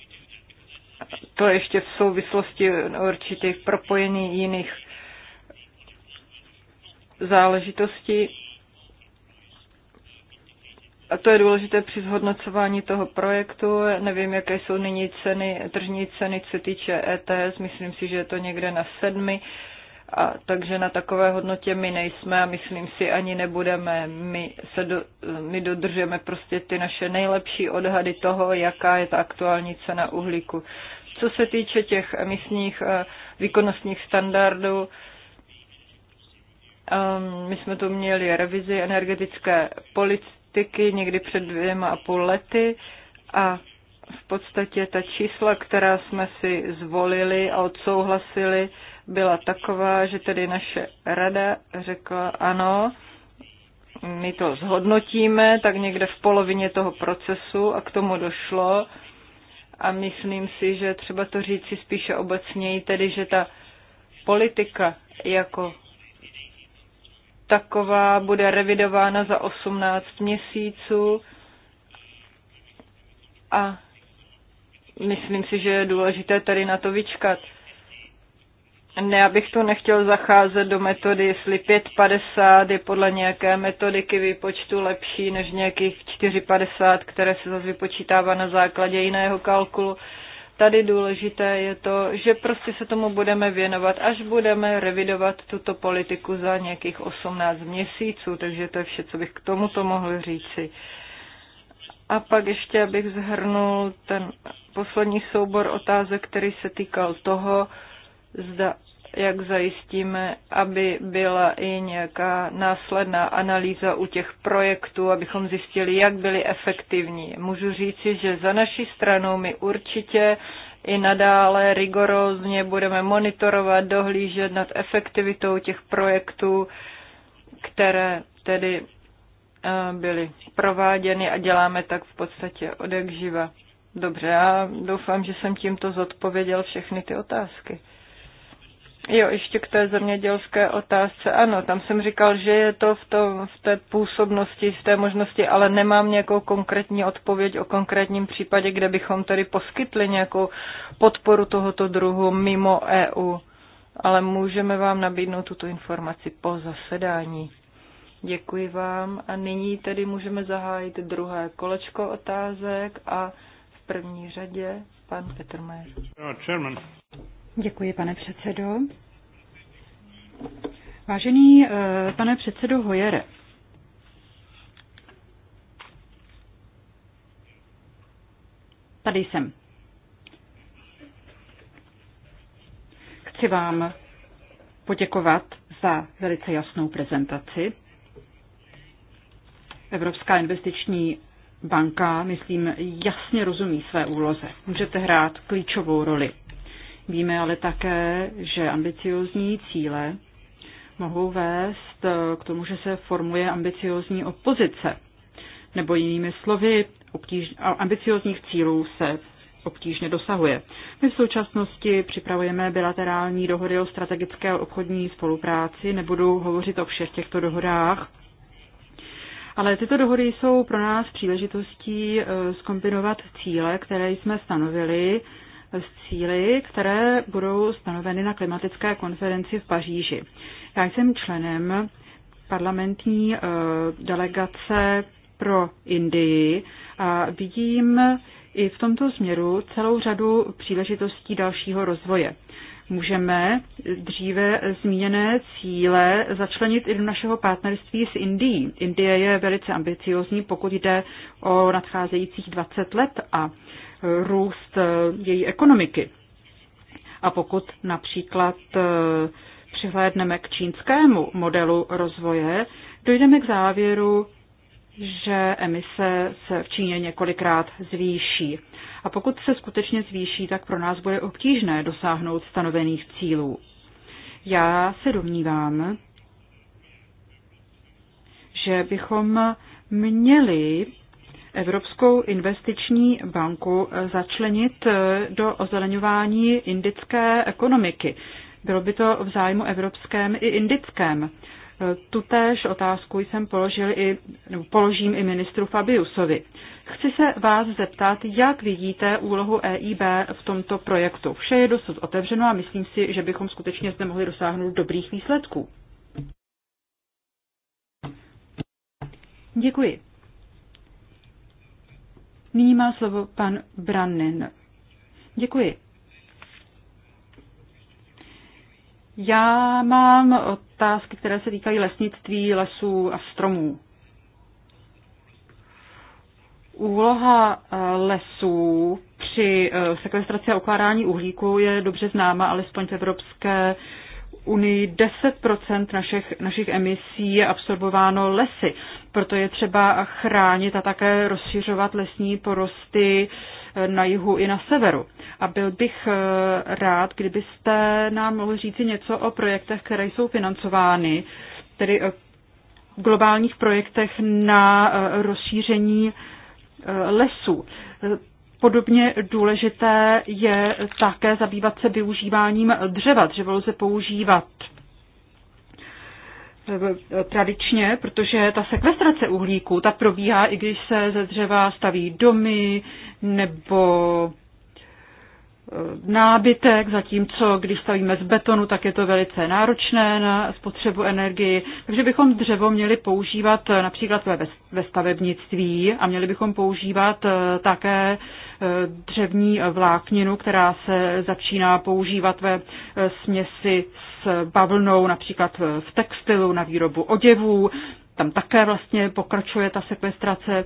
Speaker 4: to ještě v souvislosti určitých propojení jiných záležitostí a to je důležité při zhodnocování toho projektu. Nevím, jaké jsou nyní ceny, tržní ceny, co se týče ETS. Myslím si, že je to někde na sedmi. A, takže na takové hodnotě my nejsme a myslím si ani nebudeme. My, se do, my dodržeme prostě ty naše nejlepší odhady toho, jaká je ta aktuální cena uhlíku. Co se týče těch emisních eh, výkonnostních standardů, ehm, my jsme tu měli revizi energetické politiky statistiky někdy před dvěma a půl lety a v podstatě ta čísla, která jsme si zvolili a odsouhlasili, byla taková, že tedy naše rada řekla ano, my to zhodnotíme, tak někde v polovině toho procesu a k tomu došlo. A myslím si, že třeba to říci spíše obecněji, tedy že ta politika jako taková bude revidována za 18 měsíců a myslím si, že je důležité tady na to vyčkat. Ne, abych tu nechtěl zacházet do metody, jestli 5,50 je podle nějaké metodiky výpočtu lepší než nějakých 4,50, které se zase vypočítává na základě jiného kalkulu tady důležité je to, že prostě se tomu budeme věnovat, až budeme revidovat tuto politiku za nějakých 18 měsíců, takže to je vše, co bych k tomuto mohl říci. A pak ještě, abych zhrnul ten poslední soubor otázek, který se týkal toho, zda jak zajistíme, aby byla i nějaká následná analýza u těch projektů, abychom zjistili, jak byly efektivní. Můžu říci, že za naší stranou my určitě i nadále rigorózně budeme monitorovat, dohlížet nad efektivitou těch projektů, které tedy eh, byly prováděny a děláme tak v podstatě odekživa. Dobře, já doufám, že jsem tímto zodpověděl všechny ty otázky. Jo, ještě k té zemědělské otázce. Ano, tam jsem říkal, že je to v, tom, v té působnosti, v té možnosti, ale nemám nějakou konkrétní odpověď o konkrétním případě, kde bychom tedy poskytli nějakou podporu tohoto druhu mimo EU. Ale můžeme vám nabídnout tuto informaci po zasedání. Děkuji vám a nyní tedy můžeme zahájit druhé kolečko otázek a v první řadě pan Petr Majer.
Speaker 1: Uh,
Speaker 4: Děkuji,
Speaker 3: pane předsedo. Vážený eh, pane předsedo Hojere, tady jsem. Chci vám poděkovat za velice jasnou prezentaci. Evropská investiční banka, myslím, jasně rozumí své úloze. Můžete hrát klíčovou roli. Víme ale také, že ambiciozní cíle mohou vést eh, k tomu, že se formuje ambiciozní opozice. Nebo jinými slovy, obtíž, ambiciozních cílů se obtížně dosahuje. My v současnosti připravujeme bilaterální dohody o strategické a obchodní spolupráci, nebudu hovořit o všech těchto dohodách, ale tyto dohody jsou pro nás příležitostí eh, skombinovat cíle, které jsme stanovili s cíly, které budou stanoveny na klimatické konferenci v Paříži. Já jsem členem parlamentní eh, delegace pro Indii a vidím i v tomto směru celou řadu příležitostí dalšího rozvoje. Můžeme dříve zmíněné cíle začlenit i do našeho partnerství s Indií. Indie je velice ambiciozní, pokud jde o nadcházejících 20 let a růst eh, její ekonomiky. A pokud například eh, přihlédneme k čínskému modelu rozvoje, dojdeme k závěru, že emise se v Číně několikrát zvýší. A pokud se skutečně zvýší, tak pro nás bude obtížné dosáhnout stanovených cílů. Já se domnívám, že bychom měli Evropskou investiční banku začlenit eh, do ozeleňování indické ekonomiky. Bylo by to v zájmu evropském i indickém. Eh, tutéž otázku jsem položil i, nebo položím i ministru Fabiusovi. Chci se vás zeptat, jak vidíte úlohu EIB v tomto projektu. Vše je dosud otevřeno a myslím si, že bychom skutečně zde mohli dosáhnout dobrých výsledků. Děkuji. Nyní má slovo pan Brannen. Děkuji. Já mám otázky, které se týkají lesnictví, lesů a stromů. Úloha eh, lesů při eh, sekvestraci a ukládání uhlíku je dobře známa, alespoň v Evropské unii 10 našich, našich emisí je absorbováno lesy. Proto je třeba chránit a také rozšiřovat lesní porosty eh, na jihu i na severu. A byl bych eh, rád, kdybyste nám mohli říci něco o projektech, které jsou financovány, tedy eh, globálních projektech na rozšíření lesů. Podobně důležité je také zabývat se využíváním dřeva. Dřevo lze používat eh, tradičně, protože ta sekvestrace uhlíku, ta probíhá, i když se ze dřeva staví domy nebo Eh, nábytek, zatímco když stavíme z betonu, tak je to velice náročné na spotřebu energii. Takže bychom dřevo měli používat eh, například ve stavebnictví a měli bychom používat eh, také dřevní vlákninu, která se začíná používat ve směsi s bavlnou, například v textilu na výrobu oděvů, tam také vlastně pokračuje ta sekvestrace.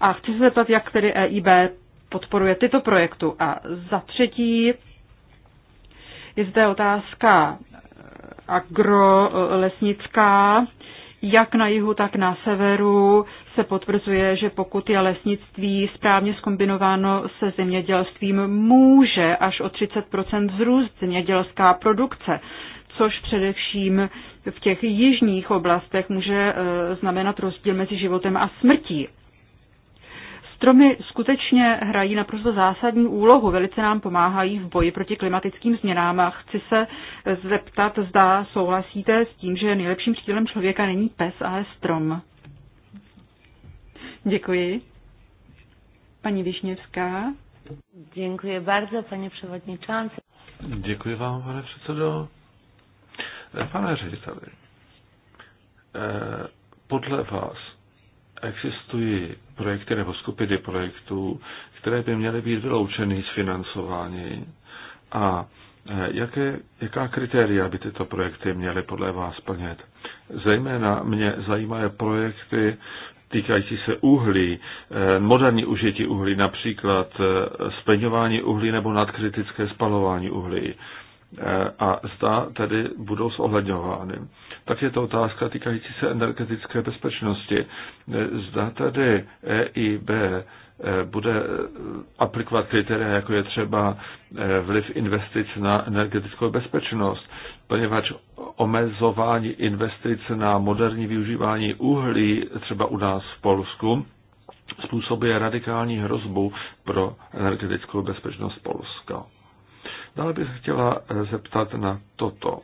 Speaker 3: A chci se zeptat, jak tedy EIB podporuje tyto projekty. A za třetí je zde otázka eh, agrolesnická. Jak na jihu, tak na severu se potvrzuje, že pokud je lesnictví správně skombinováno se zemědělstvím, může až o 30 vzrůst zemědělská produkce, což především v těch jižních oblastech může eh, znamenat rozdíl mezi životem a smrtí. Stromy skutečně hrají naprosto zásadní úlohu, velice nám pomáhají v boji proti klimatickým změnám a chci se zeptat, zda souhlasíte s tím, že nejlepším přítelem člověka není pes, ale strom.
Speaker 4: Děkuji. Paní Višněvská. Děkuji bardzo, paní przewodniczący.
Speaker 2: Děkuji vám, pane předsedo. Pane řediteli, eh, podle vás existují projekty nebo skupiny projektů, které by měly být vyloučeny z financování a e, jaké, jaká kritéria by tyto projekty měly podle vás splnit. Zejména mě zajímají projekty týkající se uhlí, e, moderní užití uhlí, například e, splňování uhlí nebo nadkritické spalování uhlí. Eh, a zda tedy budou zohledňovány. Tak je to otázka týkající se energetické bezpečnosti. Eh, zda tedy EIB eh, bude aplikovat kritéria, jako je třeba vliv investic na energetickou bezpečnost, poněvadž omezování investic na moderní využívání uhlí, třeba u nás v Polsku, způsobuje radikální hrozbu pro energetickou bezpečnost Polska. Dále bych chtěla eh, zeptat na toto.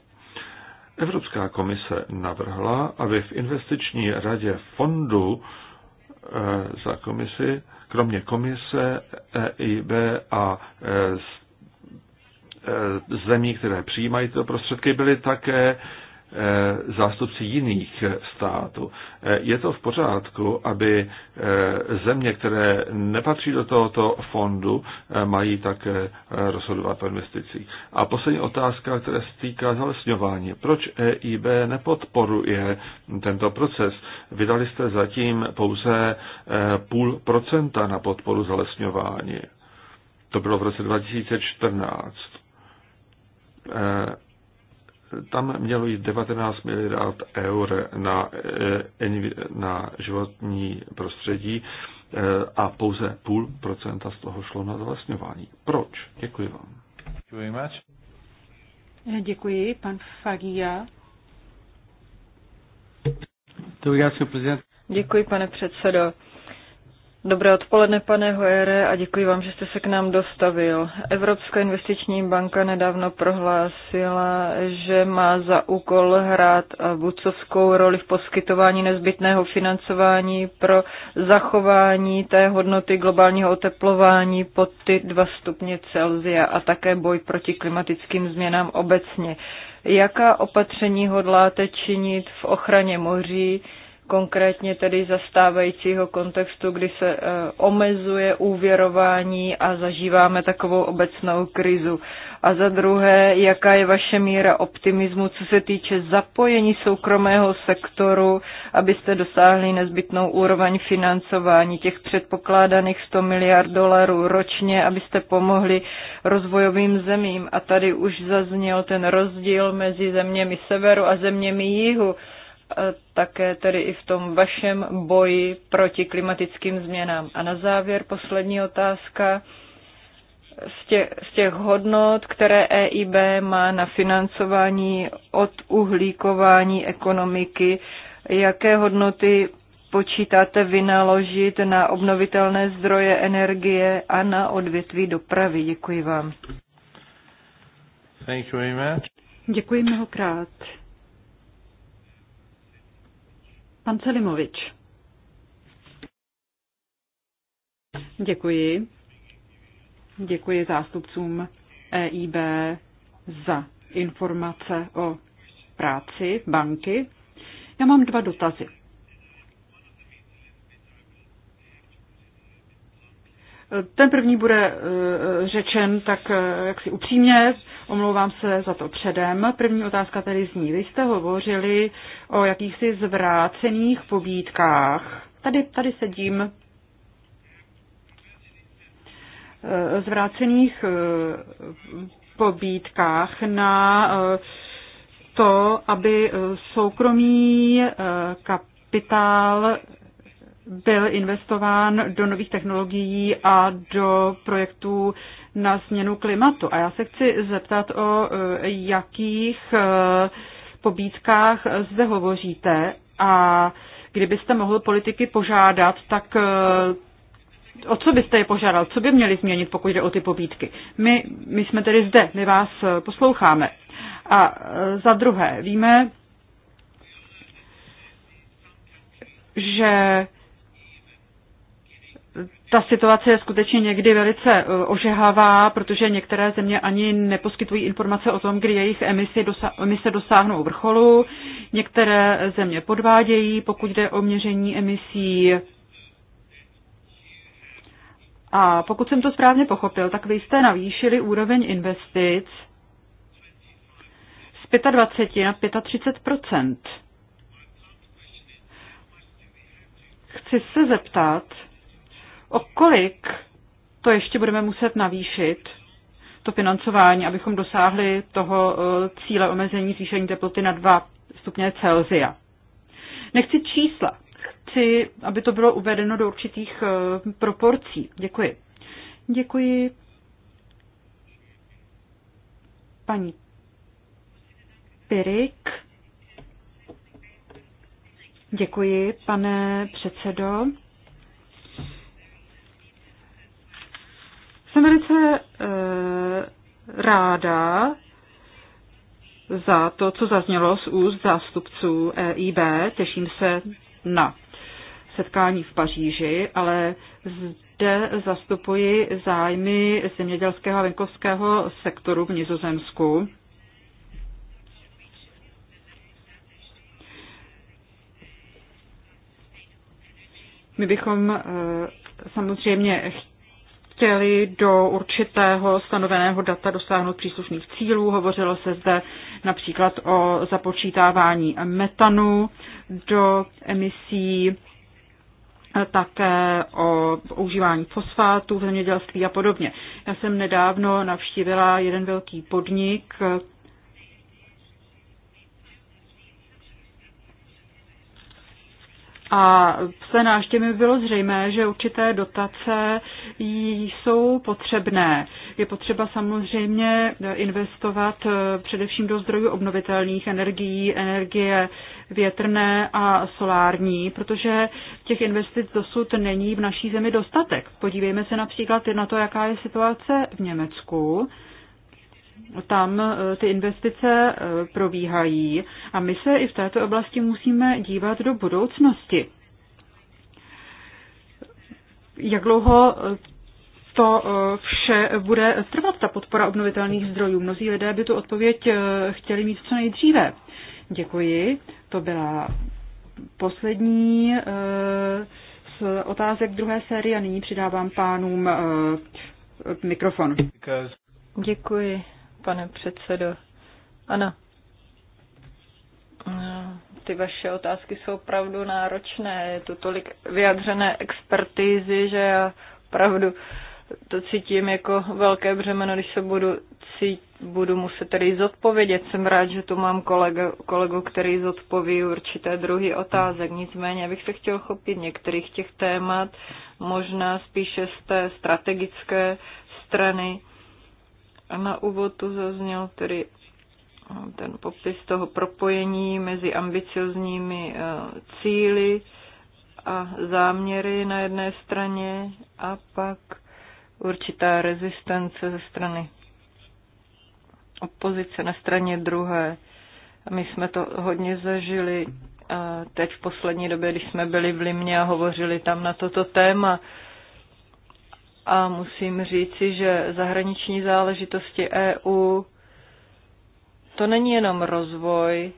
Speaker 2: Evropská komise navrhla, aby v investiční radě fondu eh, za komisi, kromě komise EIB a eh, zemí, které přijímají tyto prostředky, byly také Eh, zástupci jiných eh, států. Eh, je to v pořádku, aby země, které nepatří do tohoto fondu, mají také rozhodovat o investicích. A poslední otázka, která se týká zalesňování. Proč EIB nepodporuje tento proces? Vydali jste zatím pouze půl procenta na podporu zalesňování. To bylo v roce 2014 tam mělo jít 19 miliard eur na, eh, eh, na životní prostředí eh, a pouze půl procenta z toho šlo na zalesňování. Proč? Děkuji vám.
Speaker 3: Děkuji, pan Fagia.
Speaker 4: Děkuji, pane předsedo. Dobré odpoledne, pane Hojere, a děkuji vám, že jste se k nám dostavil. Evropská investiční banka nedávno prohlásila, že má za úkol hrát vůdcovskou roli v poskytování nezbytného financování pro zachování té hodnoty globálního oteplování pod ty dva stupně Celsia a také boj proti klimatickým změnám obecně. Jaká opatření hodláte činit v ochraně moří? konkrétně tedy zastávajícího kontextu, kdy se eh, omezuje úvěrování a zažíváme takovou obecnou krizu. A za druhé, jaká je vaše míra optimismu, co se týče zapojení soukromého sektoru, abyste dosáhli nezbytnou úroveň financování těch předpokládaných 100 miliard dolarů ročně, abyste pomohli rozvojovým zemím. A tady už zazněl ten rozdíl mezi zeměmi severu a zeměmi jihu také tedy i v tom vašem boji proti klimatickým změnám. A na závěr poslední otázka. Z těch, z těch hodnot, které EIB má na financování od uhlíkování ekonomiky, jaké hodnoty počítáte vynaložit na obnovitelné zdroje energie a na odvětví dopravy? Děkuji vám. Děkuji mnohokrát.
Speaker 3: Pan Celimovič. Děkuji. Děkuji zástupcům EIB za informace o práci banky. Já mám dva dotazy. Ten první bude eh, řečen tak eh, jaksi upřímně, omlouvám se za to předem. První otázka tedy zní, vy jste hovořili o jakýchsi zvrácených pobídkách. Tady, tady sedím eh, zvrácených pobídkách na to, aby soukromý kapitál byl investován do nových technologií a do projektů na změnu klimatu. A já se chci zeptat, o e, jakých e, pobídkách zde hovoříte a kdybyste mohl politiky požádat, tak e, o co byste je požádal, co by měli změnit, pokud jde o ty pobídky. My, my jsme tedy zde, my vás posloucháme. A za druhé, víme, že ta situace je skutečně někdy velice eh, ožehavá, protože některé země ani neposkytují informace o tom, kdy jejich emise, dosa- emise dosáhnou vrcholu. Některé země podvádějí, pokud jde o měření emisí. A pokud jsem to správně pochopil, tak vy jste navýšili úroveň investic z 25 na 35 Chci se zeptat, o kolik to ještě budeme muset navýšit, to financování, abychom dosáhli toho eh, cíle omezení zvýšení teploty na 2 stupně Celsia. Nechci čísla, chci, aby to bylo uvedeno do určitých eh, proporcí. Děkuji. Děkuji. Paní Pirik. Děkuji, pane předsedo. Jsem velice eh, ráda za to, co zaznělo z úst zástupců EIB. Těším se na setkání v Paříži, ale zde zastupuji zájmy zemědělského a venkovského sektoru v Nizozemsku. My bychom eh, samozřejmě chtěli do určitého stanoveného data dosáhnout příslušných cílů. Hovořilo se zde například o započítávání metanu do emisí, také o používání fosfátů v zemědělství a podobně. Já jsem nedávno navštívila jeden velký podnik, A v té náštěmi bylo zřejmé, že určité dotace jsou potřebné. Je potřeba samozřejmě investovat eh, především do zdrojů obnovitelných energií, energie větrné a solární, protože těch investic dosud není v naší zemi dostatek. Podívejme se například na to, jaká je situace v Německu tam e, ty investice e, probíhají a my se i v této oblasti musíme dívat do budoucnosti. Jak dlouho e, to vše bude trvat, ta podpora obnovitelných zdrojů? Mnozí lidé by tu odpověď chtěli mít co nejdříve. Děkuji. To byla poslední z
Speaker 4: otázek druhé série a nyní přidávám pánům mikrofon. Děkuji pane předsedo. Ano. No, ty vaše otázky jsou opravdu náročné. Je tu tolik vyjadřené expertízy, že já opravdu to cítím jako velké břemeno, když se budu, cít, budu muset tedy zodpovědět. Jsem rád, že tu mám kolegu, kolegu, který zodpoví určité druhý otázek. Nicméně bych se chtěl chopit některých těch témat, možná spíše z té strategické strany a na úvod tu zazněl tedy eh, ten popis toho propojení mezi ambiciozními eh, cíly a záměry na jedné straně a pak určitá rezistence ze strany opozice na straně druhé. A my jsme to hodně zažili eh, teď v poslední době, když jsme byli v Limně a hovořili tam na toto téma. A musím říci, že zahraniční záležitosti EU to není jenom rozvoj,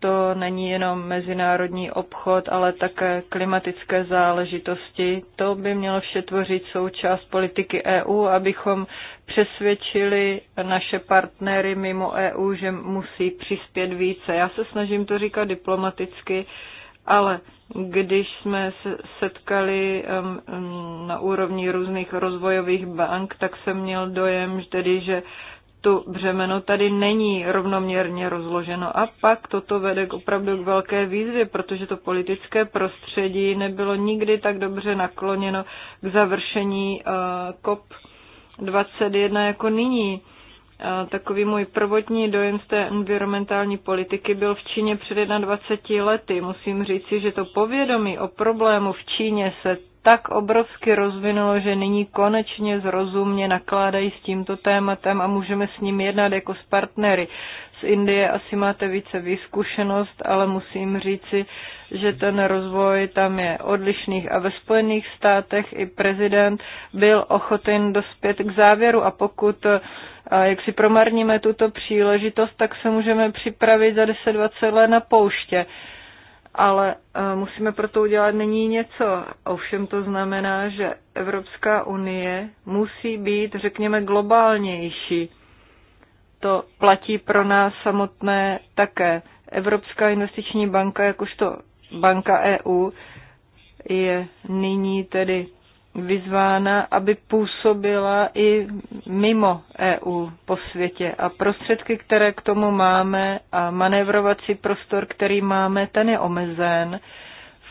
Speaker 4: to není jenom mezinárodní obchod, ale také klimatické záležitosti. To by mělo vše tvořit součást politiky EU, abychom přesvědčili naše partnery mimo EU, že musí přispět více. Já se snažím to říkat diplomaticky, ale když jsme se setkali na úrovni různých rozvojových bank, tak jsem měl dojem, že tedy, že to břemeno tady není rovnoměrně rozloženo. A pak toto vede k opravdu k velké výzvě, protože to politické prostředí nebylo nikdy tak dobře nakloněno k završení uh, eh, COP21 jako nyní. Takový můj prvotní dojem z té environmentální politiky byl v Číně před 21 lety. Musím říci, že to povědomí o problému v Číně se tak obrovsky rozvinulo, že nyní konečně zrozumně nakládají s tímto tématem a můžeme s ním jednat jako s partnery z Indie asi máte více výzkušenost, ale musím říci, že ten rozvoj tam je odlišných a ve Spojených státech i prezident byl ochoten dospět k závěru a pokud eh, jak si promarníme tuto příležitost, tak se můžeme připravit za 10-20 let na pouště ale eh, musíme pro to udělat není něco. Ovšem to znamená, že Evropská unie musí být, řekněme, globálnější to platí pro nás samotné také. Evropská investiční banka, jakožto banka EU, je nyní tedy vyzvána, aby působila i mimo EU po světě. A prostředky, které k tomu máme a manévrovací prostor, který máme, ten je omezen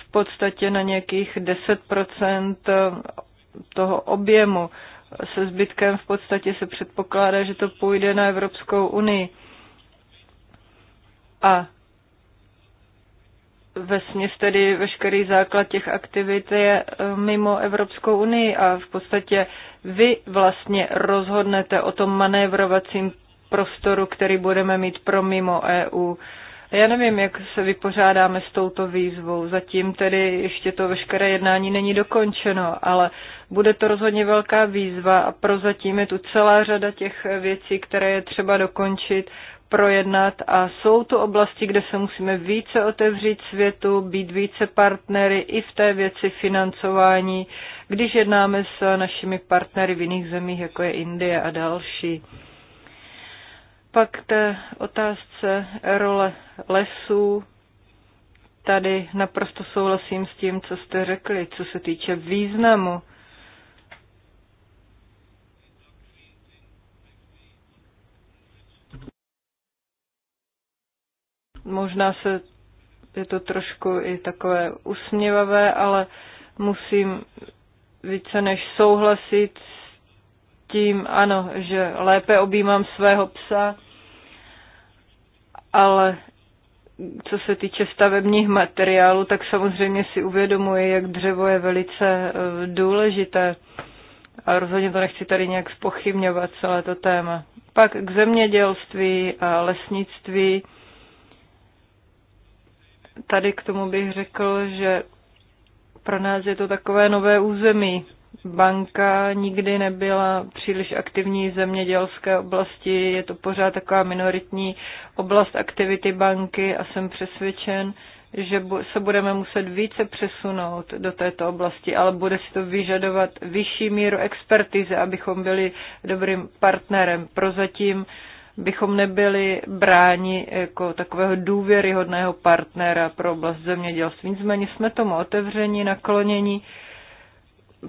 Speaker 4: v podstatě na nějakých 10 toho objemu se zbytkem v podstatě se předpokládá, že to půjde na Evropskou unii. A ve směs tedy veškerý základ těch aktivit je e, mimo Evropskou unii a v podstatě vy vlastně rozhodnete o tom manévrovacím prostoru, který budeme mít pro mimo EU. Já nevím, jak se vypořádáme s touto výzvou. Zatím tedy ještě to veškeré jednání není dokončeno, ale bude to rozhodně velká výzva a prozatím je tu celá řada těch věcí, které je třeba dokončit, projednat a jsou tu oblasti, kde se musíme více otevřít světu, být více partnery i v té věci financování, když jednáme s našimi partnery v jiných zemích, jako je Indie a další. Pak k té otázce role lesů. Tady naprosto souhlasím s tím, co jste řekli, co se týče významu možná se je to trošku i takové usměvavé, ale musím více než souhlasit tím, ano, že lépe objímám svého psa, ale co se týče stavebních materiálů, tak samozřejmě si uvědomuji, jak dřevo je velice eh, důležité. A rozhodně to nechci tady nějak spochybňovat celé to téma. Pak k zemědělství a lesnictví. Tady k tomu bych řekl, že pro nás je to takové nové území banka nikdy nebyla příliš aktivní v zemědělské oblasti, je to pořád taková minoritní oblast aktivity banky a jsem přesvědčen, že se budeme muset více přesunout do této oblasti, ale bude si to vyžadovat vyšší míru expertize, abychom byli dobrým partnerem. Prozatím bychom nebyli bráni jako takového důvěryhodného partnera pro oblast zemědělství. Nicméně jsme tomu otevření, naklonění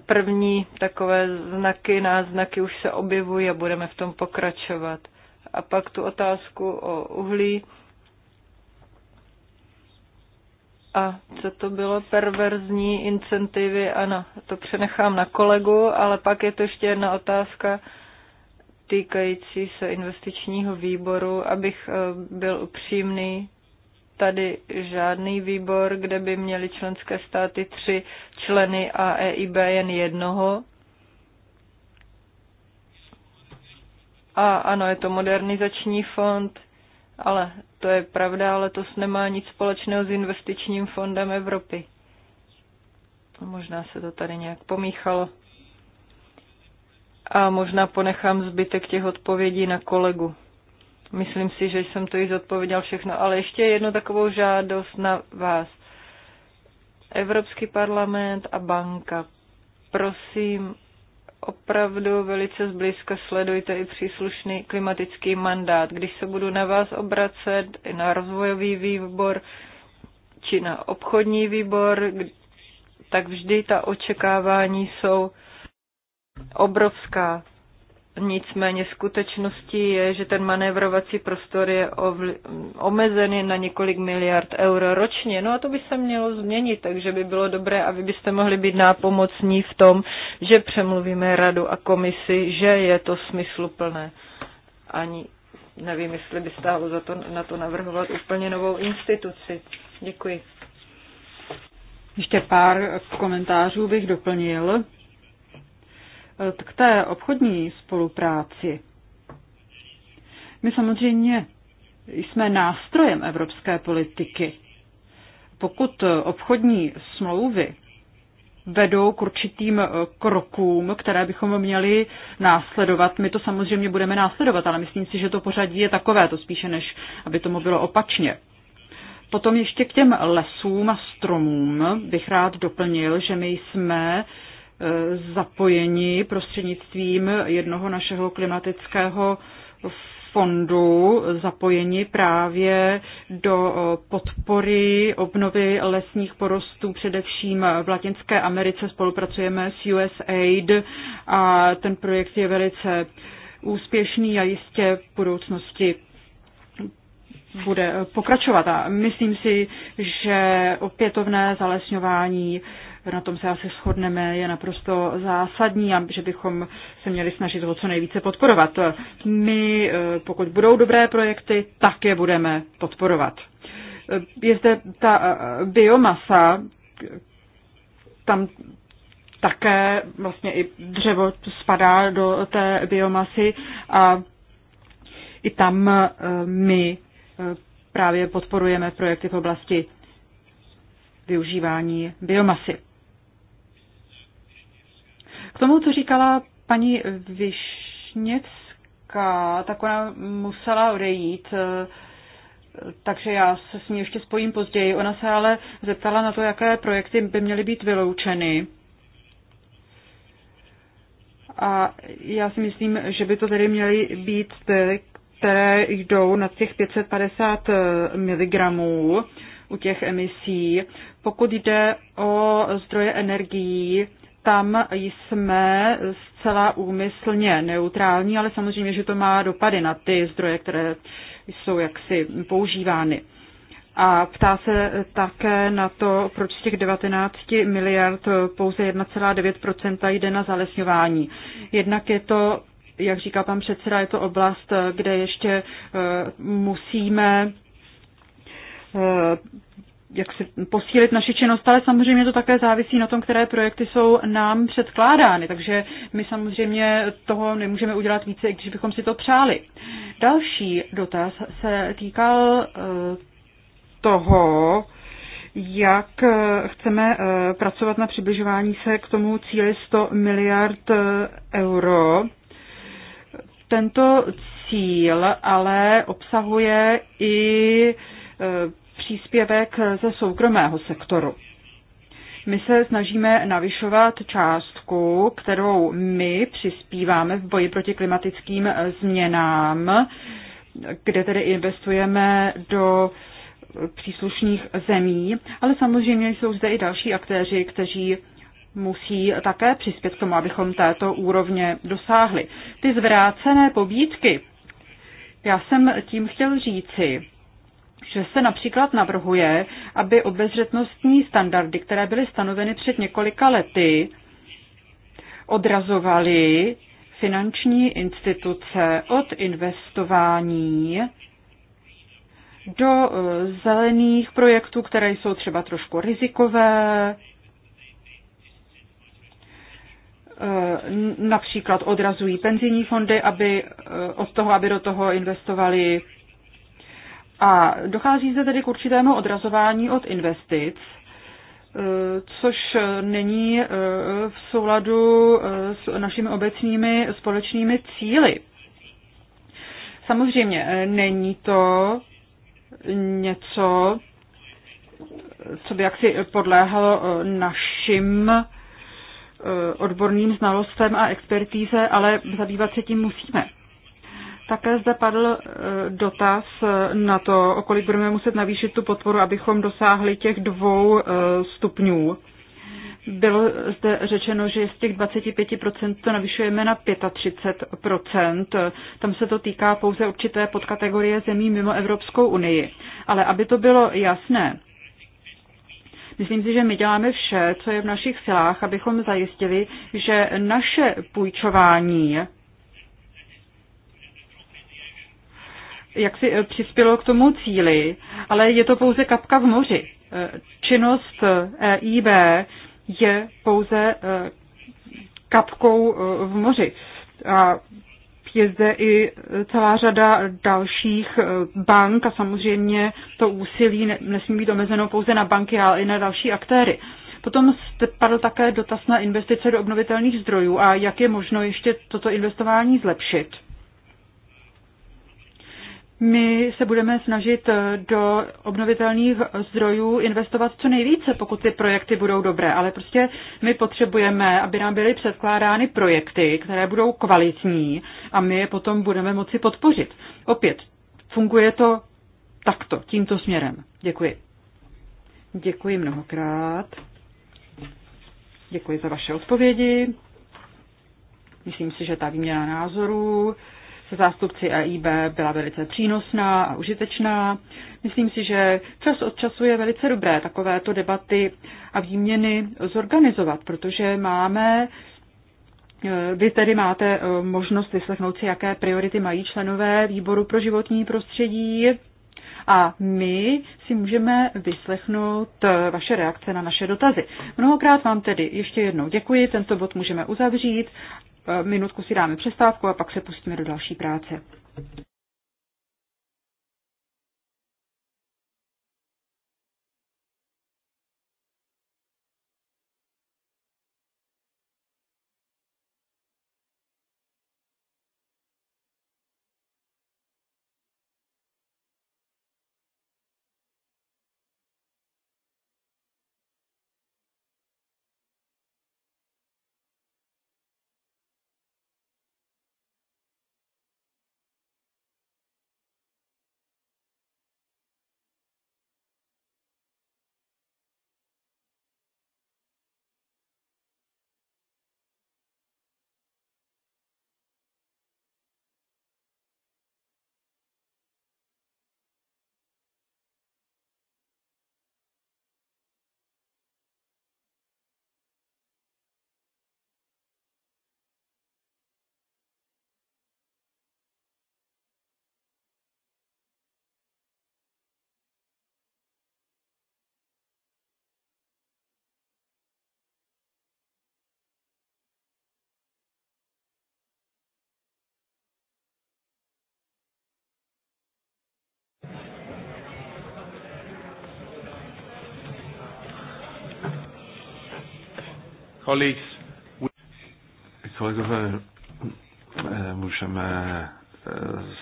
Speaker 4: První takové znaky, náznaky už se objevují a budeme v tom pokračovat. A pak tu otázku o uhlí. A co to bylo? Perverzní incentivy? Ano, to přenechám na kolegu, ale pak je to ještě jedna otázka týkající se investičního výboru, abych eh, byl upřímný tady žádný výbor, kde by měly členské státy tři členy a EIB jen jednoho. A ano, je to modernizační fond, ale to je pravda, ale to nemá nic společného s investičním fondem Evropy. Možná se to tady nějak pomíchalo. A možná ponechám zbytek těch odpovědí na kolegu. Myslím si, že jsem to i zodpověděl všechno, ale ještě jednu takovou žádost na vás. Evropský parlament a banka. Prosím, opravdu velice zblízka sledujte i příslušný klimatický mandát. Když se budu na vás obracet, i na rozvojový výbor, či na obchodní výbor, tak vždy ta očekávání jsou obrovská. Nicméně skutečností je, že ten manévrovací prostor je omezený na několik miliard euro ročně. No a to by se mělo změnit, takže by bylo dobré, aby byste mohli být nápomocní v tom, že přemluvíme radu a komisi, že je to smysluplné. Ani nevím, jestli by stálo za to na to navrhovat úplně novou instituci. Děkuji.
Speaker 3: Ještě pár komentářů bych doplnil k té obchodní spolupráci. My samozřejmě jsme nástrojem evropské politiky. Pokud obchodní smlouvy vedou k určitým eh, krokům, které bychom měli následovat. My to samozřejmě budeme následovat, ale myslím si, že to pořadí je takové, to spíše než aby tomu bylo opačně. Potom ještě k těm lesům a stromům bych rád doplnil, že my jsme uh, Eh, zapojeni prostřednictvím jednoho našeho klimatického fondu zapojeni právě do eh, podpory obnovy lesních porostů, především v Latinské Americe spolupracujeme s USAID a ten projekt je velice úspěšný a jistě v budoucnosti bude pokračovat. A myslím si, že opětovné zalesňování na tom se asi shodneme, je naprosto zásadní a že bychom se měli snažit ho co nejvíce podporovat. My, eh, pokud budou dobré projekty, tak je budeme podporovat. Eh, je zde ta eh, biomasa, tam také vlastně i dřevo spadá do té biomasy a i tam my právě podporujeme projekty v oblasti využívání biomasy tomu, co říkala paní Višněcka, tak ona musela odejít, eh, takže já se s ní ještě spojím později. Ona se ale zeptala na to, jaké projekty by měly být vyloučeny. A já si myslím, že by to tedy měly být ty, které jdou na těch 550 eh, mg u těch emisí. Pokud jde o zdroje energií, tam jsme zcela úmyslně neutrální, ale samozřejmě, že to má dopady na ty zdroje, které jsou jaksi používány. A ptá se také na to, proč z těch 19 miliard pouze 1,9 jde na zalesňování. Jednak je to, jak říká pan předseda, je to oblast, kde ještě eh, musíme eh, jak si posílit naši činnost, ale samozřejmě to také závisí na tom, které projekty jsou nám předkládány, takže my samozřejmě toho nemůžeme udělat více, i když bychom si to přáli. Další dotaz se týkal eh, toho, jak eh, chceme eh, pracovat na přibližování se k tomu cíli 100 miliard euro. Tento cíl ale obsahuje i příspěvek ze soukromého sektoru. My se snažíme navyšovat částku, kterou my přispíváme v boji proti klimatickým změnám, kde tedy investujeme do příslušných zemí, ale samozřejmě jsou zde i další aktéři, kteří musí také přispět k tomu, abychom této úrovně dosáhli. Ty zvrácené pobídky, já jsem tím chtěl říci, že se například navrhuje, aby obezřetnostní standardy, které byly stanoveny před několika lety, odrazovaly finanční instituce od investování do e, zelených projektů, které jsou třeba trošku rizikové, e, například odrazují penzijní fondy aby, e, od toho, aby do toho investovali a dochází zde tedy k určitému odrazování od investic, eh, což není eh, v souladu eh, s našimi obecnými společnými cíly. Samozřejmě není to něco, co by jaksi podléhalo našim odborným znalostem a expertíze, ale zabývat se tím musíme. Také zde padl e, dotaz e, na to, o kolik budeme muset navýšit tu podporu, abychom dosáhli těch dvou e, stupňů. Bylo zde řečeno, že z těch 25% to navyšujeme na 35%. Tam se to týká pouze určité podkategorie zemí mimo Evropskou unii. Ale aby to bylo jasné, Myslím si, že my děláme vše, co je v našich silách, abychom zajistili, že naše půjčování jak si eh, přispělo k tomu cíli, ale je to pouze kapka v moři. Eh, činnost EIB eh, e je pouze kapkou v moři. A je zde i celá řada dalších bank a samozřejmě to úsilí nesmí být omezeno pouze na banky, ale i na další aktéry. Potom padl také dotaz na investice do obnovitelných zdrojů a jak je možno ještě toto investování zlepšit my se budeme snažit eh, do obnovitelných zdrojů investovat co nejvíce, pokud ty projekty budou dobré, ale prostě my potřebujeme, aby nám byly předkládány projekty, které budou kvalitní a my je potom budeme moci podpořit. Opět, funguje to takto, tímto směrem. Děkuji. Děkuji mnohokrát. Děkuji za vaše odpovědi. Myslím si, že ta výměna názorů se zástupci EIB byla velice přínosná a užitečná. Myslím si, že čas od času je velice dobré takovéto debaty a výměny zorganizovat, protože máme eh, vy tedy máte eh, možnost vyslechnout si, jaké priority mají členové výboru pro životní prostředí a my si můžeme vyslechnout eh, vaše reakce na naše dotazy. Mnohokrát vám tedy ještě jednou děkuji, tento bod můžeme uzavřít Eh, minutku si dáme přestávku a pak se pustíme do další práce.
Speaker 1: Colleagues,
Speaker 2: Kolegové, eh, můžeme eh,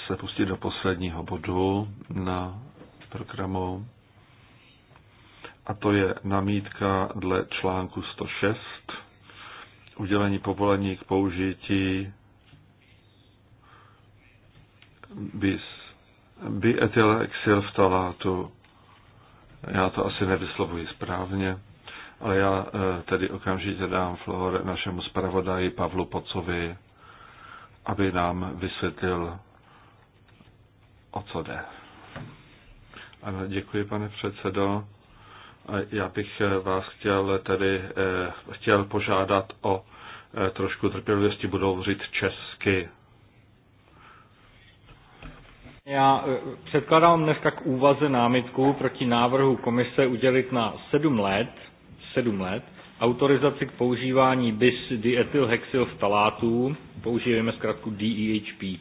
Speaker 2: se pustit do posledního bodu na programu. A to je namítka dle článku 106. Udělení povolení k použití bis, bietylexylftalátu. Já to asi nevyslovuji správně. Ale já eh, tedy okamžitě dám flor našemu zpravodaji Pavlu Pocovi, aby nám vysvětlil, o co jde. Ano, děkuji, pane předsedo. Já bych eh, vás chtěl tedy eh, chtěl požádat o trošku trpělivosti, budou říct česky.
Speaker 1: Já předkládám dneska k úvaze námitku proti návrhu komise udělit na sedm let 7 let autorizaci k používání bis diethylhexylftalátů, používáme zkrátku DEHP,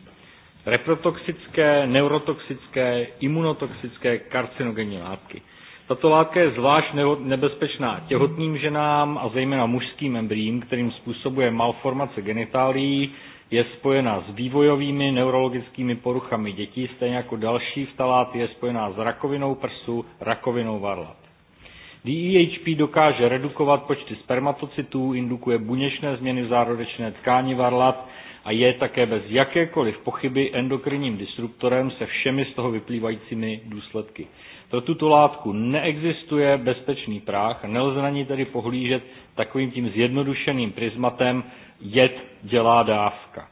Speaker 1: reprotoxické, neurotoxické, imunotoxické karcinogenní látky. Tato látka je zvlášť nebezpečná těhotným ženám a zejména mužským embryím, kterým způsobuje malformace genitálií, je spojena s vývojovými neurologickými poruchami dětí, stejně jako další vtalát je spojená s rakovinou prsu, rakovinou varlat. DEHP dokáže redukovat počty spermatocitů, indukuje buněčné změny v zárodečné tkání varlat a je také bez jakékoliv pochyby endokrinním disruptorem se všemi z toho vyplývajícími důsledky. Pro tuto látku neexistuje bezpečný práh, nelze na ní tedy pohlížet takovým tím zjednodušeným prismatem jed dělá dávka.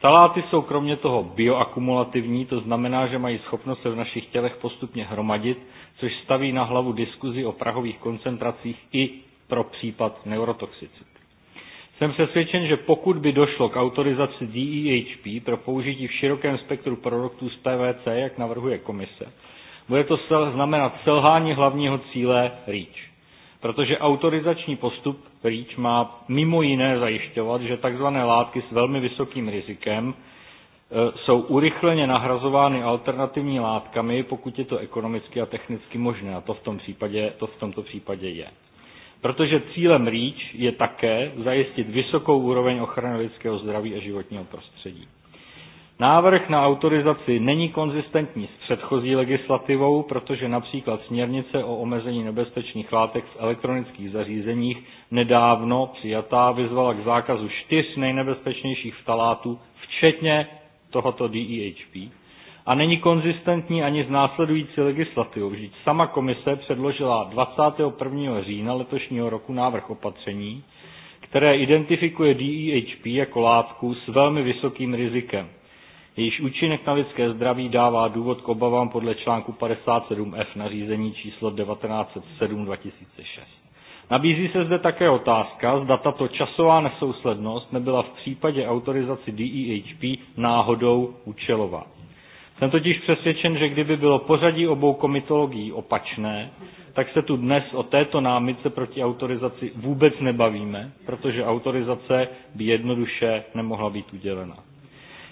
Speaker 1: Ftaláty jsou kromě toho bioakumulativní, to znamená, že mají schopnost se v našich tělech postupně hromadit, což staví na hlavu diskuzi o prahových koncentracích i pro případ neurotoxicit. Jsem přesvědčen, že pokud by došlo k autorizaci DEHP pro použití v širokém spektru produktů z PVC, jak navrhuje komise, bude to znamenat selhání hlavního cíle REACH protože autorizační postup REACH má mimo jiné zajišťovat, že tzv. látky s velmi vysokým rizikem e, jsou urychleně nahrazovány alternativní látkami, pokud je to ekonomicky a technicky možné. A to v, tom případě, to v tomto případě je. Protože cílem REACH je také zajistit vysokou úroveň ochrany lidského zdraví a životního prostředí. Návrh na autorizaci není konzistentní s předchozí legislativou, protože například směrnice o omezení nebezpečných látek v elektronických zařízeních nedávno přijatá vyzvala k zákazu čtyř nejnebezpečnějších vtalátů, včetně tohoto DEHP, a není konzistentní ani s následující legislativou. Vždyť sama komise předložila 21. října letošního roku návrh opatření, které identifikuje DEHP jako látku s velmi vysokým rizikem Jejíž účinek na lidské zdraví dává důvod k obavám podle článku 57F nařízení číslo 1907-2006. Nabízí se zde také otázka, zda tato časová nesouslednost nebyla v případě autorizaci DEHP náhodou účelová. Jsem totiž přesvědčen, že kdyby bylo pořadí obou komitologií opačné, tak se tu dnes o této námitce proti autorizaci vůbec nebavíme, protože autorizace by jednoduše nemohla být udělena.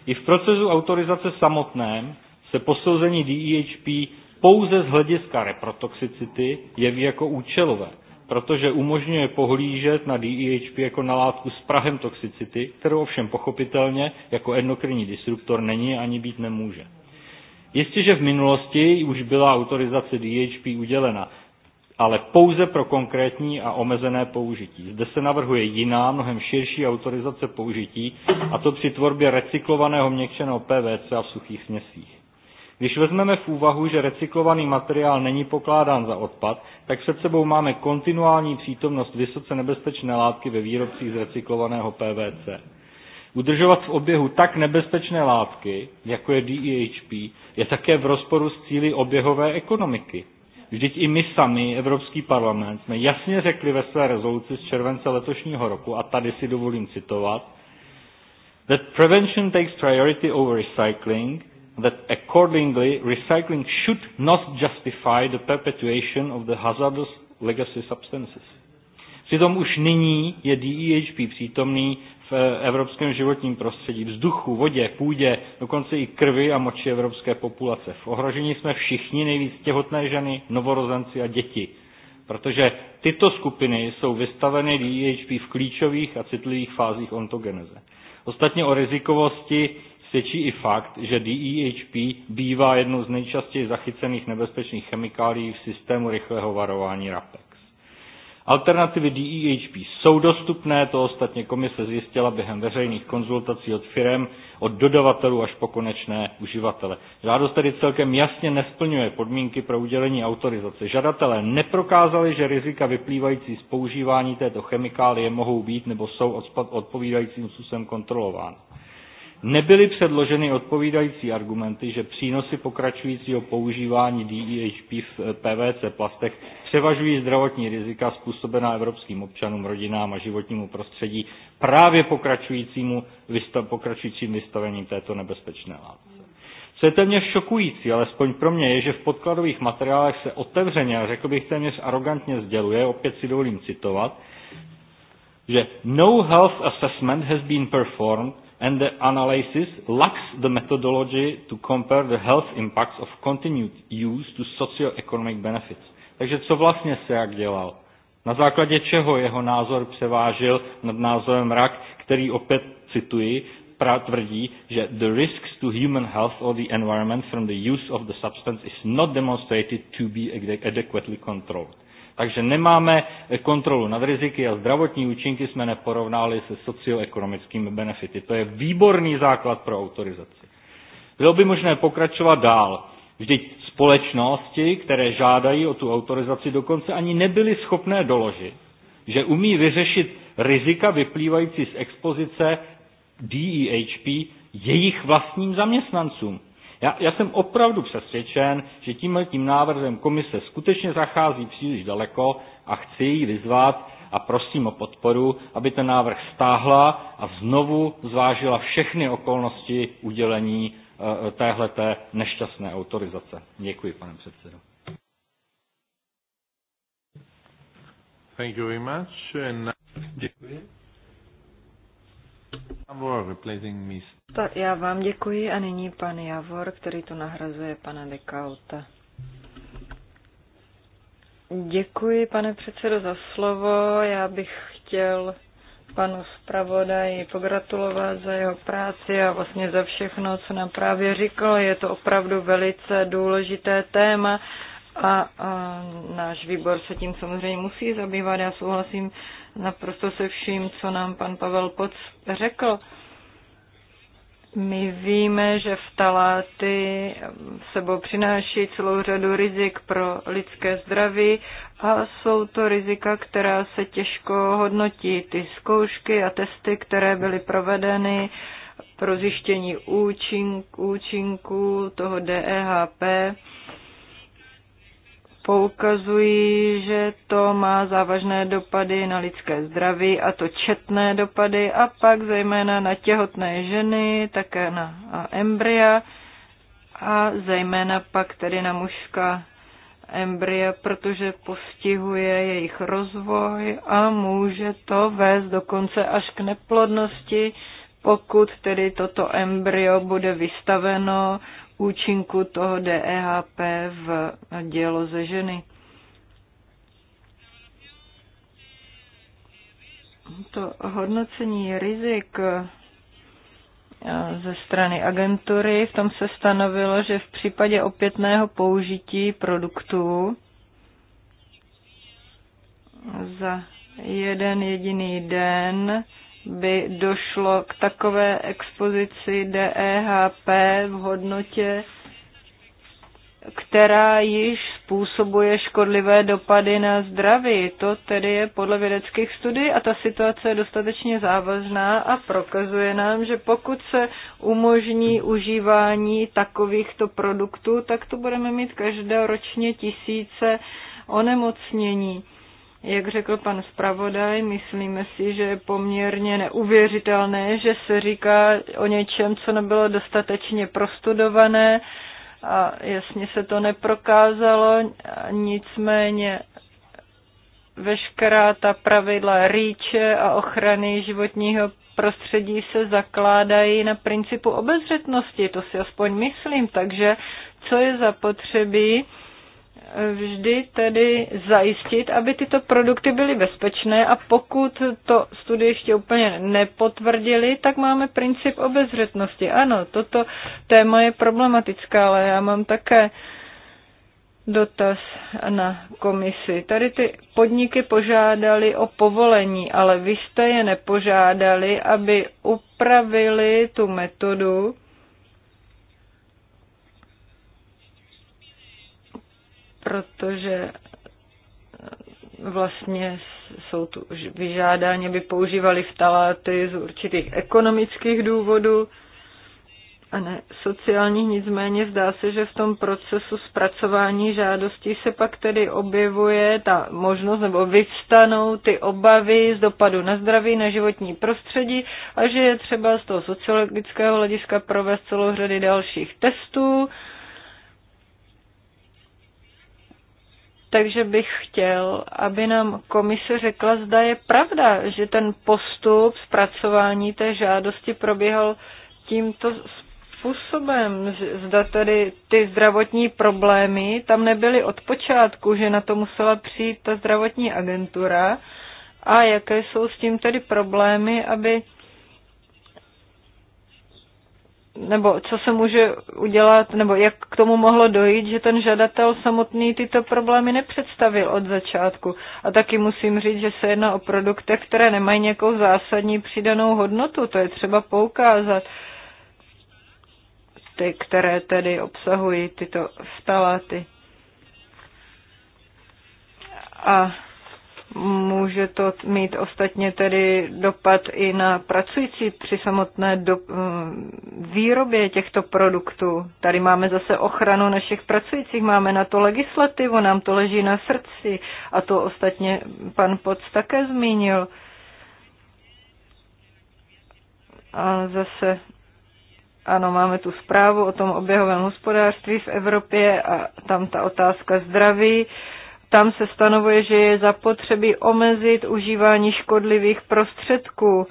Speaker 1: I v procesu autorizace samotném se posouzení DEHP pouze z hlediska reprotoxicity jeví jako účelové, protože umožňuje pohlížet na DEHP jako na látku s prahem toxicity, kterou ovšem pochopitelně jako endokrinní disruptor není ani být nemůže. Jistě, že v minulosti už byla autorizace DHP e udělena, ale pouze pro konkrétní a omezené použití. Zde se navrhuje jiná, mnohem širší autorizace použití, a to při tvorbě recyklovaného měkčeného PVC a v suchých směsích. Když vezmeme v úvahu, že recyklovaný materiál není pokládán za odpad, tak před sebou máme kontinuální přítomnost vysoce nebezpečné látky ve výrobcích z recyklovaného PVC. Udržovat v oběhu tak nebezpečné látky, jako je DEHP, je také v rozporu s cíly oběhové ekonomiky. Vždyť i my sami, Evropský parlament, jsme jasně řekli ve své rezoluci z července letošního roku, a tady si dovolím citovat, that prevention takes priority over recycling, that accordingly recycling should not justify the perpetuation of the hazardous legacy substances. Přitom už nyní je DEHP přítomný v eh, evropském životním prostředí, vzduchu, vodě, půdě, dokonce i krvi a moči evropské populace. V ohrožení jsme všichni, nejvíc těhotné ženy, novorozenci a děti, protože tyto skupiny jsou vystaveny DHP v klíčových a citlivých fázích ontogeneze. Ostatně o rizikovosti svědčí i fakt, že DEHP bývá jednou z nejčastěji zachycených nebezpečných chemikálií v systému rychlého varování rapek. Alternativy DEHP jsou dostupné, to ostatně komise zjistila během veřejných konzultací od firm, od dodavatelů až po konečné uživatele. Žádost tedy celkem jasně nesplňuje podmínky pro udělení autorizace. Žadatelé neprokázali, že rizika vyplývající z používání této chemikálie mohou být nebo jsou odpovídajícím způsobem kontrolována nebyly předloženy odpovídající argumenty, že přínosy pokračujícího používání DEHP v eh, PVC plastech převažují zdravotní rizika způsobená evropským občanům, rodinám a životnímu prostředí právě pokračujícímu, vystav, pokračujícím vystavením této nebezpečné látce. Co je téměř šokující, alespoň pro mě, je, že v podkladových materiálech se otevřeně a řekl bych téměř arrogantně sděluje, opět si dovolím citovat, že no health assessment has been performed and the analysis lacks the methodology to compare the health impacts of continued use to socio-economic benefits. Takže co vlastně se jak dělal? Na základě čeho jeho názor převážil nad názorem RAK, který opět cituji, tvrdí, že the risks to human health or the environment from the use of the substance is not demonstrated to be adequately controlled. Takže nemáme kontrolu nad riziky a zdravotní účinky jsme neporovnali se socioekonomickými benefity. To je výborný základ pro autorizaci. Bylo by možné pokračovat dál. Vždyť společnosti, které žádají o tu autorizaci, dokonce ani nebyly schopné doložit, že umí vyřešit rizika vyplývající z expozice DEHP jejich vlastním zaměstnancům. Já, já jsem opravdu přesvědčen, že tímhle tím návrhem komise skutečně zachází příliš daleko a chci ji vyzvat a prosím o podporu, aby ten návrh stáhla a znovu zvážila všechny okolnosti udělení eh, téhleté nešťastné autorizace. Děkuji, pane předsedo.
Speaker 2: Thank you very much. And... Děkuji.
Speaker 4: Já vám děkuji a nyní pan Javor, který tu nahrazuje pana Dekauta. Děkuji, pane předsedo, za slovo. Já bych chtěl panu zpravodaji pogratulovat za jeho práci a vlastně za všechno, co nám právě říkal. Je to opravdu velice důležité téma, a, a náš výbor se tím samozřejmě musí zabývat. Já souhlasím naprosto se vším, co nám pan Pavel Poc řekl. My víme, že vtaláty sebou přináší celou řadu rizik pro lidské zdraví a jsou to rizika, která se těžko hodnotí. Ty zkoušky a testy, které byly provedeny pro zjištění účinků toho DEHP, poukazují, že to má závažné dopady na lidské zdraví, a to četné dopady, a pak zejména na těhotné ženy, také na embrya, a zejména pak tedy na mužská embrya, protože postihuje jejich rozvoj a může to vést dokonce až k neplodnosti, pokud tedy toto embryo bude vystaveno účinku toho DEHP v děloze ženy. To hodnocení rizik eh, ze strany agentury v tom se stanovilo, že v případě opětného použití produktů za jeden jediný den by došlo k takové expozici DEHP v hodnotě, která již způsobuje škodlivé dopady na zdraví. To tedy je podle vědeckých studií a ta situace je dostatečně závažná a prokazuje nám, že pokud se umožní užívání takovýchto produktů, tak tu budeme mít každoročně tisíce onemocnění. Jak řekl pan zpravodaj, myslíme si, že je poměrně neuvěřitelné, že se říká o něčem, co nebylo dostatečně prostudované a jasně se to neprokázalo, nicméně veškerá ta pravidla rýče a ochrany životního prostředí se zakládají na principu obezřetnosti, to si aspoň myslím, takže co je zapotřebí, vždy tedy zajistit, aby tyto produkty byly bezpečné a pokud to studie ještě úplně nepotvrdili, tak máme princip obezřetnosti. Ano, toto téma je problematické, ale já mám také dotaz na komisi. Tady ty podniky požádali o povolení, ale vy jste je nepožádali, aby upravili tu metodu, protože vlastně jsou tu vyžádáni, aby používali vtaláty z určitých ekonomických důvodů a ne sociálních, nicméně zdá se, že v tom procesu zpracování žádostí se pak tedy objevuje ta možnost nebo vyvstanou ty obavy z dopadu na zdraví, na životní prostředí a že je třeba z toho sociologického hlediska provést celou řady dalších testů, Takže bych chtěl, aby nám komise řekla, zda je pravda, že ten postup zpracování té žádosti proběhl tímto způsobem. Zda tedy ty zdravotní problémy tam nebyly od počátku, že na to musela přijít ta zdravotní agentura a jaké jsou s tím tedy problémy, aby nebo co se může udělat, nebo jak k tomu mohlo dojít, že ten žadatel samotný tyto problémy nepředstavil od začátku. A taky musím říct, že se jedná o produkty, které nemají nějakou zásadní přidanou hodnotu, to je třeba poukázat. Ty, které tedy obsahují tyto vtaláty. A Může to mít ostatně tedy dopad i na pracující při samotné do, eh, výrobě těchto produktů. Tady máme zase ochranu našich pracujících, máme na to legislativu, nám to leží na srdci a to ostatně pan Poc také zmínil. A zase ano, máme tu zprávu o tom oběhovém hospodářství v Evropě a tam ta otázka zdraví. Uh, tam se stanovuje, že je zapotřebí omezit užívání škodlivých prostředků.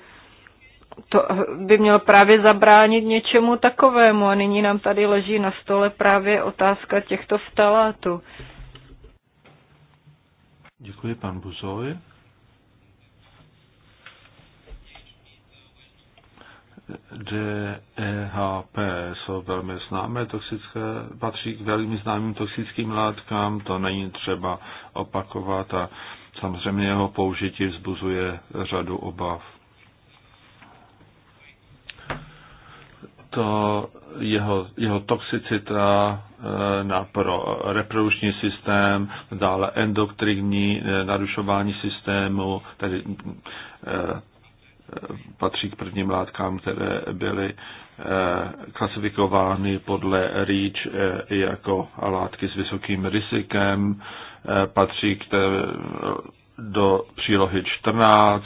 Speaker 4: To by mělo právě zabránit něčemu takovému a nyní nám tady leží na stole právě otázka těchto vtalátů.
Speaker 2: Děkuji, pan Buzoj. DEHP jsou velmi známé toxické, patří k velmi známým toxickým látkám, to není třeba opakovat a samozřejmě jeho použití vzbuzuje řadu obav. To jeho, jeho toxicita eh, na pro reprodukční systém, dále endokrinní eh, narušování systému, tedy eh, patří k prvním látkám, které byly eh, klasifikovány podle REACH eh, jako látky s vysokým rizikem, eh, patří k té, do přílohy 14,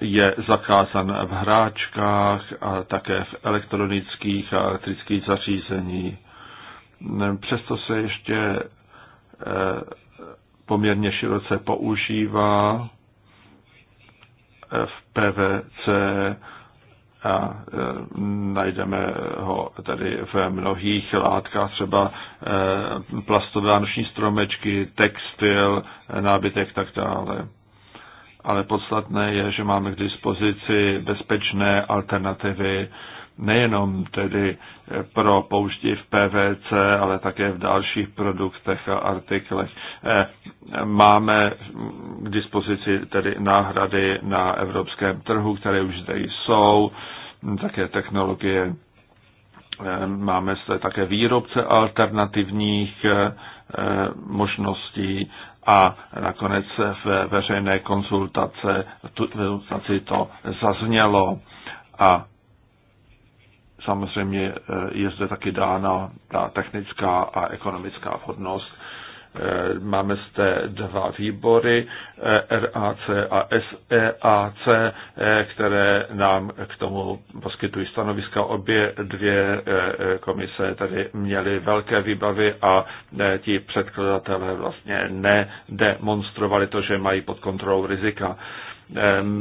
Speaker 2: je zakázan v hráčkách a také v elektronických a elektrických zařízení. Přesto se ještě poměrně široce používá v PVC a e, najdeme ho tady v mnohých látkách, třeba e, plastové noční stromečky, textil, nábytek tak dále. Ale podstatné je, že máme k dispozici bezpečné alternativy nejenom tedy eh, pro použití v PVC, ale také v dalších produktech a artiklech. Eh, máme k dispozici tedy náhrady na evropském trhu, které už zde jsou, také technologie. Eh, máme zde také výrobce alternativních možností a nakonec v veřejné konzultace to zaznělo. A samozřejmě eh, je zde taky dána ta technická a ekonomická vhodnost. Eh, máme zde dva výbory, eh, RAC a SEAC, e které nám k tomu poskytují stanoviska. Obě dvě komise tady měly velké výbavy a ti předkladatelé vlastně nedemonstrovali to, že mají pod kontrolou rizika.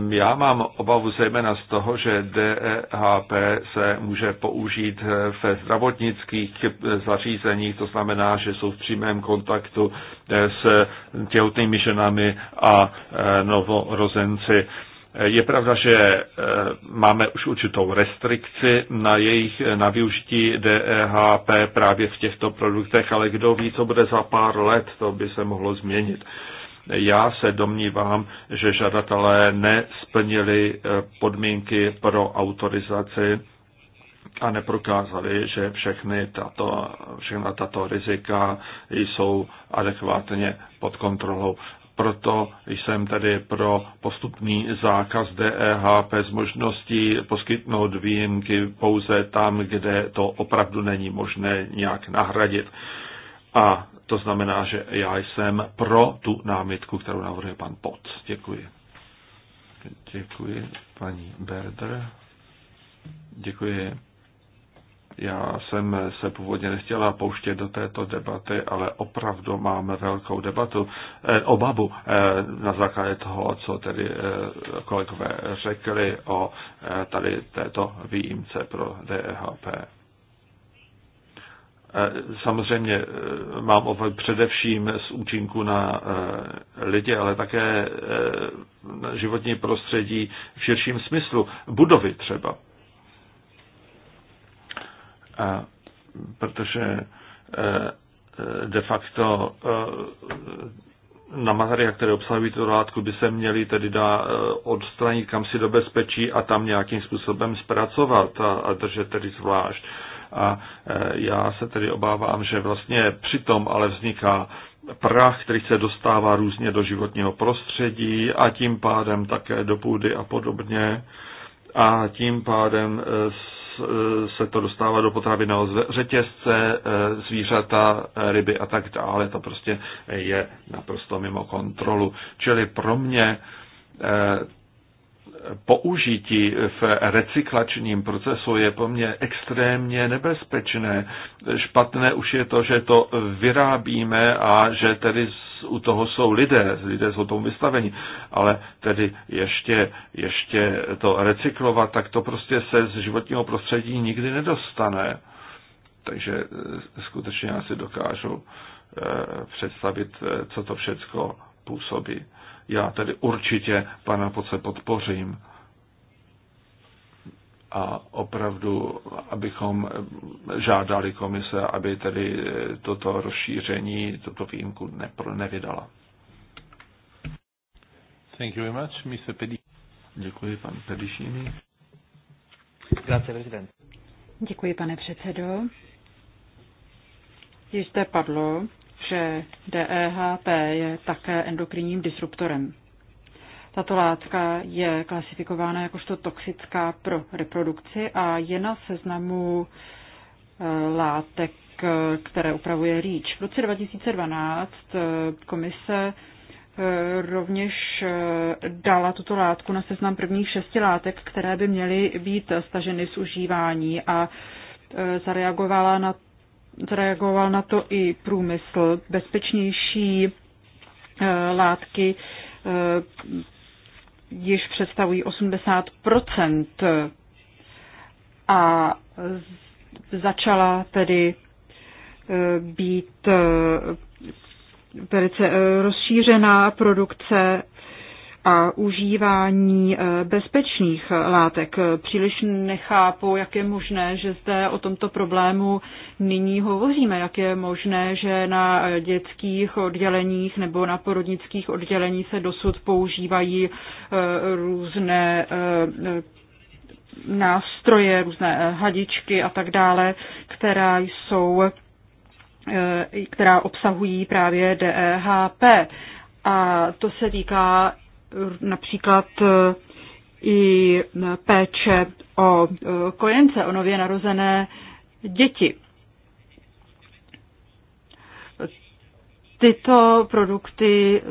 Speaker 2: Já mám obavu zejména z toho, že DHP e se může použít eh, ve zdravotnických eh, zařízeních, to znamená, že jsou v přímém kontaktu eh, s těhotnými ženami a novorozenci. Je pravda, že máme už určitou restrikci na jejich na využití DEHP právě v těchto produktech, ale kdo ví, co bude za pár let, to by se mohlo změnit. Já se domnívám, že žadatelé nesplnili eh, podmínky pro autorizaci a neprokázali, že všechny tato, všechna tato rizika jsou adekvátně pod kontrolou. Proto jsem tedy pro postupný zákaz DEHP s možností poskytnout výjimky pouze tam, kde to opravdu není možné nějak nahradit. A to znamená, že já jsem pro tu námitku, kterou navrhuje pan Pot. Děkuji. Děkuji, paní Berder. Děkuji. Já jsem se původně nechtěla pouštět do této debaty, ale opravdu máme velkou debatu, eh, obavu eh, na základě toho, co tedy eh, kolegové řekli o eh, tady této výjimce pro DEHP. Samozřejmě eh, mám obavy především z účinku na eh, lidi, ale také eh, na životní prostředí v širším smyslu. Budovy třeba. Protože de facto na materiál, které obsahují tu látku, by se měly tedy dá odstranit kam si do bezpečí a tam nějakým způsobem zpracovat a, a držet tedy zvlášť a e, já se tedy obávám, že vlastně přitom ale vzniká prach, který se dostává různě do životního prostředí a tím pádem také do půdy a podobně a tím pádem e, e, se to dostává do potravinového řetězce, zvířata, ryby a tak dále. To prostě je naprosto mimo kontrolu. Čili pro mě použití v recyklačním procesu je pro mě extrémně nebezpečné. Špatné už je to, že to vyrábíme a že tedy u toho jsou lidé, lidé jsou tomu vystaveni, ale tedy ještě, ještě to recyklovat, tak to prostě se z životního prostředí nikdy nedostane. Takže e, skutečně já si dokážu e, představit, e, co to všecko působí. Já tedy určitě pana Poce podpořím. A opravdu, abychom žádali komise, aby tedy toto rozšíření, toto výjimku nevydala. Thank you very much, Mr. Pedi. Děkuji, pan Pedišini. Grazie, prezident.
Speaker 3: Děkuji, pane předsedo. Již padlo, že DEHP je také endokrinním disruptorem. Tato látka je klasifikována jakožto toxická pro reprodukci a je na seznamu eh, látek, eh, které upravuje REACH. V roce 2012 eh, komise rovněž dala tuto látku na seznam prvních šesti látek, které by měly být staženy z užívání a zareagovala na zareagoval na to i průmysl. Bezpečnější e, látky e, již představují 80 a začala tedy e, být velice rozšířená produkce a užívání eh, bezpečných eh, látek. Příliš nechápu, jak je možné, že zde o tomto problému nyní hovoříme, jak je možné, že na eh, dětských odděleních nebo na porodnických odděleních se dosud používají různé nástroje, různé hadičky a tak dále, která jsou která obsahují právě DEHP. A to se týká například eh, i eh, péče o eh, kojence, o nově narozené děti. Tyto produkty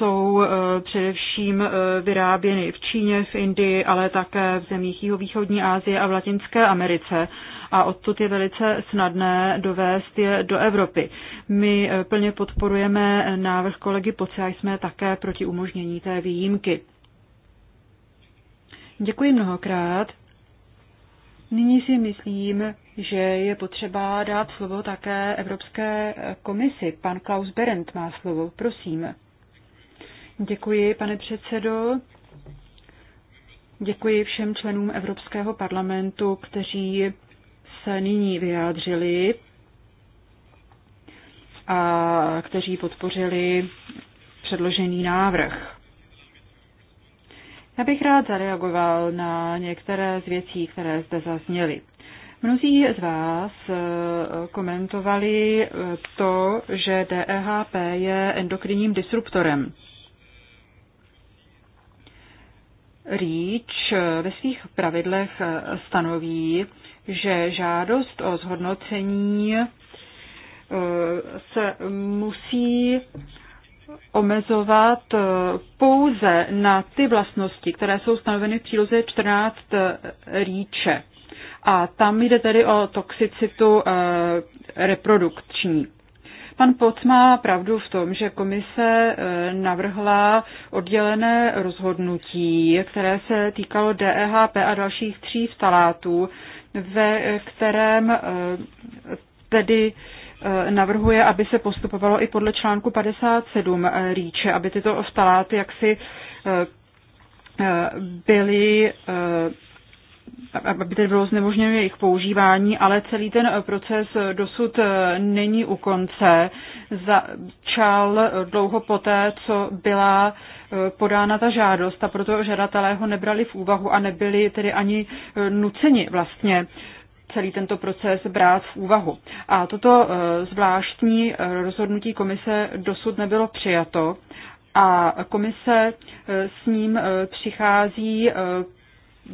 Speaker 3: jsou eh, především eh, vyráběny v Číně, v Indii, ale také v zemích jihovýchodní Asie a v Latinské Americe a odtud je velice snadné dovést je do Evropy. My eh, plně podporujeme návrh kolegy Poce a jsme také proti umožnění té výjimky. Děkuji mnohokrát. Nyní si myslím, že je potřeba dát slovo také Evropské komisi. Pan Klaus Berendt má slovo, prosím. Děkuji, pane předsedo. Děkuji všem členům Evropského parlamentu, kteří se nyní vyjádřili a kteří podpořili předložený návrh. Já bych rád zareagoval na některé z věcí, které zde zazněly. Mnozí z vás eh, komentovali eh, to, že DEHP je endokrinním disruptorem. REACH ve svých pravidlech stanoví, že žádost o zhodnocení eh, se musí omezovat eh, pouze na ty vlastnosti, které jsou stanoveny v příloze 14 eh, rýče. A tam jde tedy o toxicitu reprodukční. Pan Poc má pravdu v tom, že komise eh, navrhla oddělené rozhodnutí, které se týkalo DEHP a dalších tří vtalátů, ve kterém eh, tedy eh, navrhuje, aby se postupovalo i podle článku 57 rýče, aby tyto vtaláty jaksi byly aby tedy bylo znemožněno jejich používání, ale celý ten proces dosud není u konce. Začal dlouho poté, co byla eh, podána ta žádost a proto žadatelé ho nebrali v úvahu a nebyli tedy ani eh, nuceni vlastně celý tento proces brát v úvahu. A toto eh, zvláštní rozhodnutí komise dosud nebylo přijato a komise s ním přichází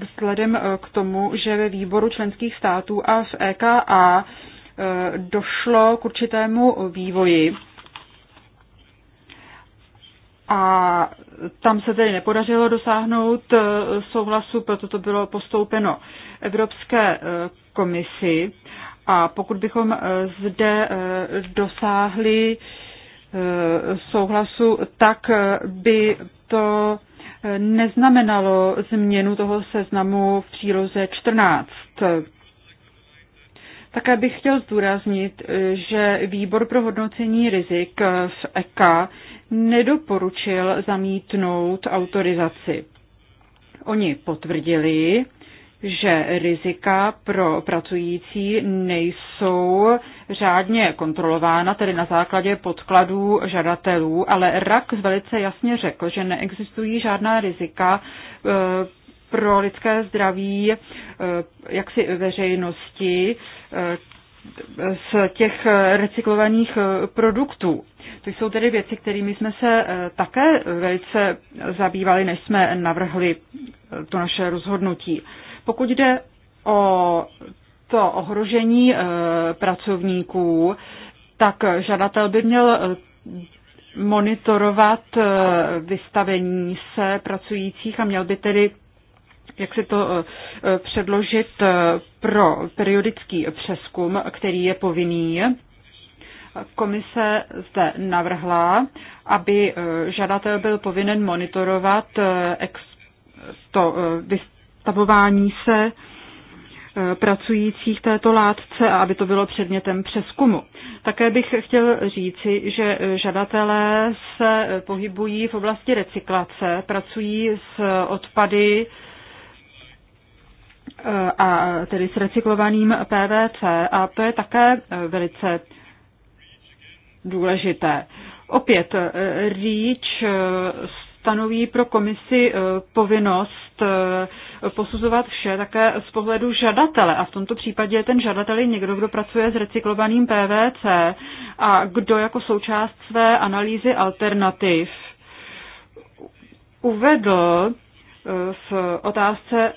Speaker 3: vzhledem eh, k tomu, že ve výboru členských států a v EKA eh, došlo k určitému vývoji. A tam se tedy nepodařilo dosáhnout eh, souhlasu, proto to bylo postoupeno Evropské komisi. A pokud bychom zde dosáhli souhlasu, tak by to neznamenalo změnu toho seznamu v příloze 14. Také bych chtěl zdůraznit, že výbor pro hodnocení rizik v EK nedoporučil zamítnout autorizaci. Oni potvrdili, že rizika pro pracující nejsou řádně kontrolována, tedy na základě podkladů žadatelů, ale RAK velice jasně řekl, že neexistují žádná rizika eh, pro lidské zdraví eh, jaksi veřejnosti eh, z těch recyklovaných produktů. To jsou tedy věci, kterými jsme se také velice zabývali, než jsme navrhli to naše rozhodnutí. Pokud jde o to ohrožení eh, pracovníků, tak žadatel by měl eh, monitorovat eh, vystavení se pracujících a měl by tedy jak si to předložit pro periodický přeskum, který je povinný. Komise zde navrhla, aby žadatel byl povinen monitorovat ex, to zastavování se e, pracujících této látce a aby to bylo předmětem přeskumu. Také bych chtěl říci, že žadatelé se pohybují v oblasti recyklace, pracují s odpady e, a tedy s recyklovaným PVC a to je také e, velice důležité. Opět, REACH stanoví pro komisi eh, povinnost eh, posuzovat vše také z pohledu žadatele. A v tomto případě ten žadatel je někdo, kdo pracuje s recyklovaným PVC a kdo jako součást své analýzy alternativ uvedl eh, v otázce,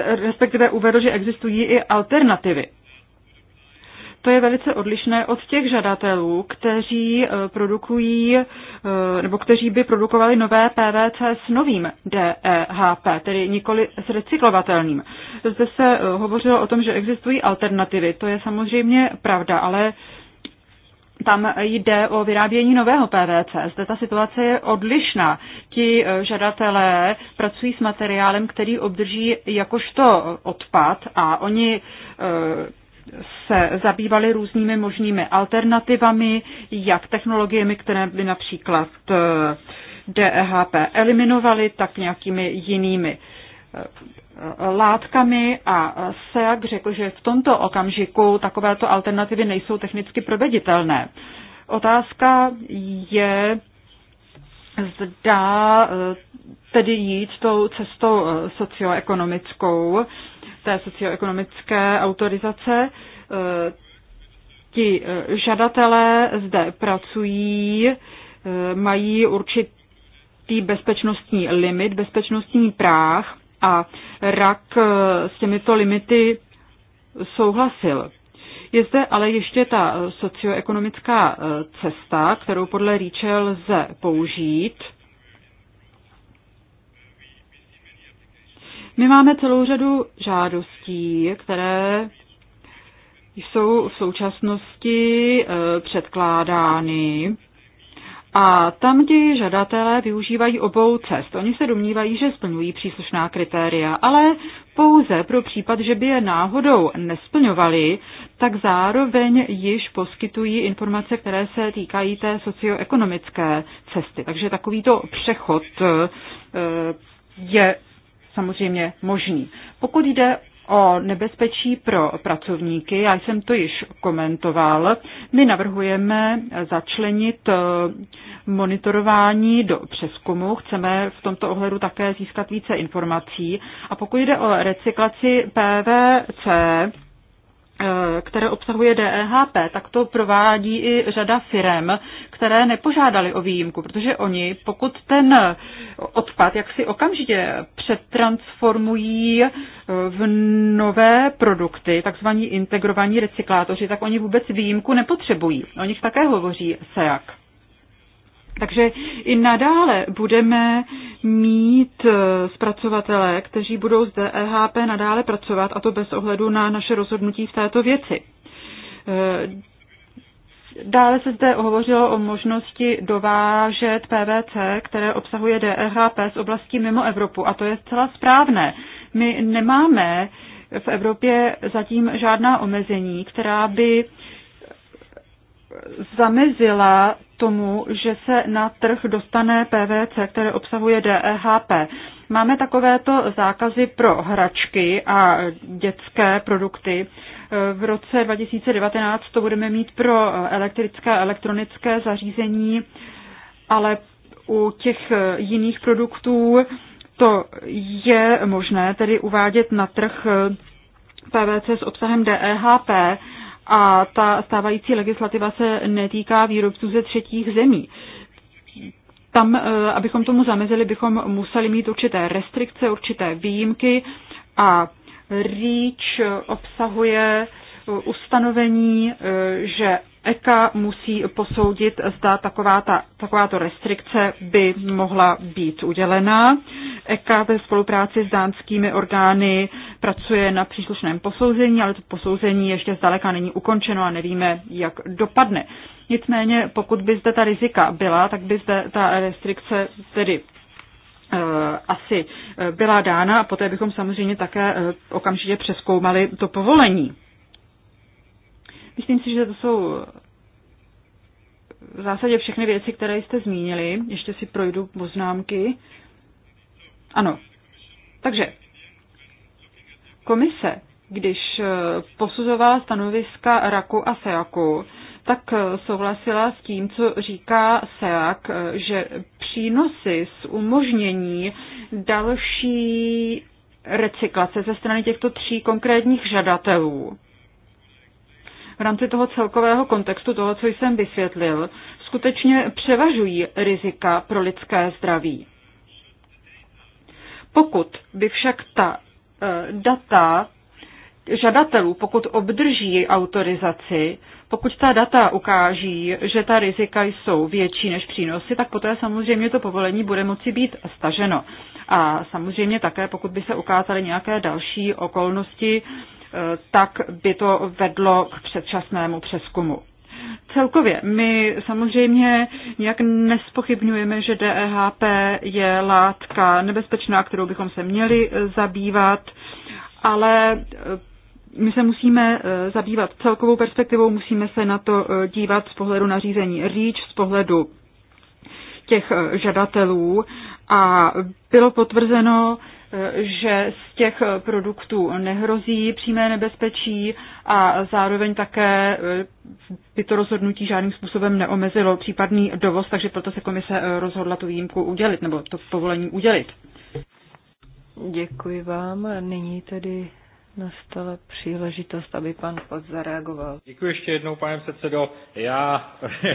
Speaker 3: respektive uvedl, že existují i alternativy to je velice odlišné od těch žadatelů, kteří eh, produkují eh, nebo kteří by produkovali nové PVC s novým DEHP, tedy nikoli s recyklovatelným. Zde se eh, hovořilo o tom, že existují alternativy. To je samozřejmě pravda, ale tam jde o vyrábění nového PVC. Zde ta situace je odlišná. Ti žadatelé pracují s materiálem, který obdrží jakožto odpad a oni se zabývali různými možnými alternativami, jak technologiemi, které by například DEHP e eliminovaly, tak nějakými jinými eh, látkami a jak řekl, že v tomto okamžiku takovéto alternativy nejsou technicky proveditelné. Otázka je, zda eh, tedy jít tou cestou eh, socioekonomickou, té socioekonomické autorizace. E, ti e, žadatelé zde pracují, e, mají určitý bezpečnostní limit, bezpečnostní práh a RAK s těmito limity souhlasil. Je zde ale ještě ta socioekonomická cesta, kterou podle Ríče lze použít. My máme celou řadu žádostí, které jsou v současnosti eh, předkládány. A tam ti žadatelé využívají obou cest. Oni se domnívají, že splňují příslušná kritéria, ale pouze pro případ, že by je náhodou nesplňovali, tak zároveň již poskytují informace, které se týkají té socioekonomické cesty. Takže takovýto přechod eh, je samozřejmě možný. Pokud jde o nebezpečí pro pracovníky, já jsem to již komentoval, my navrhujeme začlenit eh, monitorování do přeskumu, chceme v tomto ohledu také získat více informací a pokud jde o recyklaci PVC, Eh, které obsahuje DEHP, tak to provádí i řada firm, které nepožádali o výjimku, protože oni, pokud ten odpad jak si okamžitě přetransformují eh, v nové produkty, takzvaní integrovaní recyklátoři, tak oni vůbec výjimku nepotřebují. O nich také hovoří se, jak. Takže i nadále budeme mít eh, zpracovatele, kteří budou z DEHP nadále pracovat, a to bez ohledu na naše rozhodnutí v této věci. Eh, dále se zde hovořilo o možnosti dovážet PVC, které obsahuje DEHP z oblasti mimo Evropu a to je zcela správné. My nemáme v Evropě zatím žádná omezení, která by uh, zamezila tomu, že se na trh dostane PVC, které obsahuje DEHP. Máme takovéto zákazy pro hračky a dětské produkty. V roce 2019 to budeme mít pro elektrické a elektronické zařízení, ale u těch jiných produktů to je možné tedy uvádět na trh PVC s obsahem DEHP a ta stávající legislativa se netýká výrobců ze třetích zemí. Tam, e, abychom tomu zamezili, bychom museli mít určité restrikce, určité výjimky a REACH obsahuje e, ustanovení, e, že EKA musí posoudit, zda taková ta, takováto restrikce by mohla být udělena. EKA ve spolupráci s dánskými orgány pracuje na příslušném posouzení, ale to posouzení ještě zdaleka není ukončeno a nevíme, jak dopadne. Nicméně, pokud by zde ta rizika byla, tak by zde ta restrikce tedy e, asi e, byla dána a poté bychom samozřejmě také e, okamžitě přeskoumali to povolení. Myslím si, že to jsou v zásadě všechny věci, které jste zmínili. Ještě si projdu poznámky. Ano. Takže komise, když eh, posuzovala stanoviska Raku a Seaku, tak eh, souhlasila s tím, co říká Seak, eh, že přínosy z umožnění další recyklace ze strany těchto tří konkrétních žadatelů v rámci toho celkového kontextu toho, co jsem vysvětlil, skutečně převažují rizika pro lidské zdraví. Pokud by však ta eh, data žadatelů, pokud obdrží autorizaci, pokud ta data ukáží, že ta rizika jsou větší než přínosy, tak poté samozřejmě to povolení bude moci být staženo. A samozřejmě také, pokud by se ukázaly nějaké další okolnosti, tak by to vedlo k předčasnému přeskumu. Celkově, my samozřejmě nějak nespochybňujeme, že DEHP je látka nebezpečná, kterou bychom se měli eh, zabývat, ale eh, my se musíme eh, zabývat celkovou perspektivou, musíme se na to dívat z pohledu nařízení REACH, z pohledu těch žadatelů a bylo potvrzeno, že z těch produktů nehrozí přímé nebezpečí a zároveň také eh, by to rozhodnutí žádným způsobem neomezilo případný dovoz,
Speaker 4: takže proto se komise eh, rozhodla tu výjimku udělit nebo to povolení udělit. Děkuji vám. Nyní tedy nastala příležitost, aby pan Pod
Speaker 1: zareagoval. Děkuji ještě jednou, pane předsedo. Já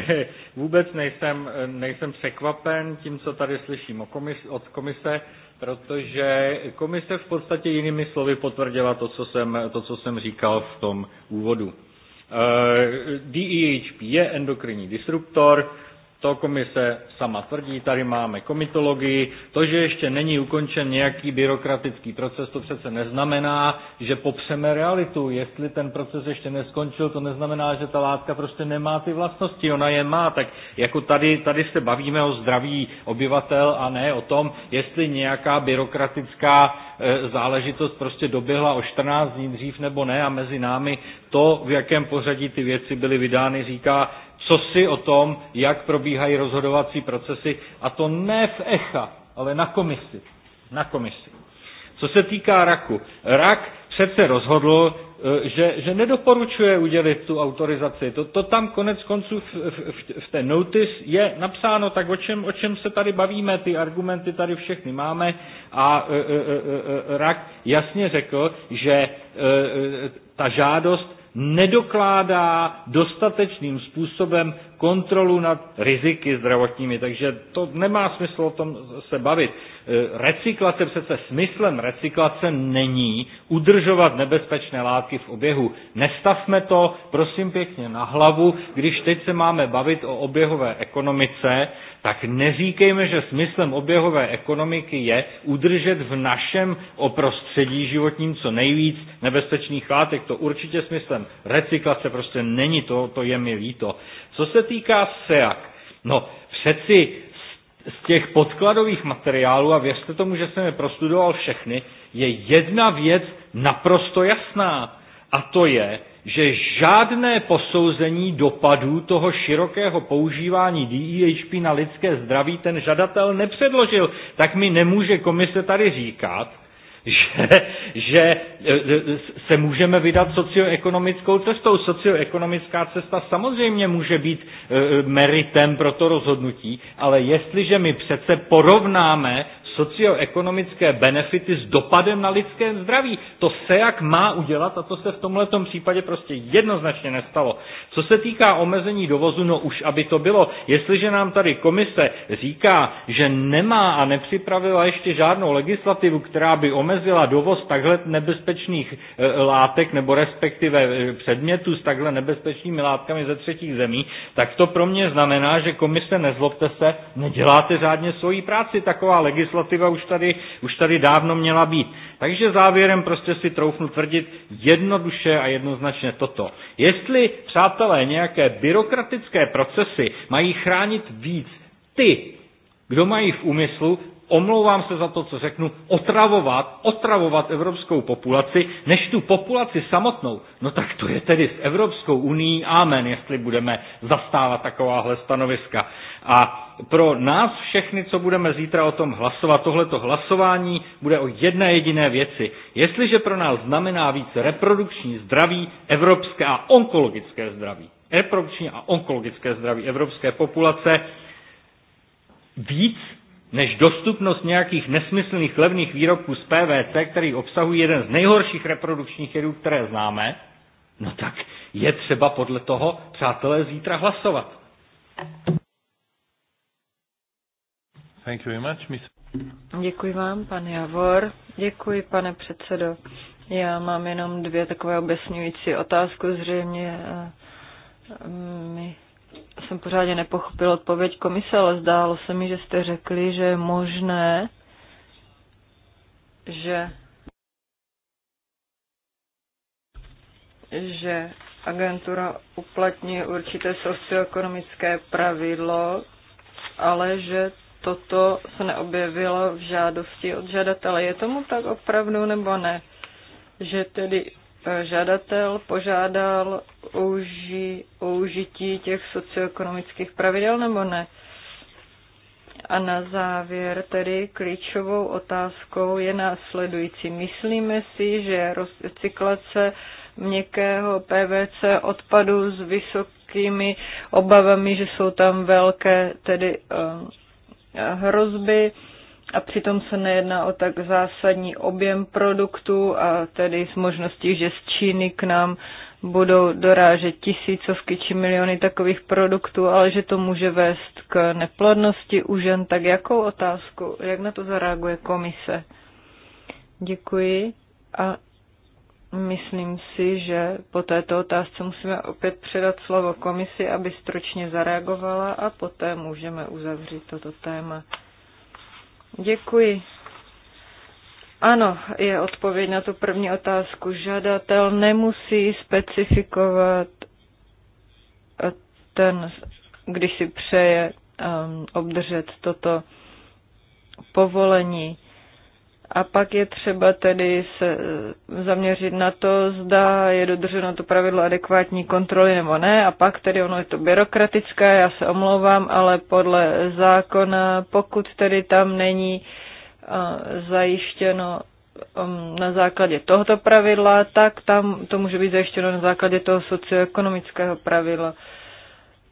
Speaker 1: (laughs) vůbec nejsem, nejsem překvapen tím, co tady slyším od komise protože komise v podstatě jinými slovy potvrdila to, co jsem, to, co jsem říkal v tom úvodu. DEHP e je endokrinní disruptor, to komise sama tvrdí, tady máme komitologii. To, že ještě není ukončen nějaký byrokratický proces, to přece neznamená, že popřeme realitu. Jestli ten proces ještě neskončil, to neznamená, že ta látka prostě nemá ty vlastnosti, ona je má. Tak jako tady, tady se bavíme o zdraví obyvatel a ne o tom, jestli nějaká byrokratická e, záležitost prostě doběhla o 14 dní dřív nebo ne a mezi námi to, v jakém pořadí ty věci byly vydány, říká co si o tom, jak probíhají rozhodovací procesy, a to ne v ECHA, ale na komisi. Na komisi. Co se týká raku, rak přece rozhodl, eh, že, že nedoporučuje udělit tu autorizaci. To, to tam konec konců v, v, v té notice je napsáno, tak o čem, o čem se tady bavíme, ty argumenty tady všechny máme a e, e, e, rak jasně řekl, že e, ta žádost nedokládá dostatečným způsobem kontrolu nad riziky zdravotními. Takže to nemá smysl o tom se bavit. E, recyklace přece smyslem recyklace není udržovat nebezpečné látky v oběhu. Nestavme to, prosím pěkně, na hlavu, když teď se máme bavit o oběhové ekonomice, tak neříkejme, že smyslem oběhové ekonomiky je udržet v našem oprostředí životním co nejvíc nebezpečných látek. To určitě smyslem recyklace prostě není to, to je mi líto. Co se týká SEAK, no přeci z těch podkladových materiálů, a věřte tomu, že jsem je prostudoval všechny, je jedna věc naprosto jasná a to je, že žádné posouzení dopadů toho širokého používání DEHP na lidské zdraví ten žadatel nepředložil, tak mi nemůže komise tady říkat, že, že e, e, se můžeme vydat socioekonomickou cestou. Socioekonomická cesta samozřejmě může být e, meritem pro to rozhodnutí, ale jestliže my přece porovnáme socioekonomické benefity s dopadem na lidské zdraví. To se jak má udělat a to se v tomhle případě prostě jednoznačně nestalo. Co se týká omezení dovozu, no už aby to bylo, jestliže nám tady komise říká, že nemá a nepřipravila ještě žádnou legislativu, která by omezila dovoz takhle nebezpečných eh, látek nebo respektive eh, předmětů s takhle nebezpečnými látkami ze třetích zemí, tak to pro mě znamená, že komise, nezlobte se, neděláte řádně svoji práci. Taková legislativa legislativa už tady, už tady dávno měla být. Takže závěrem prostě si troufnu tvrdit jednoduše a jednoznačně toto. Jestli, přátelé, nějaké byrokratické procesy mají chránit víc ty kdo mají v úmyslu, omlouvám se za to, co řeknu, otravovat, otravovat evropskou populaci, než tu populaci samotnou. No tak to je tedy s Evropskou unii amen, jestli budeme zastávat takováhle stanoviska. A pro nás všechny, co budeme zítra o tom hlasovat, tohleto hlasování bude o jedné jediné věci. Jestliže pro nás znamená víc reprodukční zdraví, evropské a onkologické zdraví, reprodukční a onkologické zdraví evropské populace, víc než dostupnost nějakých nesmyslných levných výrobků z PVC, který obsahují jeden z nejhorších reprodukčních jedů, které známe, no tak je třeba podle toho, přátelé, zítra hlasovat. Thank you very much, Miss...
Speaker 4: Děkuji vám, pan Javor. Děkuji, pane předsedo. Já mám jenom dvě takové objasňující otázku. Zřejmě eh, eh, mi jsem pořádně nepochopil odpověď komise, ale zdálo se mi, že jste řekli, že je možné, že že agentura uplatní určité socioekonomické pravidlo, ale že toto se neobjevilo v žádosti od žadatele. Je tomu tak opravdu nebo ne? Že tedy žadatel požádal o, uži, o užití těch socioekonomických pravidel nebo ne. A na závěr tedy klíčovou otázkou je následující. Myslíme si, že recyklace měkkého PVC odpadu s vysokými obavami, že jsou tam velké tedy eh, hrozby, a přitom se nejedná o tak zásadní objem produktu a tedy s možností, že z Číny k nám budou dorážet tisícovky či miliony takových produktů, ale že to může vést k neplodnosti u žen, tak jakou otázku, jak na to zareaguje komise? Děkuji a myslím si, že po této otázce musíme opět předat slovo komisi, aby stručně zareagovala a poté můžeme uzavřít toto téma. Děkuji. Ano, je odpověď na tu první otázku. Žadatel nemusí specifikovat eh, ten, když si přeje um, obdržet toto povolení. A pak je třeba tedy se zaměřit na to, zda je dodrženo to pravidlo adekvátní kontroly nebo ne. A pak tedy ono je to byrokratické, já se omlouvám, ale podle zákona, pokud tedy tam není eh, zajištěno mm, na základě tohoto pravidla, tak tam to může být zajištěno na základě toho socioekonomického pravidla.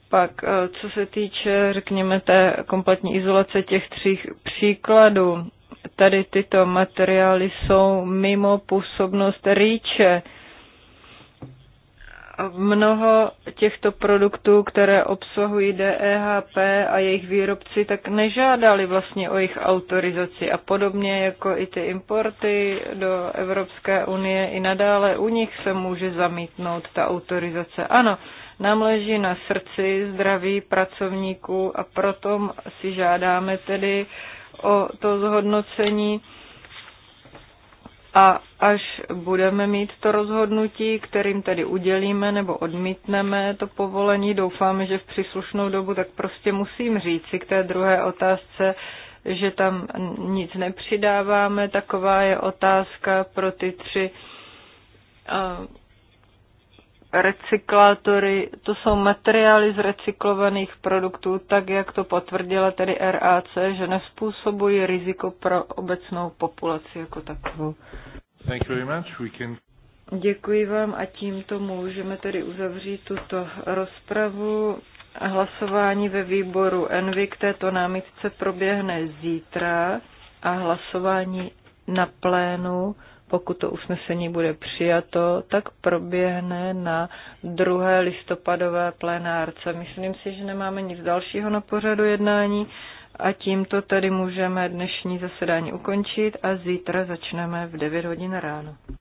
Speaker 4: Pak, eh, co se týče, řekněme, té kompletní izolace těch tří příkladů, tady tyto materiály jsou mimo působnost rýče. Mnoho těchto produktů, které obsahují DEHP a jejich výrobci, tak nežádali vlastně o jejich autorizaci a podobně jako i ty importy do Evropské unie, i nadále u nich se může zamítnout ta autorizace. Ano, nám leží na srdci zdraví pracovníků a proto si žádáme tedy uh, o to zhodnocení a až budeme mít to rozhodnutí, kterým tedy udělíme nebo odmítneme to povolení, doufáme, že v příslušnou dobu, tak prostě musím říci k té druhé otázce, že tam nic nepřidáváme. Taková je otázka pro ty tři recyklátory, to jsou materiály z recyklovaných produktů, tak jak to potvrdila tedy RAC, že nespůsobují riziko pro obecnou populaci jako takovou.
Speaker 2: Thank you very much. We can...
Speaker 4: Děkuji vám a tímto můžeme tedy uzavřít tuto rozpravu. Hlasování ve výboru Envy k této námitce proběhne zítra a hlasování na plénu pokud to usnesení bude přijato, tak proběhne na druhé listopadové plénárce. Myslím si, že nemáme nic dalšího na pořadu jednání a tímto tedy můžeme dnešní zasedání ukončit a zítra začneme v 9 hodin ráno.